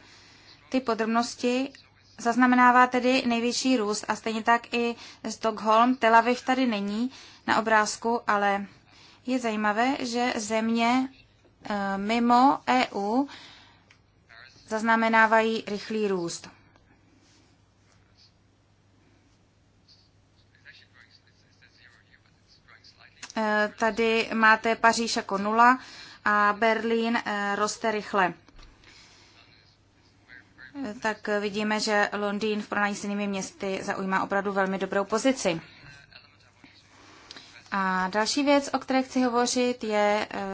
[SPEAKER 2] ty podrobnosti zaznamenává tedy největší růst a stejně tak i Stockholm. Tel Aviv tady není na obrázku, ale je zajímavé, že země eh, mimo EU zaznamenávají rychlý růst. Eh, tady máte Paříž jako nula a Berlín eh, roste rychle tak vidíme, že Londýn v porovnání s jinými městy zaujímá opravdu velmi dobrou pozici. A další věc, o které chci hovořit, je eh,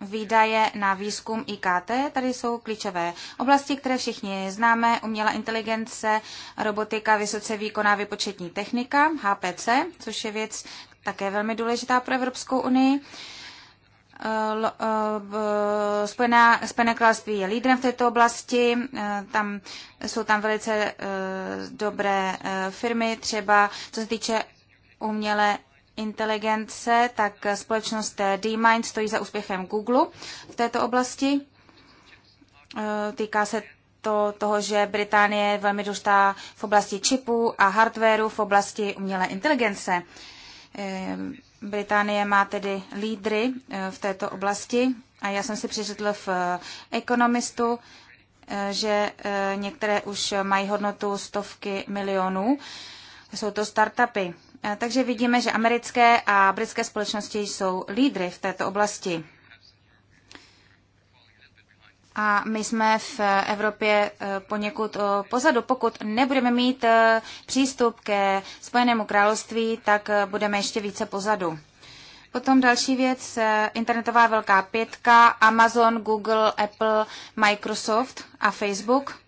[SPEAKER 2] výdaje na výzkum IKT. Tady jsou klíčové oblasti, které všichni známe. Umělá inteligence, robotika, vysoce výkonná vypočetní technika, HPC, což je věc také velmi důležitá pro Evropskou unii. Eh, Spojená, Spojené království je lídrem v této oblasti, eh, tam, jsou tam velice eh, dobré firmy, třeba co se týče umělé inteligence, tak společnost DeepMind stojí za úspěchem Google v této oblasti. Týká se to toho, že Británie je velmi důležitá v oblasti čipů a hardwareu v oblasti umělé inteligence. Británie má tedy lídry eh, v této oblasti a já jsem si přečetl v Ekonomistu, eh, eh, že některé už mají hodnotu stovky milionů. Jsou to startupy. Takže vidíme, že americké a britské společnosti jsou lídry v této oblasti. A my jsme v Evropě eh, poněkud eh, pozadu. Pokud nebudeme mít eh, přístup ke Spojenému království, tak budeme ještě více pozadu. Potom další věc, internetová velká pětka, Amazon, Google, Apple, Microsoft a Facebook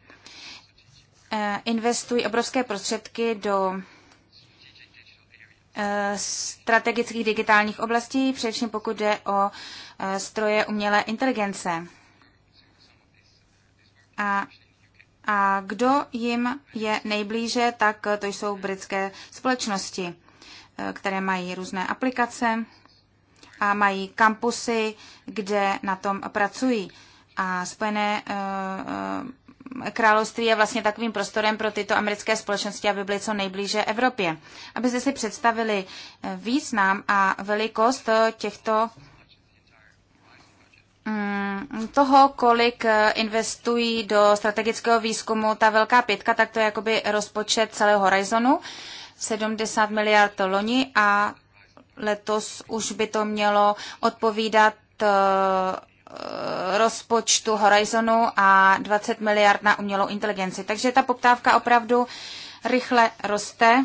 [SPEAKER 2] investují obrovské prostředky do strategických digitálních oblastí, především pokud jde o stroje umělé inteligence. A, a kdo jim je nejblíže, tak to jsou britské společnosti, eh, které mají různé aplikace a mají kampusy, kde na tom pracují. A Spojené eh, eh, království je vlastně takovým prostorem pro tyto americké společnosti, aby byly co nejblíže Evropě. Abyste si představili význam a velikost těchto Mm, toho, kolik eh, investují do strategického výzkumu ta velká pětka, tak to je jakoby rozpočet celého horizonu, 70 miliard loni a letos už by to mělo odpovídat eh, rozpočtu Horizonu a 20 miliard na umělou inteligenci. Takže ta poptávka opravdu rychle roste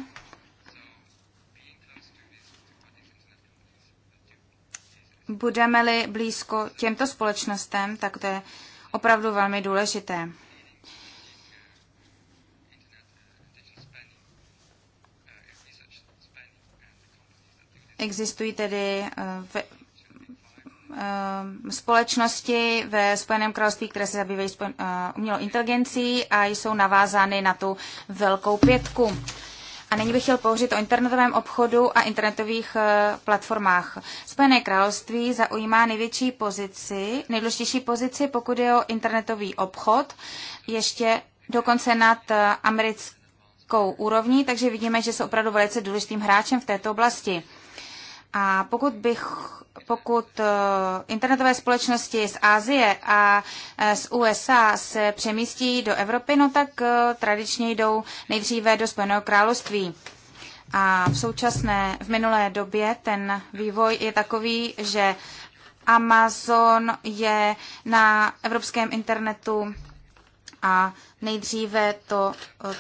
[SPEAKER 2] budeme-li blízko těmto společnostem, tak to je opravdu velmi důležité. Existují tedy eh, v, eh, společnosti ve Spojeném království, které se zabývají eh, umělou inteligencí a jsou navázány na tu velkou pětku. A nyní bych chtěl pouřit o internetovém obchodu a internetových eh, platformách. Spojené království zaujímá největší pozici, nejdůležitější pozici, pokud je o internetový obchod, ještě dokonce nad eh, americkou úrovní, takže vidíme, že jsou opravdu velice důležitým hráčem v této oblasti. A pokud bych pokud eh, internetové společnosti z Asie a eh, z USA se přemístí do Evropy, no tak eh, tradičně jdou nejdříve do Spojeného království. A v současné, v minulé době ten vývoj je takový, že Amazon je na evropském internetu a nejdříve to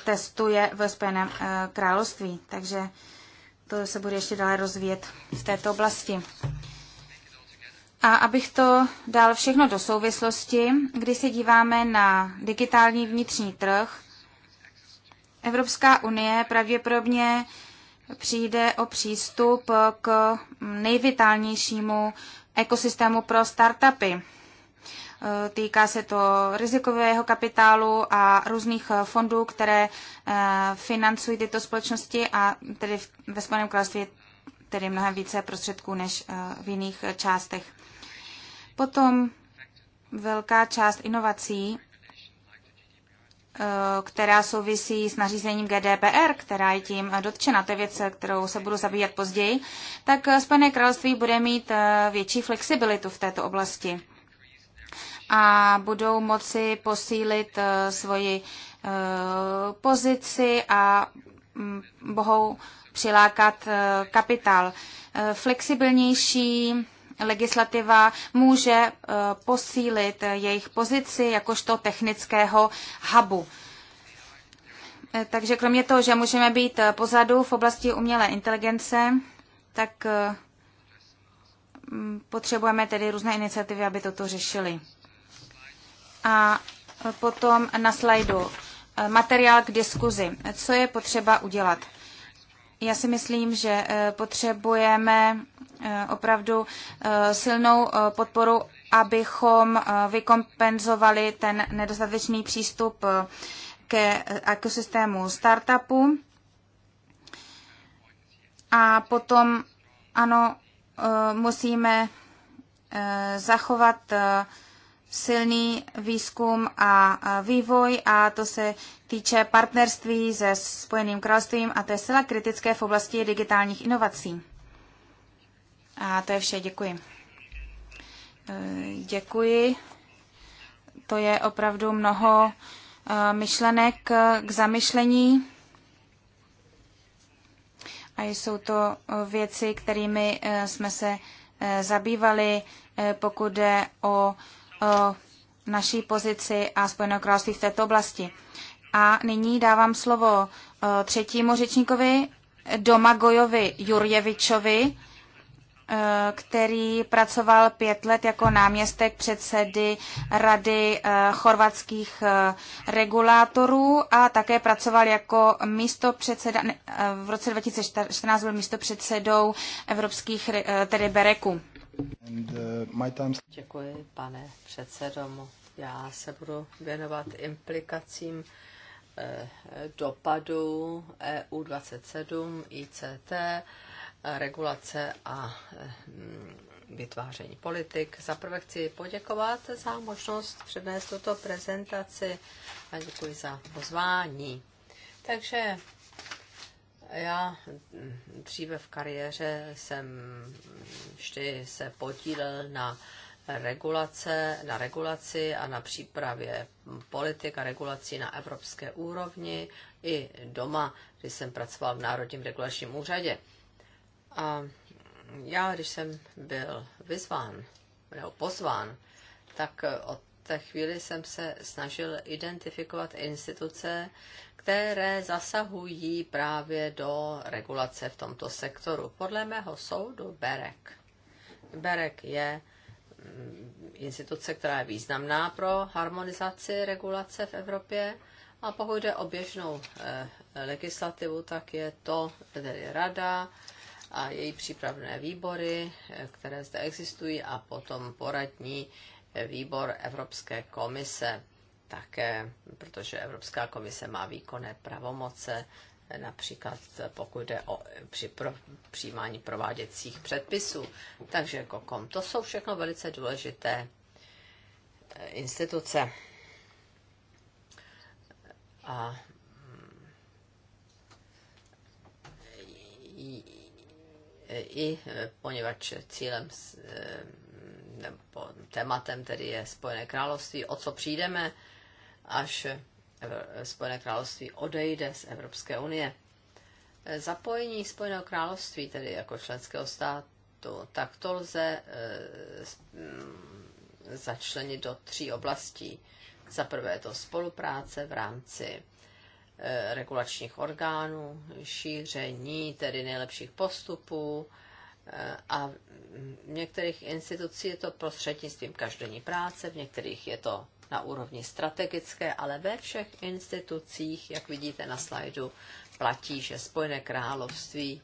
[SPEAKER 2] testuje ve Spojeném království. Takže to se bude ještě dále rozvíjet v této oblasti. A abych to dal všechno do souvislosti, když se díváme na digitální vnitřní trh, Evropská unie pravděpodobně přijde o přístup k nejvitálnějšímu ekosystému pro startupy. Týká se to rizikového kapitálu a různých fondů, které eh, financují tyto společnosti a tedy ve Spojeném království tedy mnohem více prostředků než eh, v jiných částech. Potom velká část inovací, eh, která souvisí s nařízením GDPR, která je tím dotčena, to je věc, kterou se budu zabývat později, tak Spojené království bude mít eh, větší flexibilitu v této oblasti a budou moci posílit eh, svoji pozici a mm, mohou přilákat kapitál. Flexibilnější legislativa může eh, posílit jejich pozici jakožto technického hubu. Eh, takže kromě toho, že můžeme být eh, pozadu v oblasti umělé inteligence, tak mm, potřebujeme tedy různé iniciativy, aby toto řešili. A potom na slajdu materiál k diskuzi. Co je potřeba udělat? Já si myslím, že eh, potřebujeme eh, opravdu eh, silnou podporu, abychom vykompenzovali ten nedostatečný přístup ke ekosystému startupu. A potom, ano, musíme zachovat silný výzkum a vývoj a to se týče partnerství se Spojeným královstvím a to je zcela kritické v oblasti digitálních inovací. A to je vše, děkuji. E, děkuji. To je opravdu mnoho e, myšlenek k zamyšlení. A jsou to věci, kterými e, jsme se zabývali, pokud jde o naší pozici a Spojeného království v této oblasti. A nyní dávám slovo třetímu řečníkovi, Domagojovi Jurjevičovi, který pracoval pět let jako náměstek předsedy Rady chorvatských regulátorů a také pracoval jako místo předseda, v roce 2014 byl místo předsedou evropských, tedy Bereku.
[SPEAKER 4] Uh,
[SPEAKER 3] děkuji, pane předsedo. Já se budu věnovat implikacím eh, dopadu EU27, ICT, eh, regulace a mm, vytváření politik. Za prvé chci poděkovat za možnost přednést tuto prezentaci a děkuji za pozvání. Takže já dříve v kariéře jsem vždy se podílel na regulace, na regulaci a na přípravě politik a regulací na evropské úrovni i doma, když jsem pracoval v Národním regulačním úřadě. A já, když jsem byl vyzván nebo pozván, tak od té chvíli jsem se snažil identifikovat instituce, které zasahují právě do regulace v tomto sektoru. Podle mého soudu BEREK. BEREK je mm, instituce, která je významná pro harmonizaci regulace v Evropě. A pokud jde o běžnou eh, legislativu, tak je to tedy rada a její přípravné výbory, eh, které zde existují, a potom poradní výbor Evropské komise také, protože Evropská komise má výkonné pravomoce, například pokud jde o při pro, přijímání prováděcích předpisů. Takže KOKOM, to jsou všechno velice důležité eh, instituce. A mm, i, i eh, poněvadž cílem eh, nebo tématem tedy je Spojené království, o co přijdeme, až Spojené království odejde z Evropské unie. Zapojení Spojeného království, tedy jako členského státu, tak to lze eh, mm, začlenit do tří oblastí. Za prvé je to spolupráce v rámci eh, regulačních orgánů, šíření tedy nejlepších postupů, a v některých institucí je to prostřednictvím každodenní práce, v některých je to na úrovni strategické, ale ve všech institucích, jak vidíte na slajdu, platí, že Spojené království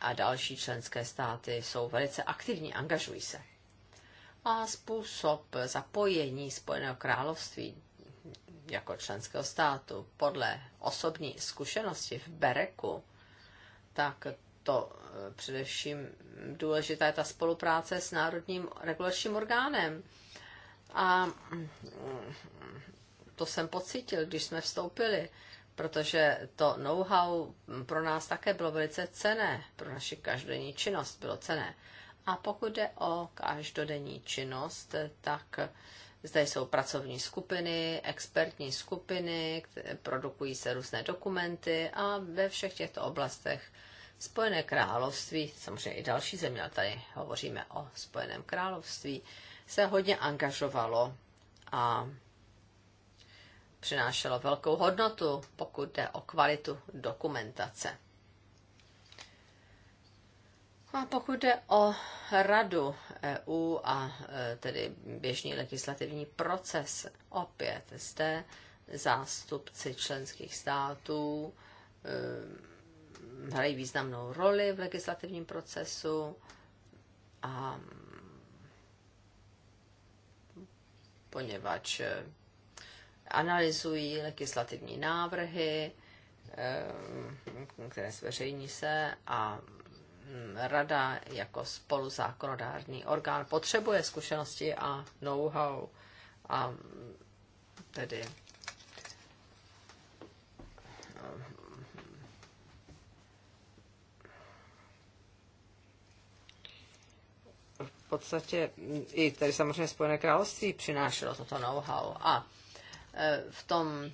[SPEAKER 3] a další členské státy jsou velice aktivní, angažují se. A způsob zapojení Spojeného království jako členského státu podle osobní zkušenosti v Bereku, tak to eh, především důležitá je ta spolupráce s Národním regulačním orgánem. A mm, to jsem pocítil, když jsme vstoupili, protože to know-how pro nás také bylo velice cené, pro naši každodenní činnost bylo cené. A pokud jde o každodenní činnost, tak zde jsou pracovní skupiny, expertní skupiny, produkují se různé dokumenty a ve všech těchto oblastech Spojené království, samozřejmě i další země, ale tady hovoříme o Spojeném království, se hodně angažovalo a přinášelo velkou hodnotu, pokud jde o kvalitu dokumentace. A pokud jde o radu EU a e, tedy běžný legislativní proces, opět zde zástupci členských států hrají významnou roli v legislativním procesu a poněvadž eh, analyzují legislativní návrhy, eh, které zveřejní se a mm, rada jako spoluzákonodárný orgán potřebuje zkušenosti a know-how a mm, tedy podstatě mm, i tady samozřejmě Spojené království přinášelo toto know-how. A e, v tom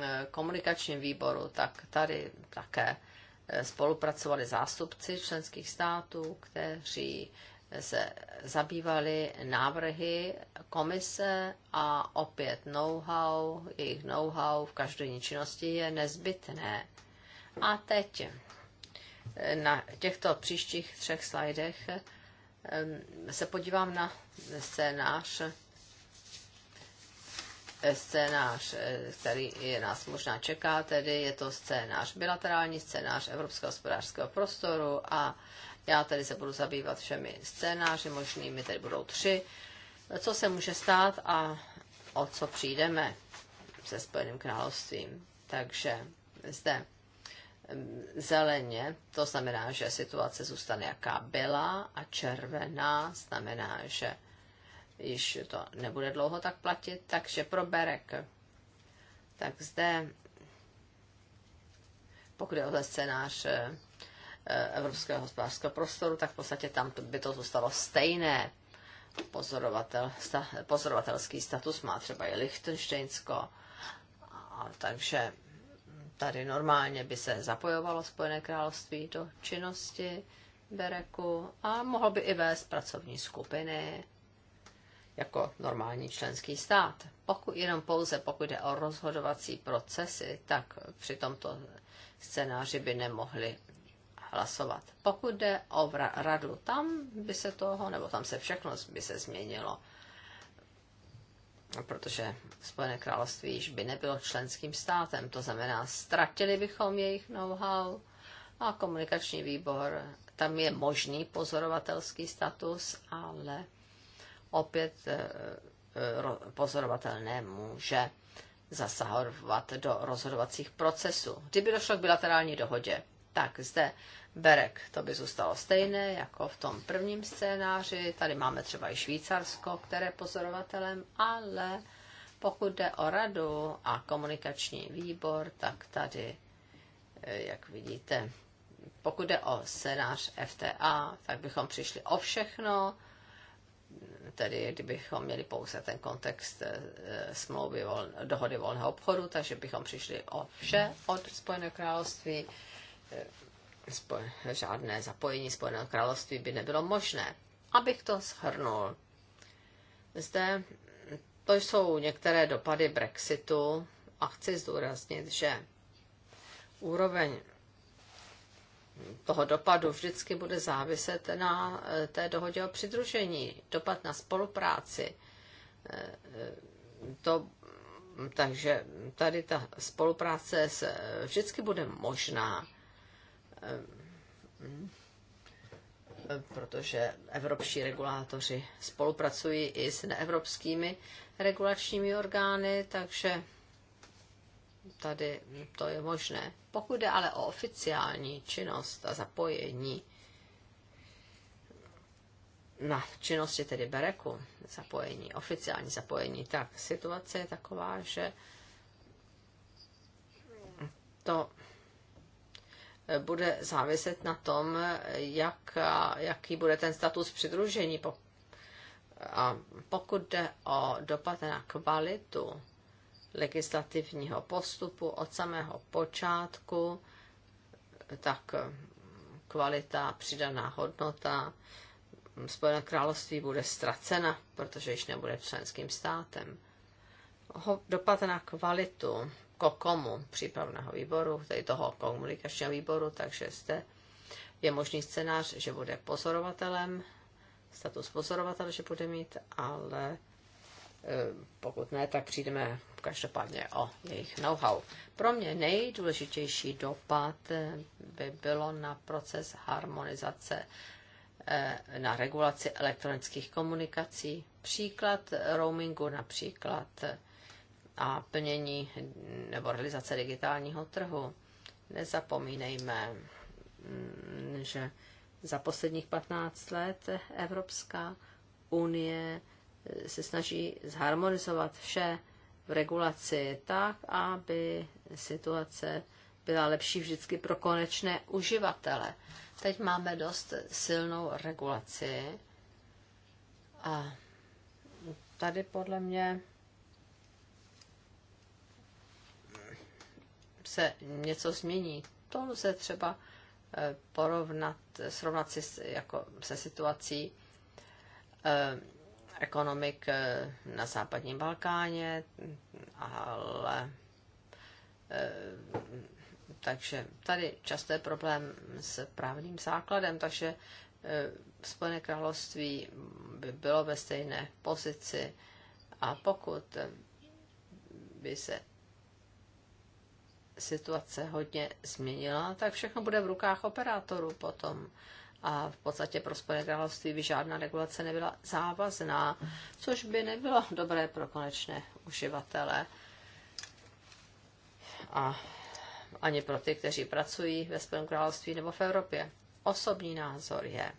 [SPEAKER 3] e, komunikačním výboru, tak tady také e, spolupracovali zástupci členských států, kteří se zabývali návrhy komise a opět know-how, jejich know-how v každodenní činnosti je nezbytné. A teď na těchto příštích třech slajdech se podívám na scénář, eh, scénář, eh, který je nás možná čeká, tedy je to scénář bilaterální, scénář Evropského hospodářského prostoru a já tady se budu zabývat všemi scénáři možnými, tedy budou tři, co se může stát a o co přijdeme se Spojeným královstvím. Takže zde zeleně, to znamená, že situace zůstane jaká byla a červená znamená, že již to nebude dlouho tak platit, takže pro berek. Tak zde, pokud je o scénář eh, eh, Evropského hospodářského prostoru, tak v podstatě tam by to zůstalo stejné. Pozorovatel, sta, pozorovatelský status má třeba i Lichtensteinsko, a, takže tady normálně by se zapojovalo Spojené království do činnosti Bereku a mohl by i vést pracovní skupiny jako normální členský stát. Pokud, jenom pouze pokud jde o rozhodovací procesy, tak při tomto scénáři by nemohli hlasovat. Pokud jde o radu, tam by se toho, nebo tam se všechno by se změnilo protože Spojené království již by nebylo členským státem. To znamená, ztratili bychom jejich know-how a komunikační výbor, tam je možný pozorovatelský status, ale opět eh, eh, pozorovatel nemůže zasahovat do rozhodovacích procesů. Kdyby došlo k bilaterální dohodě, tak zde Berek, to by zůstalo stejné jako v tom prvním scénáři. Tady máme třeba i Švýcarsko, které je pozorovatelem, ale pokud jde o radu a komunikační výbor, tak tady, eh, jak vidíte, pokud jde o scénář FTA, tak bychom přišli o všechno, tedy kdybychom měli pouze ten kontext eh, smlouvy dohody volného obchodu, takže bychom přišli o vše od Spojeného království eh, žádné zapojení Spojeného království by nebylo možné. Abych to shrnul. Zde to jsou některé dopady Brexitu a chci zdůraznit, že úroveň toho dopadu vždycky bude záviset na eh, té dohodě o přidružení, dopad na spolupráci. Eh, eh, to, takže tady ta spolupráce se vždycky bude možná Ehm, protože evropští regulátoři spolupracují i s neevropskými regulačními orgány, takže tady to je možné. Pokud jde ale o oficiální činnost a zapojení na činnosti tedy Bereku, zapojení, oficiální zapojení, tak situace je taková, že to bude záviset na tom, jak, jaký bude ten status přidružení. A pokud jde o dopad na kvalitu legislativního postupu od samého počátku, tak kvalita, přidaná hodnota Spojené království bude ztracena, protože již nebude členským státem. Dopad na kvalitu KOKOMu, přípravného výboru, tedy toho komunikačního výboru, takže zde je možný scénář, že bude pozorovatelem, status pozorovatel, že bude mít, ale eh, pokud ne, tak přijdeme každopádně o jejich know-how. Pro mě nejdůležitější dopad eh, by bylo na proces harmonizace eh, na regulaci elektronických komunikací. Příklad roamingu například a plnění nebo realizace digitálního trhu. Nezapomínejme, mm, že za posledních 15 let Evropská unie se snaží zharmonizovat vše v regulaci tak, aby situace byla lepší vždycky pro konečné uživatele. Teď máme dost silnou regulaci a tady podle mě se něco změní. To lze třeba eh, porovnat, srovnat si jako se situací eh, ekonomik eh, na západním Balkáně, ale takže tady často je problém s právním základem, takže Spojené království by bylo ve stejné pozici a pokud by se situace hodně změnila, tak všechno bude v rukách operátorů potom. A v podstatě pro Spojené království by žádná regulace nebyla závazná, což by nebylo dobré pro konečné uživatele. A ani pro ty, kteří pracují ve Spojeném království nebo v Evropě. Osobní názor je,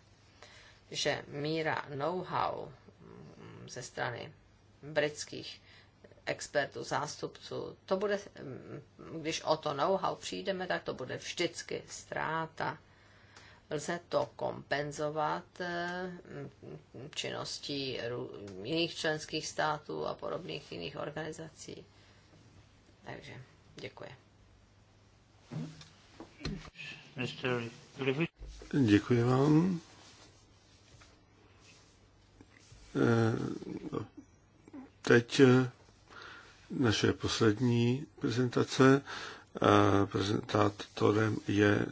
[SPEAKER 3] že míra know-how ze strany britských expertů, zástupců. To bude, mm, když o to know-how přijdeme, tak to bude vždycky ztráta. Lze to kompenzovat eh, mm, činností jiných členských států a podobných jiných organizací. Takže děkuji.
[SPEAKER 1] Děkuji vám. Eh, no, teď eh, naše poslední prezentace. Prezentátorem je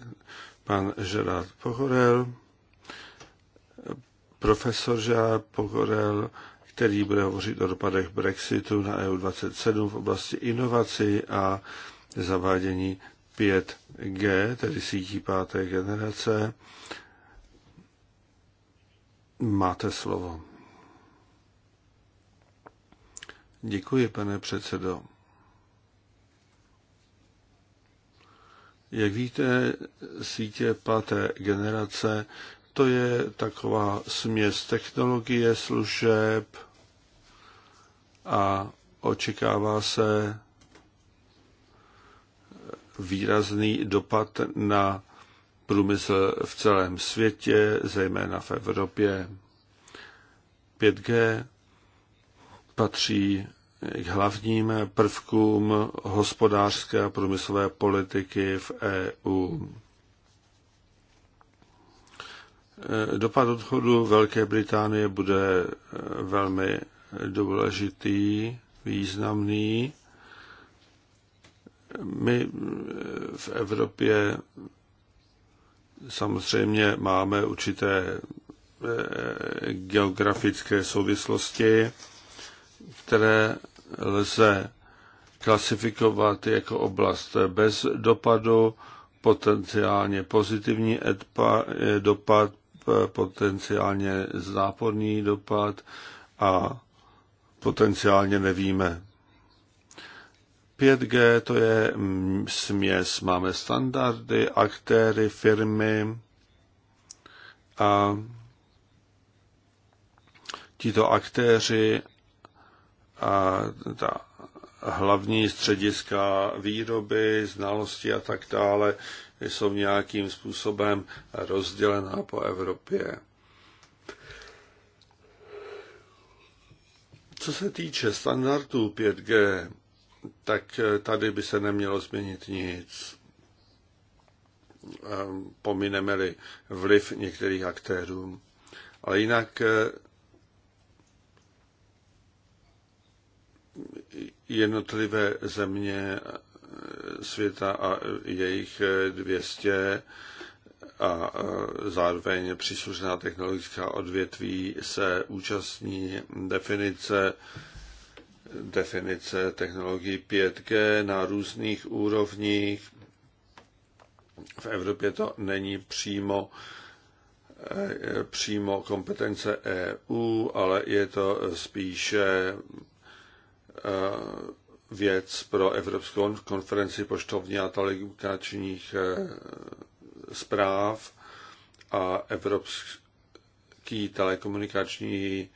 [SPEAKER 1] pan Gerard Pohorel, profesor Gerard Pohorel, který bude hovořit o dopadech Brexitu na EU27 v oblasti inovací a zavádění 5G, tedy sítí páté generace. Máte slovo. Děkuji, pane předsedo. Jak víte, sítě páté generace to je taková směs technologie, služeb a očekává se výrazný dopad na průmysl v celém světě, zejména v Evropě. 5G patří k hlavním prvkům hospodářské a průmyslové politiky v EU. E, dopad odchodu Velké Británie bude e, velmi důležitý, významný. My e, v Evropě samozřejmě máme určité geografické souvislosti které lze klasifikovat jako oblast bez dopadu, potenciálně pozitivní eh, dopad, eh, potenciálně záporný dopad a potenciálně nevíme. 5G to je směs, máme standardy, aktéry, firmy a tito aktéři a ta hlavní střediska výroby, znalosti a tak dále jsou nějakým způsobem rozdělená po Evropě. Co se týče standardů 5G, tak tady by se nemělo změnit nic. Ehm, pomineme-li vliv některých aktérů. Ale jinak jednotlivé země světa a jejich 200 a zároveň příslušná technologická odvětví se účastní definice definice technologií 5G na různých úrovních. V Evropě to není přímo přímo kompetence EU, ale je to spíše Eh, věc pro Evropskou konferenci poštovní a telekomunikačních eh, zpráv a Evropský telekomunikační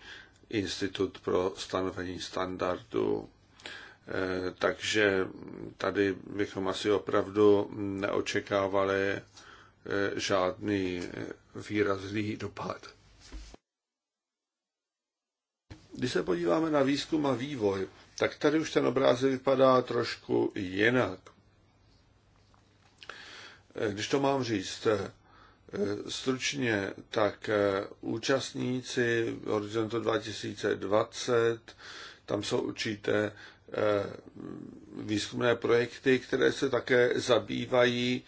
[SPEAKER 1] institut pro stanovení standardu. Eh, takže tady bychom asi opravdu neočekávali žádný výrazný dopad. Když se podíváme na výzkum a vývoj, tak tady už ten obrázek vypadá trošku jinak. Eh, když to mám říct eh, stručně, tak eh, účastníci Horizontu 2020, tam jsou určité výzkumné projekty, které se také zabývají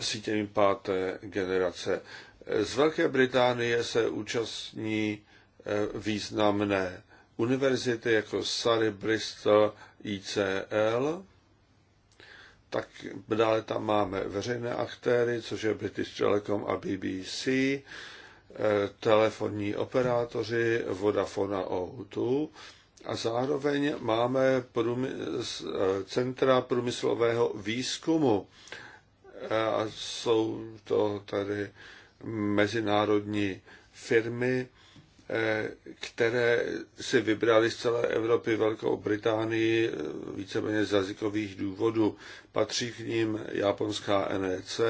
[SPEAKER 1] sítěmi páté generace. Z Velké Británie se účastní významné univerzity jako Surrey, Bristol, ICL, tak dále tam máme veřejné aktéry, což je British Telecom a BBC, eh, telefonní operátoři Vodafone a O2 a zároveň máme průmysl, eh, centra průmyslového výzkumu eh, a jsou to tady mezinárodní firmy, které si vybrali z celé Evropy Velkou Británii víceméně z jazykových důvodů. Patří k ním japonská NEC,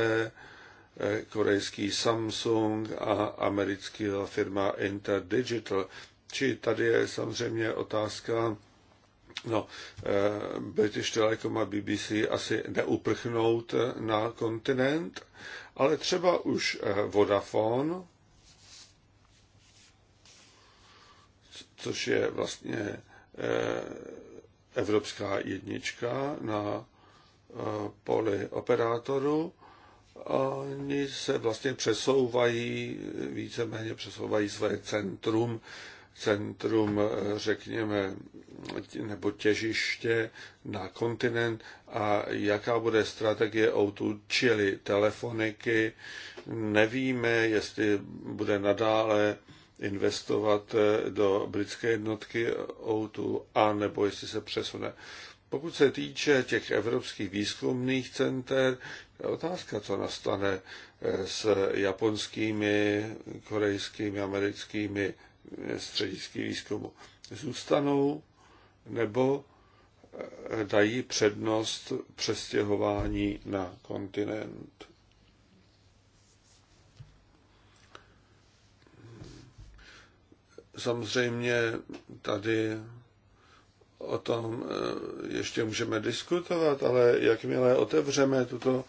[SPEAKER 1] korejský Samsung a americká firma Interdigital. Či tady je samozřejmě otázka, no, eh, British Telecom a BBC asi neuprchnout na kontinent, ale třeba už eh, Vodafone, což je vlastně eh, evropská jednička na eh, poli operátoru. Oni se vlastně přesouvají, víceméně přesouvají své centrum, centrum, eh, řekněme, nebo těžiště na kontinent a jaká bude strategie O2, čili telefoniky. Nevíme, jestli bude nadále investovat eh, do britské jednotky O2 a nebo jestli se přesune. Pokud se týče těch evropských výzkumných center, je otázka, co nastane eh, s japonskými, korejskými, americkými eh, středisky výzkumu. Zůstanou nebo dají přednost přestěhování na kontinent. Samozřejmě tady o tom eh, ještě můžeme diskutovat, ale jakmile otevřeme tuto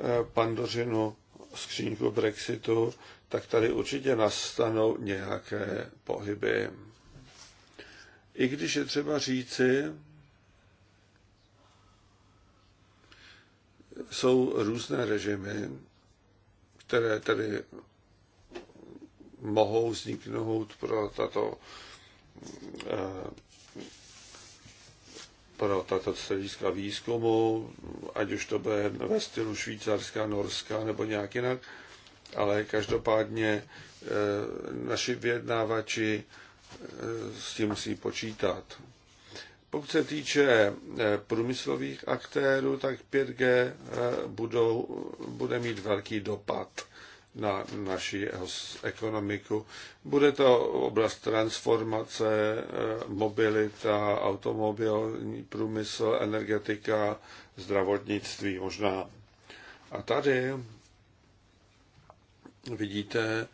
[SPEAKER 1] eh, pandořinu skříňku Brexitu, tak tady určitě nastanou nějaké pohyby. I když je třeba říci, jsou různé režimy, které tady mohou vzniknout pro tato eh, pro tato střediska výzkumu, ať už to bude ve stylu švýcarská, norská nebo nějak jinak, ale každopádně eh, naši vyjednávači eh, s tím musí počítat. Pokud se týče průmyslových aktérů, tak 5G budou, bude mít velký dopad na naši ekonomiku. Bude to oblast transformace, e, mobilita, automobilní průmysl, energetika, zdravotnictví možná. A tady vidíte,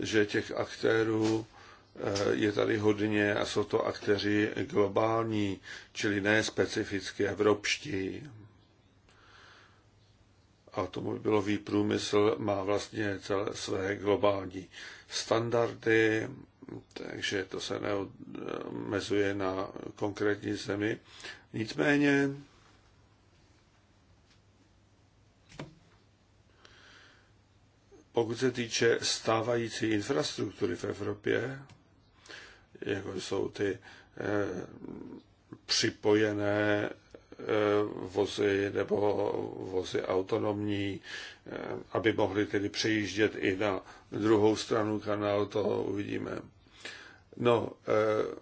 [SPEAKER 1] že těch aktérů e, je tady hodně a jsou to aktéři globální, čili ne specificky evropští automobilový průmysl má vlastně celé své globální standardy, takže to se neomezuje na konkrétní zemi. Nicméně pokud se týče stávající infrastruktury v Evropě, jako jsou ty eh, připojené Eh, vozy nebo vozy autonomní, eh, aby mohli tedy přejíždět i na druhou stranu kanálu, toho uvidíme. No, eh,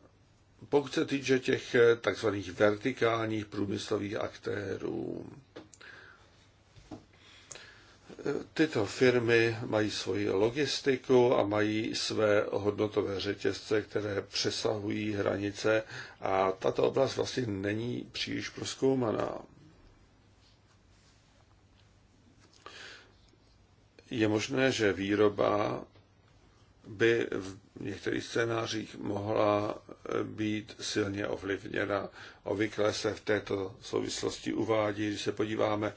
[SPEAKER 1] pokud se týče těch takzvaných vertikálních průmyslových aktérů, Tyto firmy mají svoji logistiku a mají své hodnotové řetězce, které přesahují hranice a tato oblast vlastně není příliš proskoumaná. Je možné, že výroba by v některých scénářích mohla být silně ovlivněna. Obvykle se v této souvislosti uvádí, když se podíváme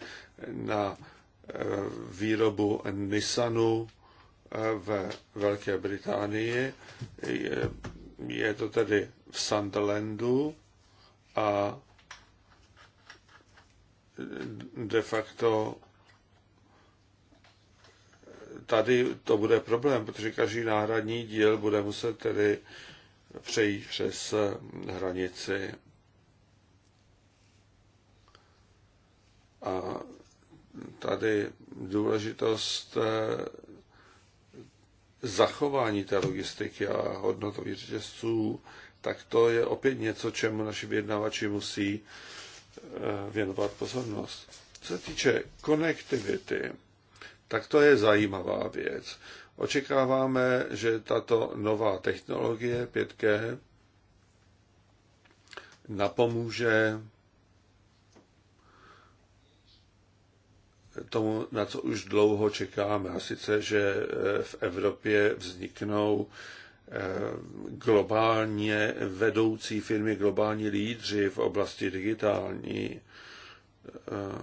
[SPEAKER 1] na Eh, výrobu Nissanu eh, ve Velké Británii. Je to tedy v Sunderlandu a de facto tady to bude problém, protože každý náhradní díl bude muset tedy přejít přes hranici. A tady důležitost eh, zachování té logistiky a hodnotových řetězců, tak to je opět něco, čemu naši vyjednavači musí eh, věnovat pozornost. Co se týče konektivity, tak to je zajímavá věc. Očekáváme, že tato nová technologie 5G napomůže tomu, na co už dlouho čekáme, a sice, že eh, v Evropě vzniknou eh, globálně vedoucí firmy, globální lídři v oblasti digitální, eh,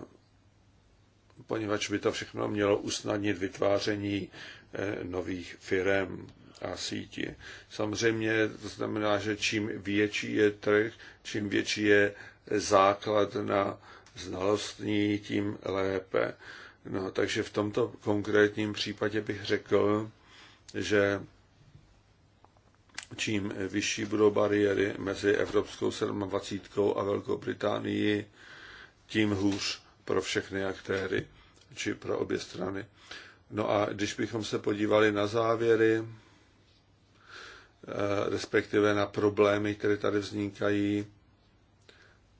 [SPEAKER 1] poněvadž by to všechno mělo usnadnit vytváření nových firm a sítí. Samozřejmě to znamená, že čím větší je trh, čím větší je základ na znalostní, tím lépe. No, takže v tomto konkrétním případě bych řekl, že čím vyšší budou bariéry mezi Evropskou 27 a Velkou Británií, tím hůř pro všechny aktéry, či pro obě strany. No a když bychom se podívali na závěry, eh, respektive na problémy, které tady vznikají,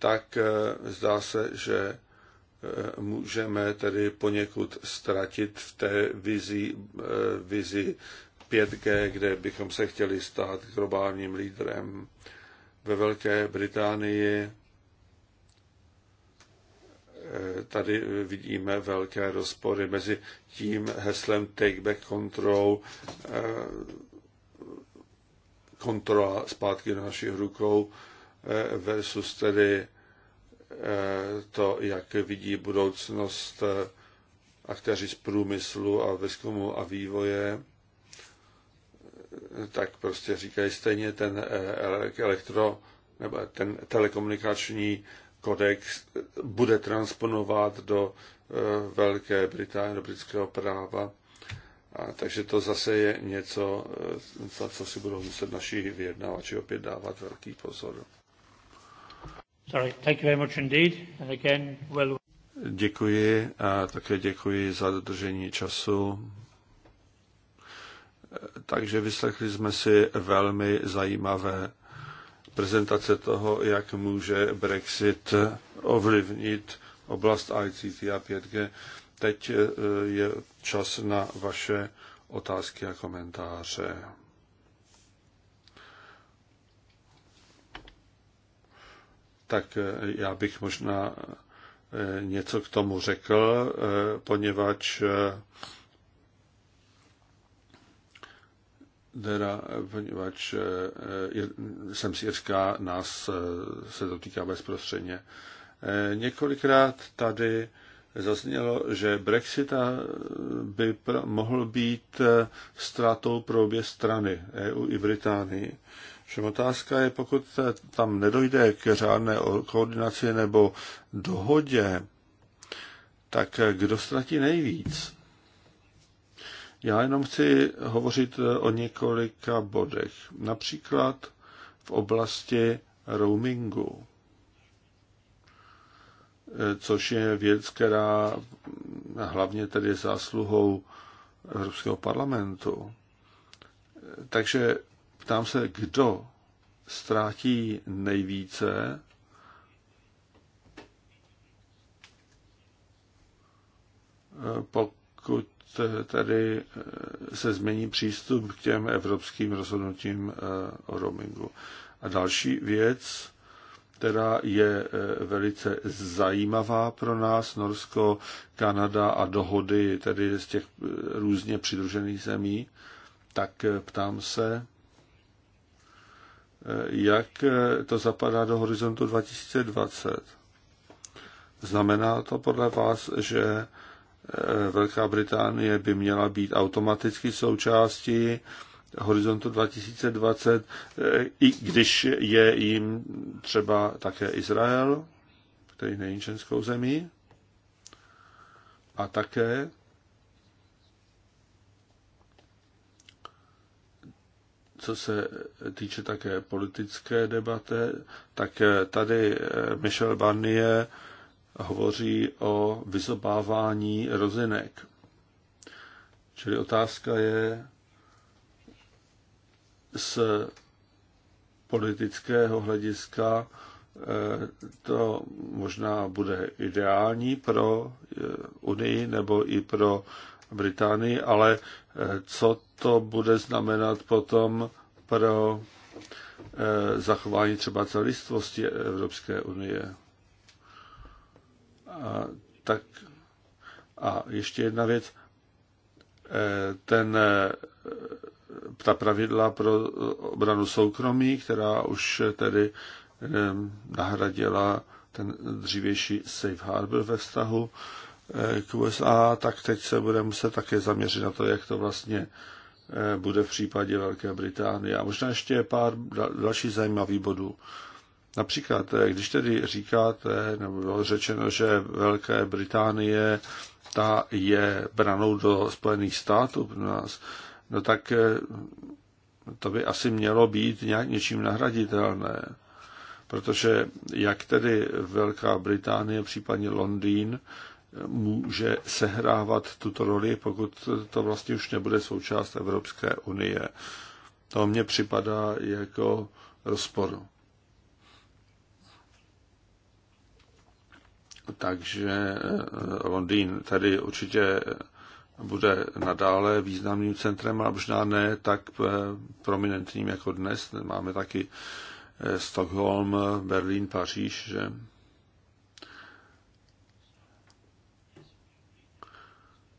[SPEAKER 1] tak eh, zdá se, že eh, můžeme tedy poněkud ztratit v té vizi, eh, vizi 5G, kde bychom se chtěli stát globálním lídrem. Ve Velké Británii tady vidíme velké rozpory mezi tím heslem Take Back Control, kontrola zpátky do našich rukou versus tedy to, jak vidí budoucnost eh, aktéři z průmyslu a výzkumu a vývoje, eh, tak prostě říkají stejně ten eh, elektro nebo ten telekomunikační kodex bude transponovat do Velké Británie, do britského práva. A takže to zase je něco, za co si budou muset naši vyjednávači opět dávat velký pozor.
[SPEAKER 4] Sorry, thank you very much indeed. And again, well...
[SPEAKER 1] Děkuji a také děkuji za dodržení času. Takže vyslechli jsme si velmi zajímavé prezentace toho, jak může Brexit ovlivnit oblast ICT a 5G. Teď eh, je čas na vaše otázky a komentáře. tak eh, já bych možná eh, něco k tomu řekl, eh, poněvadž teda, poněvadž jsem z Jirska, nás se to týká bezprostředně. Několikrát tady zaznělo, že Brexit by mohl být eh, ztrátou pro obě strany, EU i Británii. Všem otázka je, pokud eh, tam nedojde k řádné koordinaci nebo dohodě, tak eh, kdo ztratí nejvíc? Já jenom chci hovořit o několika bodech. Například v oblasti roamingu což je věc, která hlavně tedy zásluhou Evropského parlamentu. Takže ptám se, kdo ztrátí nejvíce pokud tedy se změní přístup k těm evropským rozhodnutím eh, o roamingu. A další věc, která je eh, velice zajímavá pro nás, Norsko, Kanada a dohody tedy z těch eh, různě přidružených zemí, tak eh, ptám se, jak to zapadá do horizontu 2020. Znamená to podle vás, že Velká Británie by měla být automaticky součástí horizontu 2020, eh, i když je jim třeba také Izrael, který není členskou zemí, a také co se týče také politické debate, tak eh, tady eh, Michel Barnier hovoří o vyzobávání rozinek. Čili otázka je, z politického hlediska eh, to možná bude ideální pro eh, Unii nebo i pro Británii, ale eh, co to bude znamenat potom pro zachování třeba celistvosti Evropské unie? A, tak, a ještě jedna věc. Ten ta pravidla pro obranu soukromí, která už tedy eh, nahradila ten dřívější safe harbor ve vztahu eh, k USA, tak teď se bude muset také zaměřit na to, jak to vlastně eh, bude v případě Velké Británie. A možná ještě pár dalších zajímavých bodů. Například, když tedy říkáte, nebo bylo řečeno, že Velké Británie ta je branou do Spojených států pro nás, no tak eh, to by asi mělo být nějak něčím nahraditelné. Protože jak tedy Velká Británie, případně Londýn, může sehrávat tuto roli, pokud to vlastně už nebude součást Evropské unie. To mně připadá jako rozpor. Takže eh, Londýn tady určitě bude nadále významným centrem a možná ne tak eh, prominentním jako dnes. Máme taky eh, Stockholm, Berlín, Paříž, že?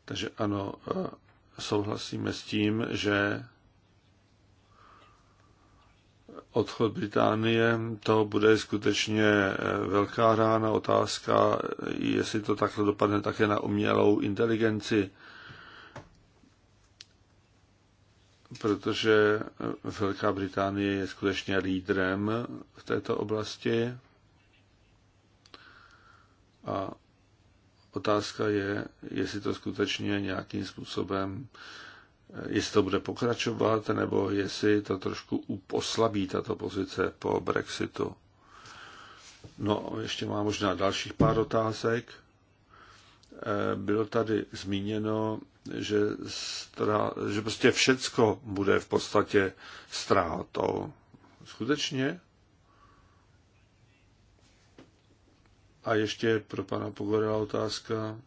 [SPEAKER 1] Takže ano, eh, souhlasíme s tím, že odchod Británie, to bude skutečně velká rána otázka, jestli to takhle dopadne také na umělou inteligenci protože Velká Británie je skutečně lídrem v této oblasti. A otázka je, jestli to skutečně nějakým způsobem, jestli to bude pokračovat, nebo jestli to trošku uposlabí tato pozice po Brexitu. No, ještě mám možná dalších pár otázek. Bylo tady zmíněno že, stra, že prostě všecko bude v podstatě ztrátou. Skutečně? A ještě pro pana Pogorela otázka.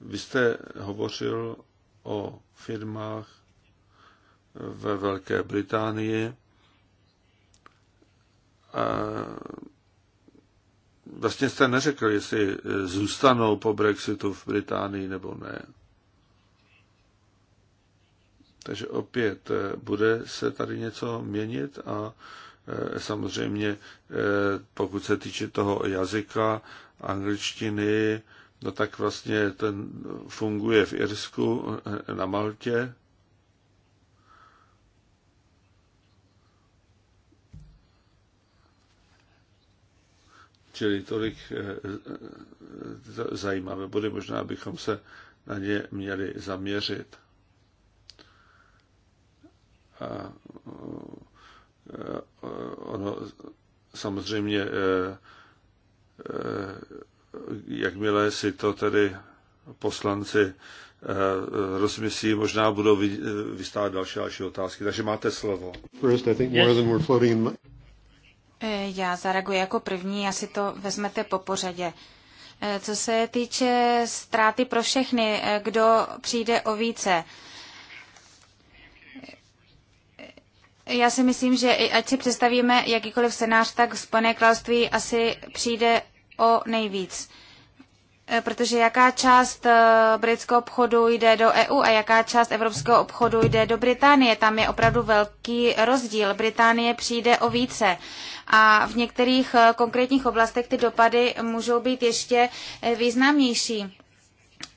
[SPEAKER 1] Vy jste hovořil o firmách ve Velké Británii. A vlastně jste neřekl, jestli eh, zůstanou po Brexitu v Británii nebo ne. Takže opět, eh, bude se tady něco měnit a eh, samozřejmě, pokud se týče toho jazyka, angličtiny, no tak vlastně ten funguje v Irsku, na Maltě, Čili tolik eh, eh, zajímavé body, možná bychom se na ně měli zaměřit. A eh, ono samozřejmě, jakmile si to tedy poslanci rozmyslí, možná budou vystávat další další otázky. Takže máte slovo. First, I think more than we're floating in
[SPEAKER 2] E, já zareaguji jako první, asi to vezmete po pořadě. E, co se týče ztráty pro všechny, e, kdo přijde o více, Já si myslím, že ať si představíme jakýkoliv scénář, tak Spojené království asi přijde o nejvíc. Eh, protože jaká část eh, britského obchodu jde do EU a jaká část evropského obchodu jde do Británie, tam je opravdu velký rozdíl. Británie přijde o více a v některých eh, konkrétních oblastech ty dopady můžou být ještě významnější.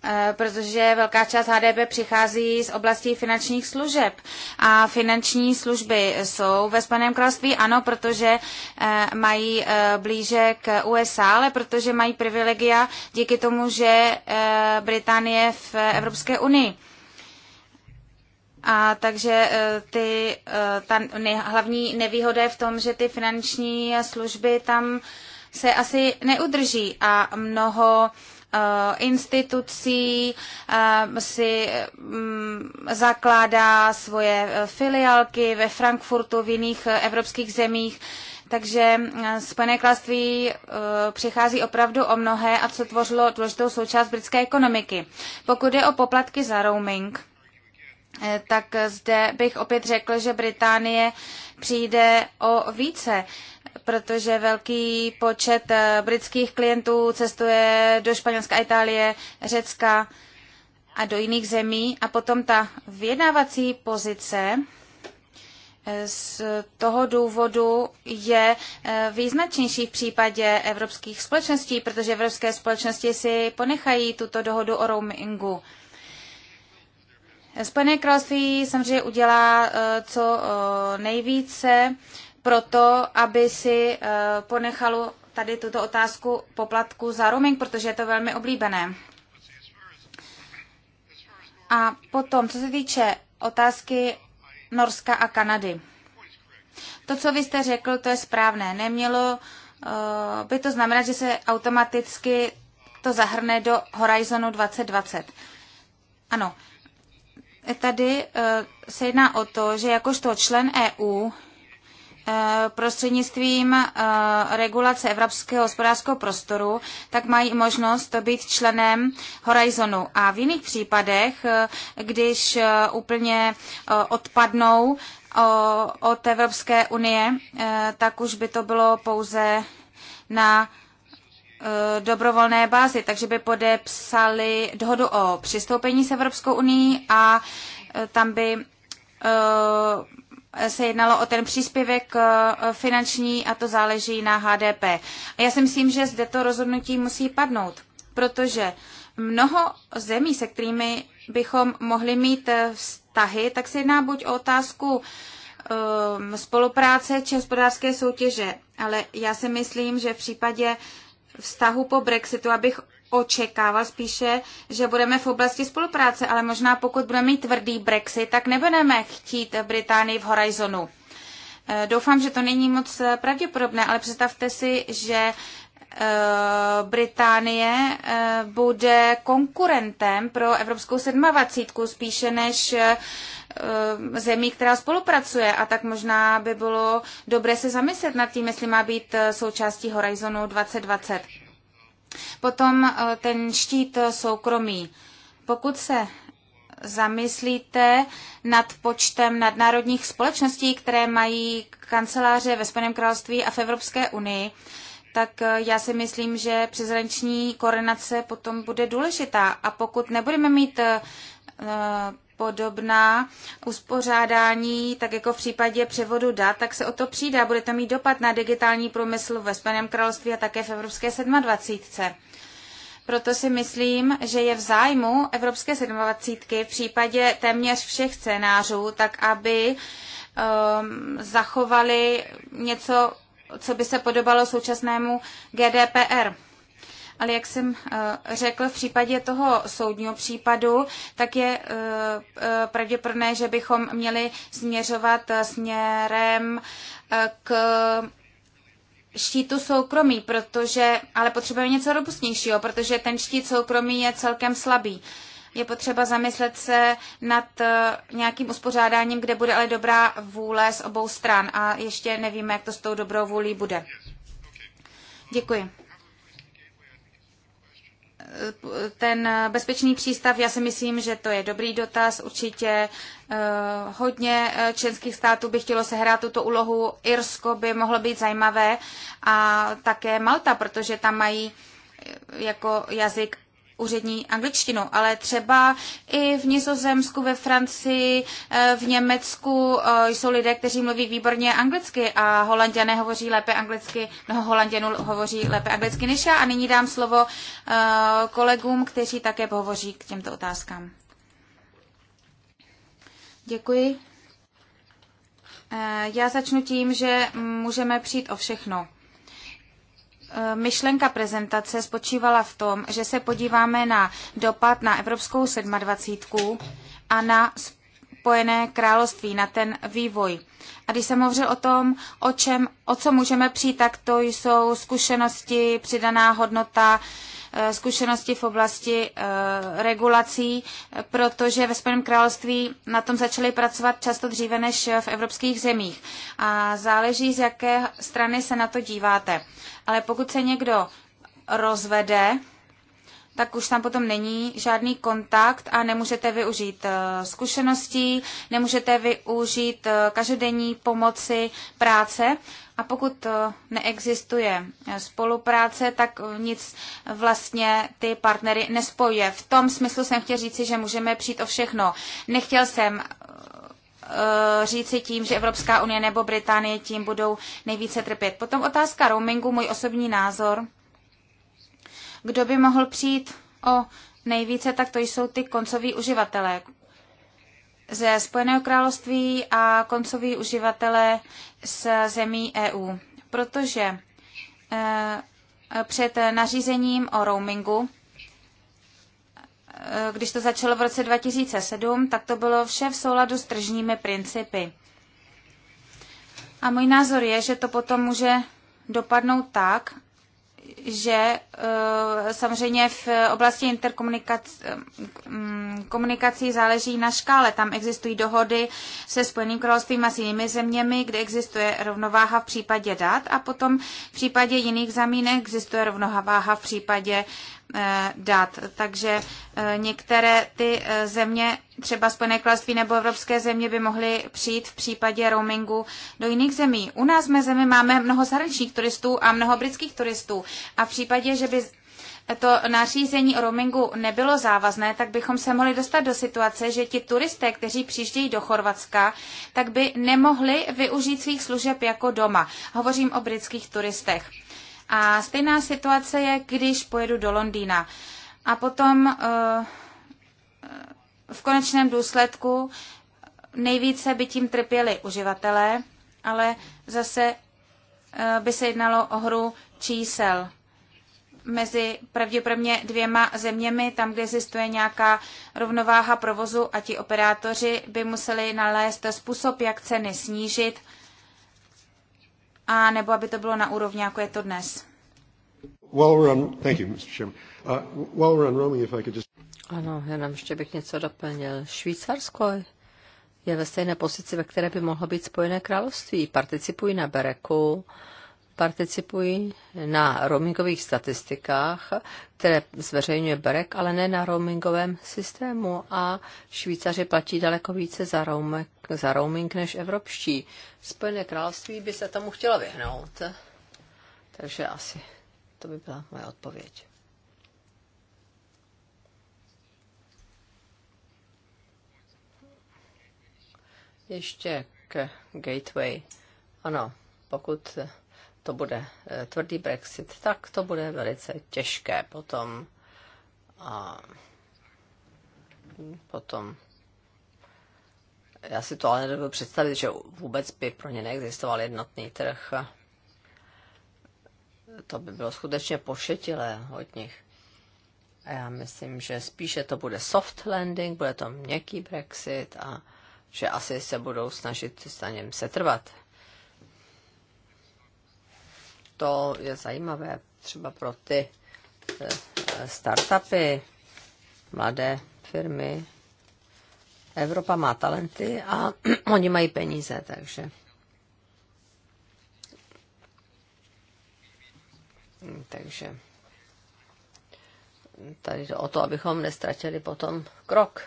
[SPEAKER 2] Eh, protože velká část HDP přichází z oblasti finančních služeb. A finanční služby jsou ve Spojeném království, ano, protože eh, mají eh, blíže k USA, ale protože mají privilegia díky tomu, že Británie v Evropské unii. A takže ty, ta hlavní nevýhoda je v tom, že ty finanční služby tam se asi neudrží a mnoho uh, Eh, institucí eh, si mm, zakládá svoje eh, filiálky ve Frankfurtu, v jiných evropských zemích. Takže Spojené království přichází opravdu o mnohé a co tvořilo důležitou součást britské ekonomiky. Pokud je o poplatky za roaming, tak zde bych opět řekl, že Británie přijde o více, protože velký počet eh, britských klientů cestuje do Španělska, Itálie, Řecka a do jiných zemí. A potom ta vyjednávací pozice eh, z toho důvodu je eh, význačnější v případě evropských společností, protože evropské společnosti si ponechají tuto dohodu o roamingu. Spojené království samozřejmě udělá eh, co eh, nejvíce pro to, aby si eh, ponechalo tady tuto otázku poplatku za roaming, protože je to velmi oblíbené. A potom, co se týče otázky Norska a Kanady. To, co vy jste řekl, to je správné. Nemělo by to znamenat, že se automaticky to zahrne do Horizonu 2020. Ano, Tady eh, se jedná o to, že jakožto člen EU eh, prostřednictvím eh, regulace Evropského hospodářského prostoru, tak mají možnost být členem Horizonu. A v jiných případech, když úplně odpadnou od Evropské unie, tak už by to bylo pouze na Eh, dobrovolné bázi, takže by podepsali dohodu o přistoupení s Evropskou unii a eh, tam by eh, se jednalo o ten příspěvek finanční a to záleží na HDP. A já si myslím, že zde to rozhodnutí musí padnout, protože mnoho zemí, se kterými bychom mohli mít vztahy, tak se jedná buď o otázku spolupráce či hospodářské soutěže. Ale já si myslím, že v případě vztahu po Brexitu, abych očekával spíše, že budeme v oblasti spolupráce, ale možná pokud budeme mít tvrdý Brexit, tak nebudeme chtít Británii v horizonu. E, doufám, že to není moc e, pravděpodobné, ale představte si, že Eh, Británie eh, bude konkurentem pro Evropskou sedmavacítku spíše než eh, zemí, která spolupracuje a tak možná by bylo dobré se zamyslet nad tím, jestli má být součástí Horizonu 2020. Potom ten štít soukromí. Pokud se zamyslíte nad počtem nadnárodních společností, které mají kanceláře ve Spojeném království a v Evropské unii, tak eh, já si myslím, že přezranční koordinace potom bude důležitá. A pokud nebudeme mít eh, eh, podobná uspořádání, tak jako v případě převodu dat, tak se o to přijde a bude to mít dopad na digitální průmysl ve Spojeném království a také v Evropské 27. Proto si myslím, že je v zájmu Evropské 27 v případě téměř všech scénářů, tak aby um, zachovali něco co by se podobalo současnému GDPR. Ale jak jsem eh, řekl, v případě toho soudního případu, tak je eh, eh, pravděpodobné, že bychom měli směřovat směrem k štítu soukromí, protože, ale potřebujeme něco robustnějšího, protože ten štít soukromí je celkem slabý. Uh, je potřeba zamyslet se nad eh, nějakým uspořádáním, kde bude ale dobrá vůle z obou stran a ještě nevíme, jak to s tou dobrou vůlí bude. Děkuji. Eh, ten bezpečný přístav, já si myslím, že to je dobrý dotaz. Určitě eh, hodně členských států by chtělo sehrát tuto úlohu. Irsko by mohlo být zajímavé a také Malta, protože tam mají jako jazyk úřední angličtinu, ale třeba i v Nizozemsku, ve Francii, eh, v Německu eh, jsou lidé, kteří mluví výborně anglicky a holanděné hovoří lépe anglicky, no holanděnů hovoří lépe anglicky než já a nyní dám slovo eh, kolegům, kteří také pohovoří k těmto otázkám. Děkuji. Já začnu tím, že můžeme přijít o všechno. Eh, myšlenka prezentace spočívala v tom, že se podíváme na dopad na Evropskou 27 a na Spojené království, na ten vývoj. A když jsem hovořil o tom, o, čem, o co můžeme přijít, tak to jsou zkušenosti, přidaná hodnota, Eh, zkušenosti v oblasti eh, regulací, protože ve Spojeném království na tom začali pracovat často dříve než v evropských zemích. A záleží, z jaké strany se na to díváte. Ale pokud se někdo rozvede, tak už tam potom není žádný kontakt a nemůžete využít eh, zkušeností, nemůžete využít každodenní pomoci práce a pokud eh, neexistuje eh, spolupráce, tak eh, nic vlastně ty partnery nespojuje. V tom smyslu jsem chtěl říci, že můžeme přijít o všechno. Nechtěl jsem říci tím, že Evropská unie nebo Británie tím budou nejvíce trpět. Potom otázka roamingu, můj osobní názor. Kdo by mohl přijít o nejvíce, tak to jsou ty koncoví uživatelé, ze Spojeného království a koncoví uživatelé z zemí EU, protože eh, před nařízením o roamingu, eh, když to začalo v roce 2007, tak to bylo vše v souladu s tržními principy. A můj názor je, že to potom může dopadnout tak, že eh, samozřejmě v oblasti interkomunikací mm, záleží na škále. Tam existují dohody se Spojeným královstvím a s jinými zeměmi, kde existuje rovnováha v případě dat a potom v případě jiných zemí neexistuje rovnováha v případě eh, dat. Takže eh, některé ty země třeba Spojené království nebo evropské země by mohly přijít v případě roamingu do jiných zemí. U nás mezi zemi máme mnoho zahraničních turistů a mnoho britských turistů a v případě, že by to nařízení o roamingu nebylo závazné, tak bychom se mohli dostat do situace, že ti turisté, kteří přijíždějí do Chorvatska, tak by nemohli využít svých služeb jako doma. Hovořím o britských turistech. A stejná situace je, když pojedu do Londýna. A potom uh, v konečném důsledku nejvíce by tím trpěli uživatelé, ale zase eh, by se jednalo o hru čísel mezi pravděpodobně dvěma zeměmi, tam, kde existuje nějaká rovnováha provozu a ti operátoři by museli nalézt způsob, jak ceny snížit, a nebo aby to bylo na úrovni, jako je to dnes.
[SPEAKER 1] While we're on, thank you, Mr. Chairman. Uh, while we're on roaming, if I could just ano, jenom
[SPEAKER 3] ještě bych něco doplnil. Švýcarsko je ve stejné pozici, ve které by mohlo být Spojené království. Participují na Bereku, participují na roamingových statistikách, které zveřejňuje Berek, ale ne na roamingovém systému. A Švýcaři platí daleko více za, roaming, za roaming než evropští. Spojené království by se tomu chtělo vyhnout. Takže asi to by byla moje odpověď. Ještě k Gateway. Ano, pokud to bude eh, tvrdý Brexit, tak to bude velice těžké potom. A potom já si to ale nedovedu představit, že vůbec by pro ně neexistoval jednotný trh. To by bylo skutečně pošetilé od nich. A já myslím, že spíše to bude soft landing, bude to měkký Brexit a že asi se budou snažit na něm setrvat. To je zajímavé třeba pro ty eh, eh, startupy, mladé firmy. Evropa má talenty a oni mají peníze, takže Takže tady jde o to, abychom nestratili potom krok.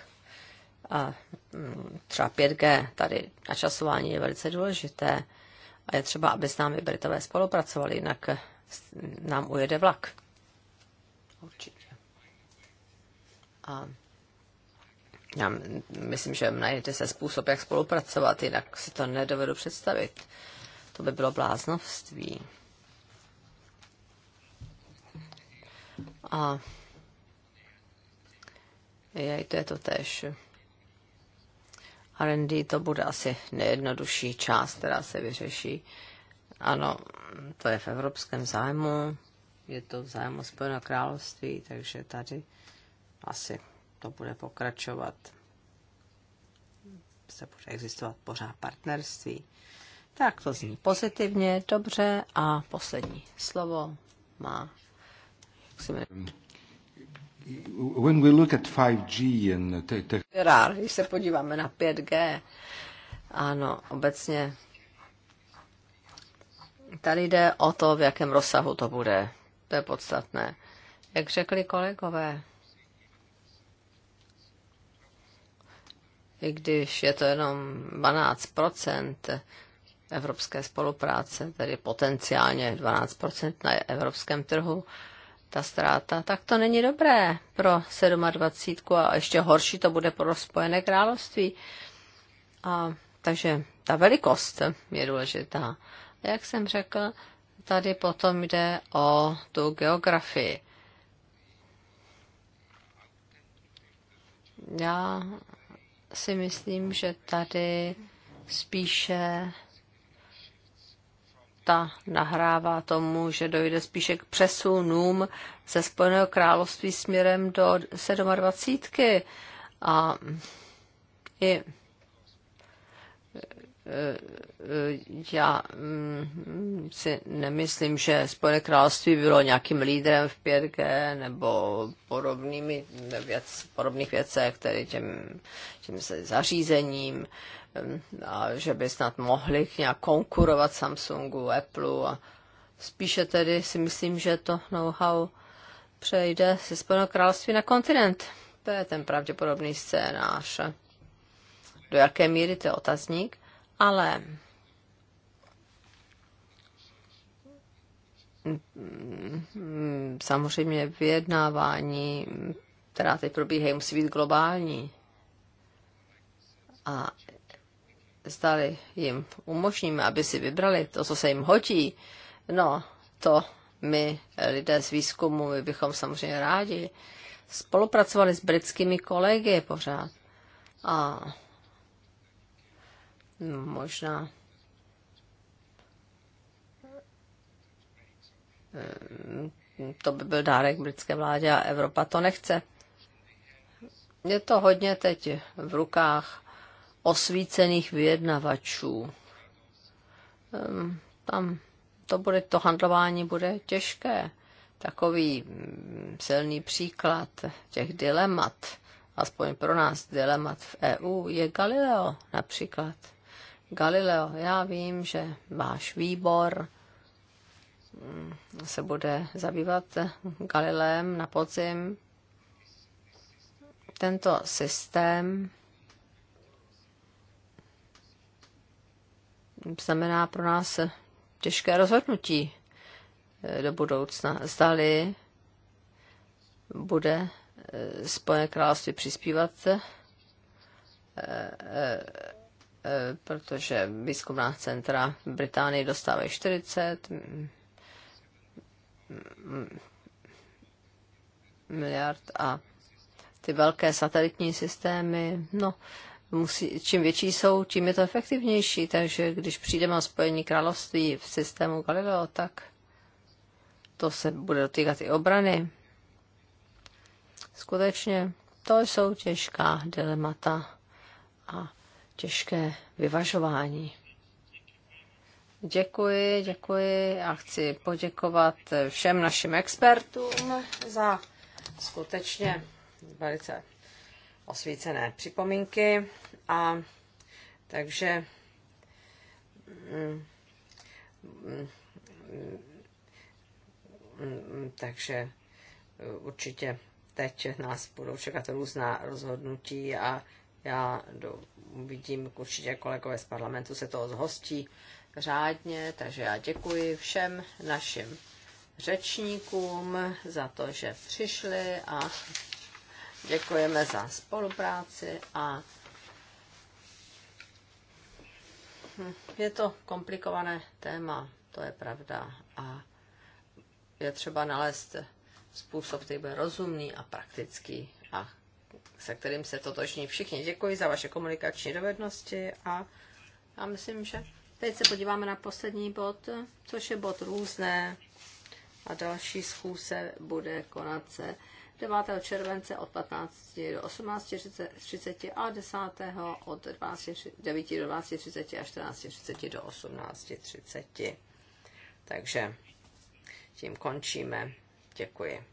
[SPEAKER 3] A mm, třeba 5G tady načasování je velice důležité a je třeba, aby s námi Britové spolupracovali, jinak nám ujede vlak. Určitě. A já myslím, že najdete se způsob, jak spolupracovat, jinak si to nedovedu představit. To by bylo bláznovství. A jej, to je to tež. R&D to bude asi nejjednodušší část, která se vyřeší. Ano, to je v evropském zájmu, je to v zájmu Spojeného království, takže tady asi to bude pokračovat. Se bude existovat pořád partnerství. Tak to zní pozitivně, dobře a poslední slovo
[SPEAKER 1] má. Jak se jmenuje? when we look at 5G and te- te-
[SPEAKER 3] Rád, když se podíváme na 5G, ano, obecně tady jde o to, v jakém rozsahu to bude. To je podstatné. Jak řekli kolegové, i když je to jenom 12 evropské spolupráce, tedy potenciálně 12 na evropském trhu, ta ztráta, tak to není dobré pro 27 a ještě horší to bude pro Spojené království. A, takže ta velikost je důležitá. A jak jsem řekl, tady potom jde o tu geografii. Já si myslím, že tady spíše ta nahrává tomu, že dojde spíše k přesunům ze Spojeného království směrem do 27. A i e, e, já mm, si nemyslím, že Spojené království bylo nějakým lídrem v 5G nebo podobnými věc, podobných věcech, které těm, těm zařízením a že by snad mohli nějak konkurovat Samsungu, Apple a spíše tedy si myslím, že to know-how přejde se Spojeného království na kontinent. To je ten pravděpodobný scénář. Do jaké míry to je otazník, ale samozřejmě vyjednávání, která teď probíhají, musí být globální. A zdali jim umožníme, aby si vybrali to, co se jim hodí, no to my eh, lidé z výzkumu, my bychom samozřejmě rádi spolupracovali s britskými kolegy pořád. A možná eh, to by byl dárek britské vládě a Evropa to nechce. Je to hodně teď v rukách osvícených vyjednavačů. Ehm, tam to, bude, to handlování bude těžké. Takový mm, silný příklad těch dilemat, aspoň pro nás dilemat v EU, je Galileo například. Galileo, já vím, že váš výbor mm, se bude zabývat Galilem na podzim. Tento systém znamená pro nás těžké rozhodnutí eh, do budoucna. Zdali bude eh, Spojené království přispívat, eh, protože výzkumná centra Británie dostávají 40 miliard a ty velké satelitní systémy, no, musí, čím větší jsou, tím je to efektivnější. Takže když přijdeme na spojení království v systému Galileo, tak to se bude dotýkat i obrany. Skutečně, to jsou těžká dilemata a těžké vyvažování. Děkuji, děkuji a chci poděkovat všem našim expertům za skutečně velice osvícené připomínky a takže mm, mm, mm, takže určitě teď nás budou čekat různá rozhodnutí a já do, vidím, určitě kolegové z parlamentu se toho zhostí řádně, takže já děkuji všem našim řečníkům za to, že přišli a Děkujeme za spolupráci a hm, je to komplikované téma, to je pravda. A je třeba nalézt způsob, který bude rozumný a praktický a se kterým se totožní všichni. Děkuji za vaše komunikační dovednosti a já myslím, že teď se podíváme na poslední bod, což je bod různé a další schůze bude konat se 9. července od 15 do 18.30 a 10. od 9 do 12.30 a 14.30 do 18.30. Takže tím končíme.
[SPEAKER 1] Děkuji.